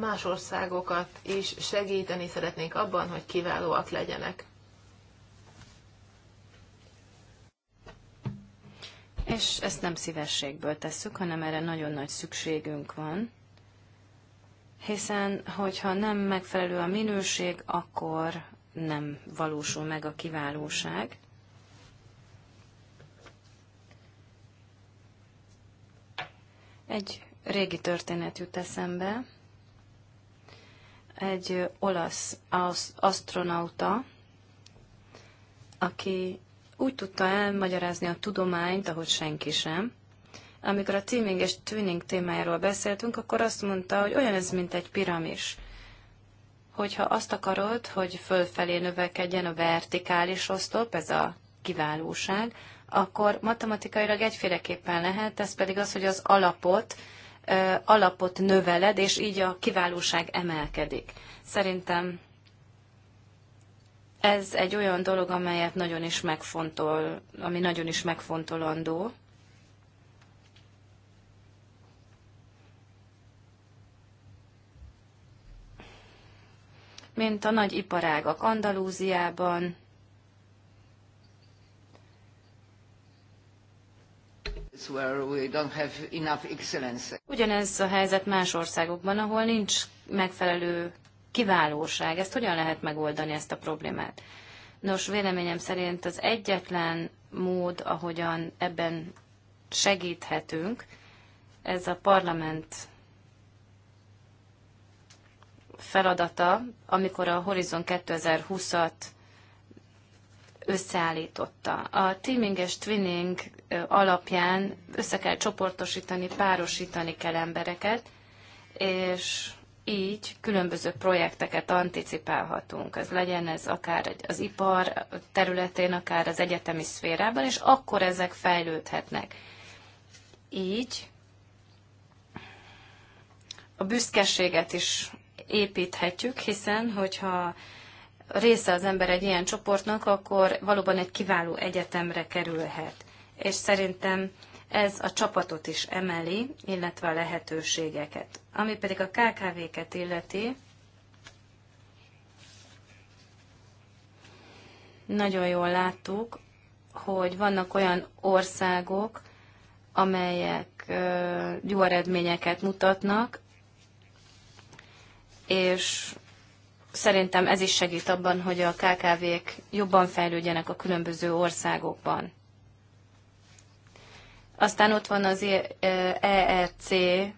más országokat is segíteni szeretnénk abban, hogy kiválóak legyenek. És ezt nem szívességből tesszük, hanem erre nagyon nagy szükségünk van, hiszen hogyha nem megfelelő a minőség, akkor nem valósul meg a kiválóság. Egy régi történet jut eszembe egy olasz astronauta, aki úgy tudta elmagyarázni a tudományt, ahogy senki sem. Amikor a teaming és tuning témájáról beszéltünk, akkor azt mondta, hogy olyan ez, mint egy piramis. Hogyha azt akarod, hogy fölfelé növekedjen a vertikális osztop, ez a kiválóság, akkor matematikailag egyféleképpen lehet, ez pedig az, hogy az alapot alapot növeled, és így a kiválóság emelkedik. Szerintem ez egy olyan dolog, amelyet nagyon is megfontol, ami nagyon is megfontolandó. Mint a nagy iparágak Andalúziában, where we don't have enough excellence. Ugyanez a helyzet más országokban, ahol nincs megfelelő kiválóság. Ezt hogyan lehet megoldani, ezt a problémát? Nos, véleményem szerint az egyetlen mód, ahogyan ebben segíthetünk, ez a parlament feladata, amikor a Horizon 2020-at összeállította. A teaming és twinning alapján össze kell csoportosítani, párosítani kell embereket, és így különböző projekteket anticipálhatunk. Ez legyen ez akár az ipar területén, akár az egyetemi szférában, és akkor ezek fejlődhetnek. Így a büszkeséget is építhetjük, hiszen hogyha része az ember egy ilyen csoportnak, akkor valóban egy kiváló egyetemre kerülhet. És szerintem ez a csapatot is emeli, illetve a lehetőségeket. Ami pedig a KKV-ket illeti, nagyon jól láttuk, hogy vannak olyan országok, amelyek jó eredményeket mutatnak, és Szerintem ez is segít abban, hogy a KKV-k jobban fejlődjenek a különböző országokban. Aztán ott van az ERC e e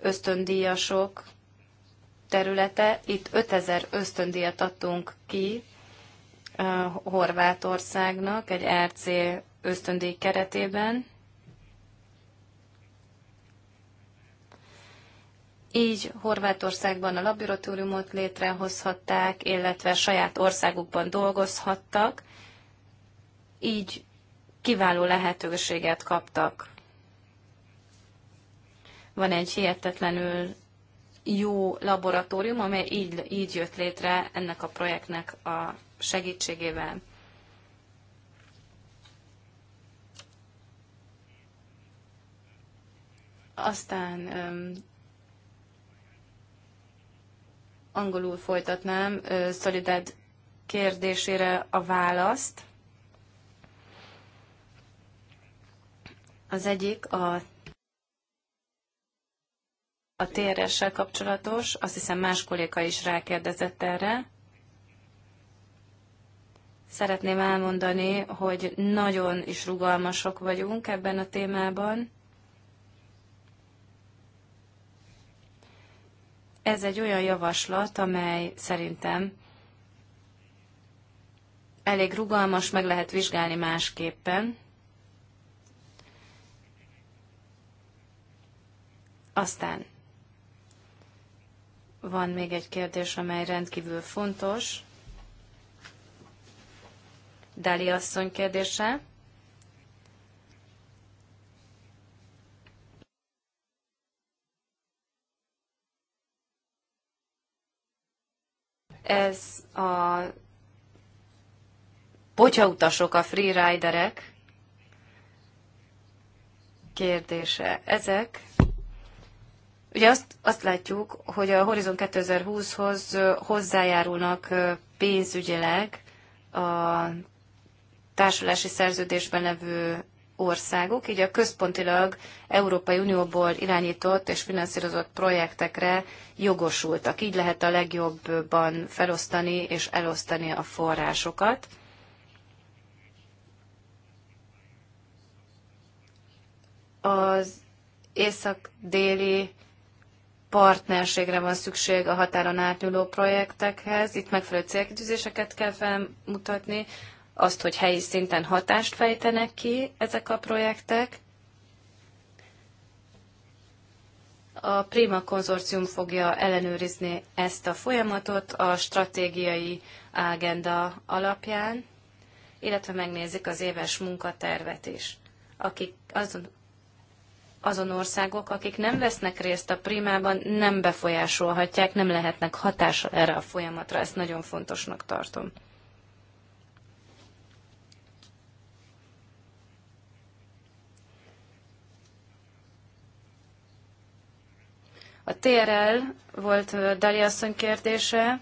ösztöndíjasok területe. Itt 5000 ösztöndíjat adtunk ki e, Horvátországnak egy ERC ösztöndíj keretében. Így Horvátországban a laboratóriumot létrehozhatták, illetve saját országukban dolgozhattak, így kiváló lehetőséget kaptak. Van egy hihetetlenül jó laboratórium, amely így, így jött létre ennek a projektnek a segítségével. Aztán angolul folytatnám Szolidád kérdésére a választ. Az egyik a a TRS-sel kapcsolatos, azt hiszem más kolléka is rákérdezett erre. Szeretném elmondani, hogy nagyon is rugalmasok vagyunk ebben a témában. Ez egy olyan javaslat, amely szerintem elég rugalmas, meg lehet vizsgálni másképpen. Aztán van még egy kérdés, amely rendkívül fontos. Dali asszony kérdése. Ez a potyautasok, a freeriderek kérdése. Ezek Ugye azt, azt látjuk, hogy a Horizon 2020-hoz hozzájárulnak pénzügyileg a társulási szerződésben levő országok, így a központilag Európai Unióból irányított és finanszírozott projektekre jogosultak. Így lehet a legjobban felosztani és elosztani a forrásokat. Az észak-déli partnerségre van szükség a határon átnyúló projektekhez. Itt megfelelő célkitűzéseket kell felmutatni azt, hogy helyi szinten hatást fejtenek ki ezek a projektek. A Prima konzorcium fogja ellenőrizni ezt a folyamatot a stratégiai ágenda alapján, illetve megnézik az éves munkatervet is. Akik azon, azon országok, akik nem vesznek részt a primában, nem befolyásolhatják, nem lehetnek hatása erre a folyamatra. Ezt nagyon fontosnak tartom. A TRL volt Dali asszony kérdése.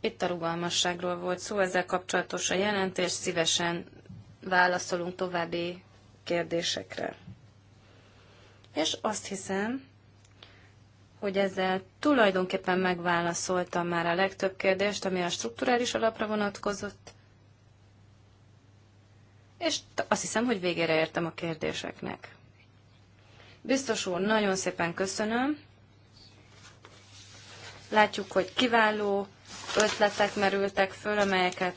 Itt a rugalmasságról volt szó, ezzel kapcsolatos a jelentés, szívesen válaszolunk további kérdésekre. És azt hiszem, hogy ezzel tulajdonképpen megválaszoltam már a legtöbb kérdést, ami a strukturális alapra vonatkozott és azt hiszem, hogy végére értem a kérdéseknek. Biztos úr, nagyon szépen köszönöm. Látjuk, hogy kiváló ötletek merültek föl, amelyeket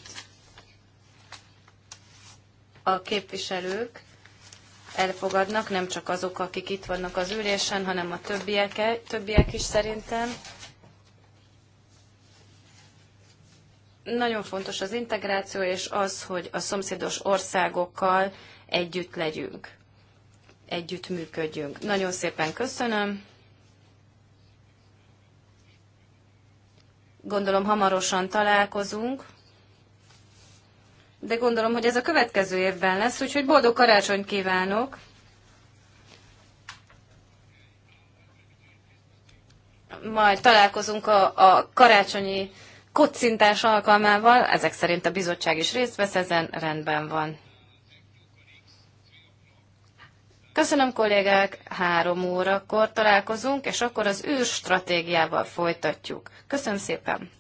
a képviselők elfogadnak, nem csak azok, akik itt vannak az ülésen, hanem a többiek, többiek is szerintem. Nagyon fontos az integráció, és az, hogy a szomszédos országokkal együtt legyünk, együtt működjünk. Nagyon szépen köszönöm. Gondolom hamarosan találkozunk, de gondolom, hogy ez a következő évben lesz, úgyhogy boldog karácsonyt kívánok! majd találkozunk a, a karácsonyi kocintás alkalmával, ezek szerint a bizottság is részt vesz ezen, rendben van. Köszönöm kollégák, három órakor találkozunk, és akkor az űrstratégiával folytatjuk. Köszönöm szépen!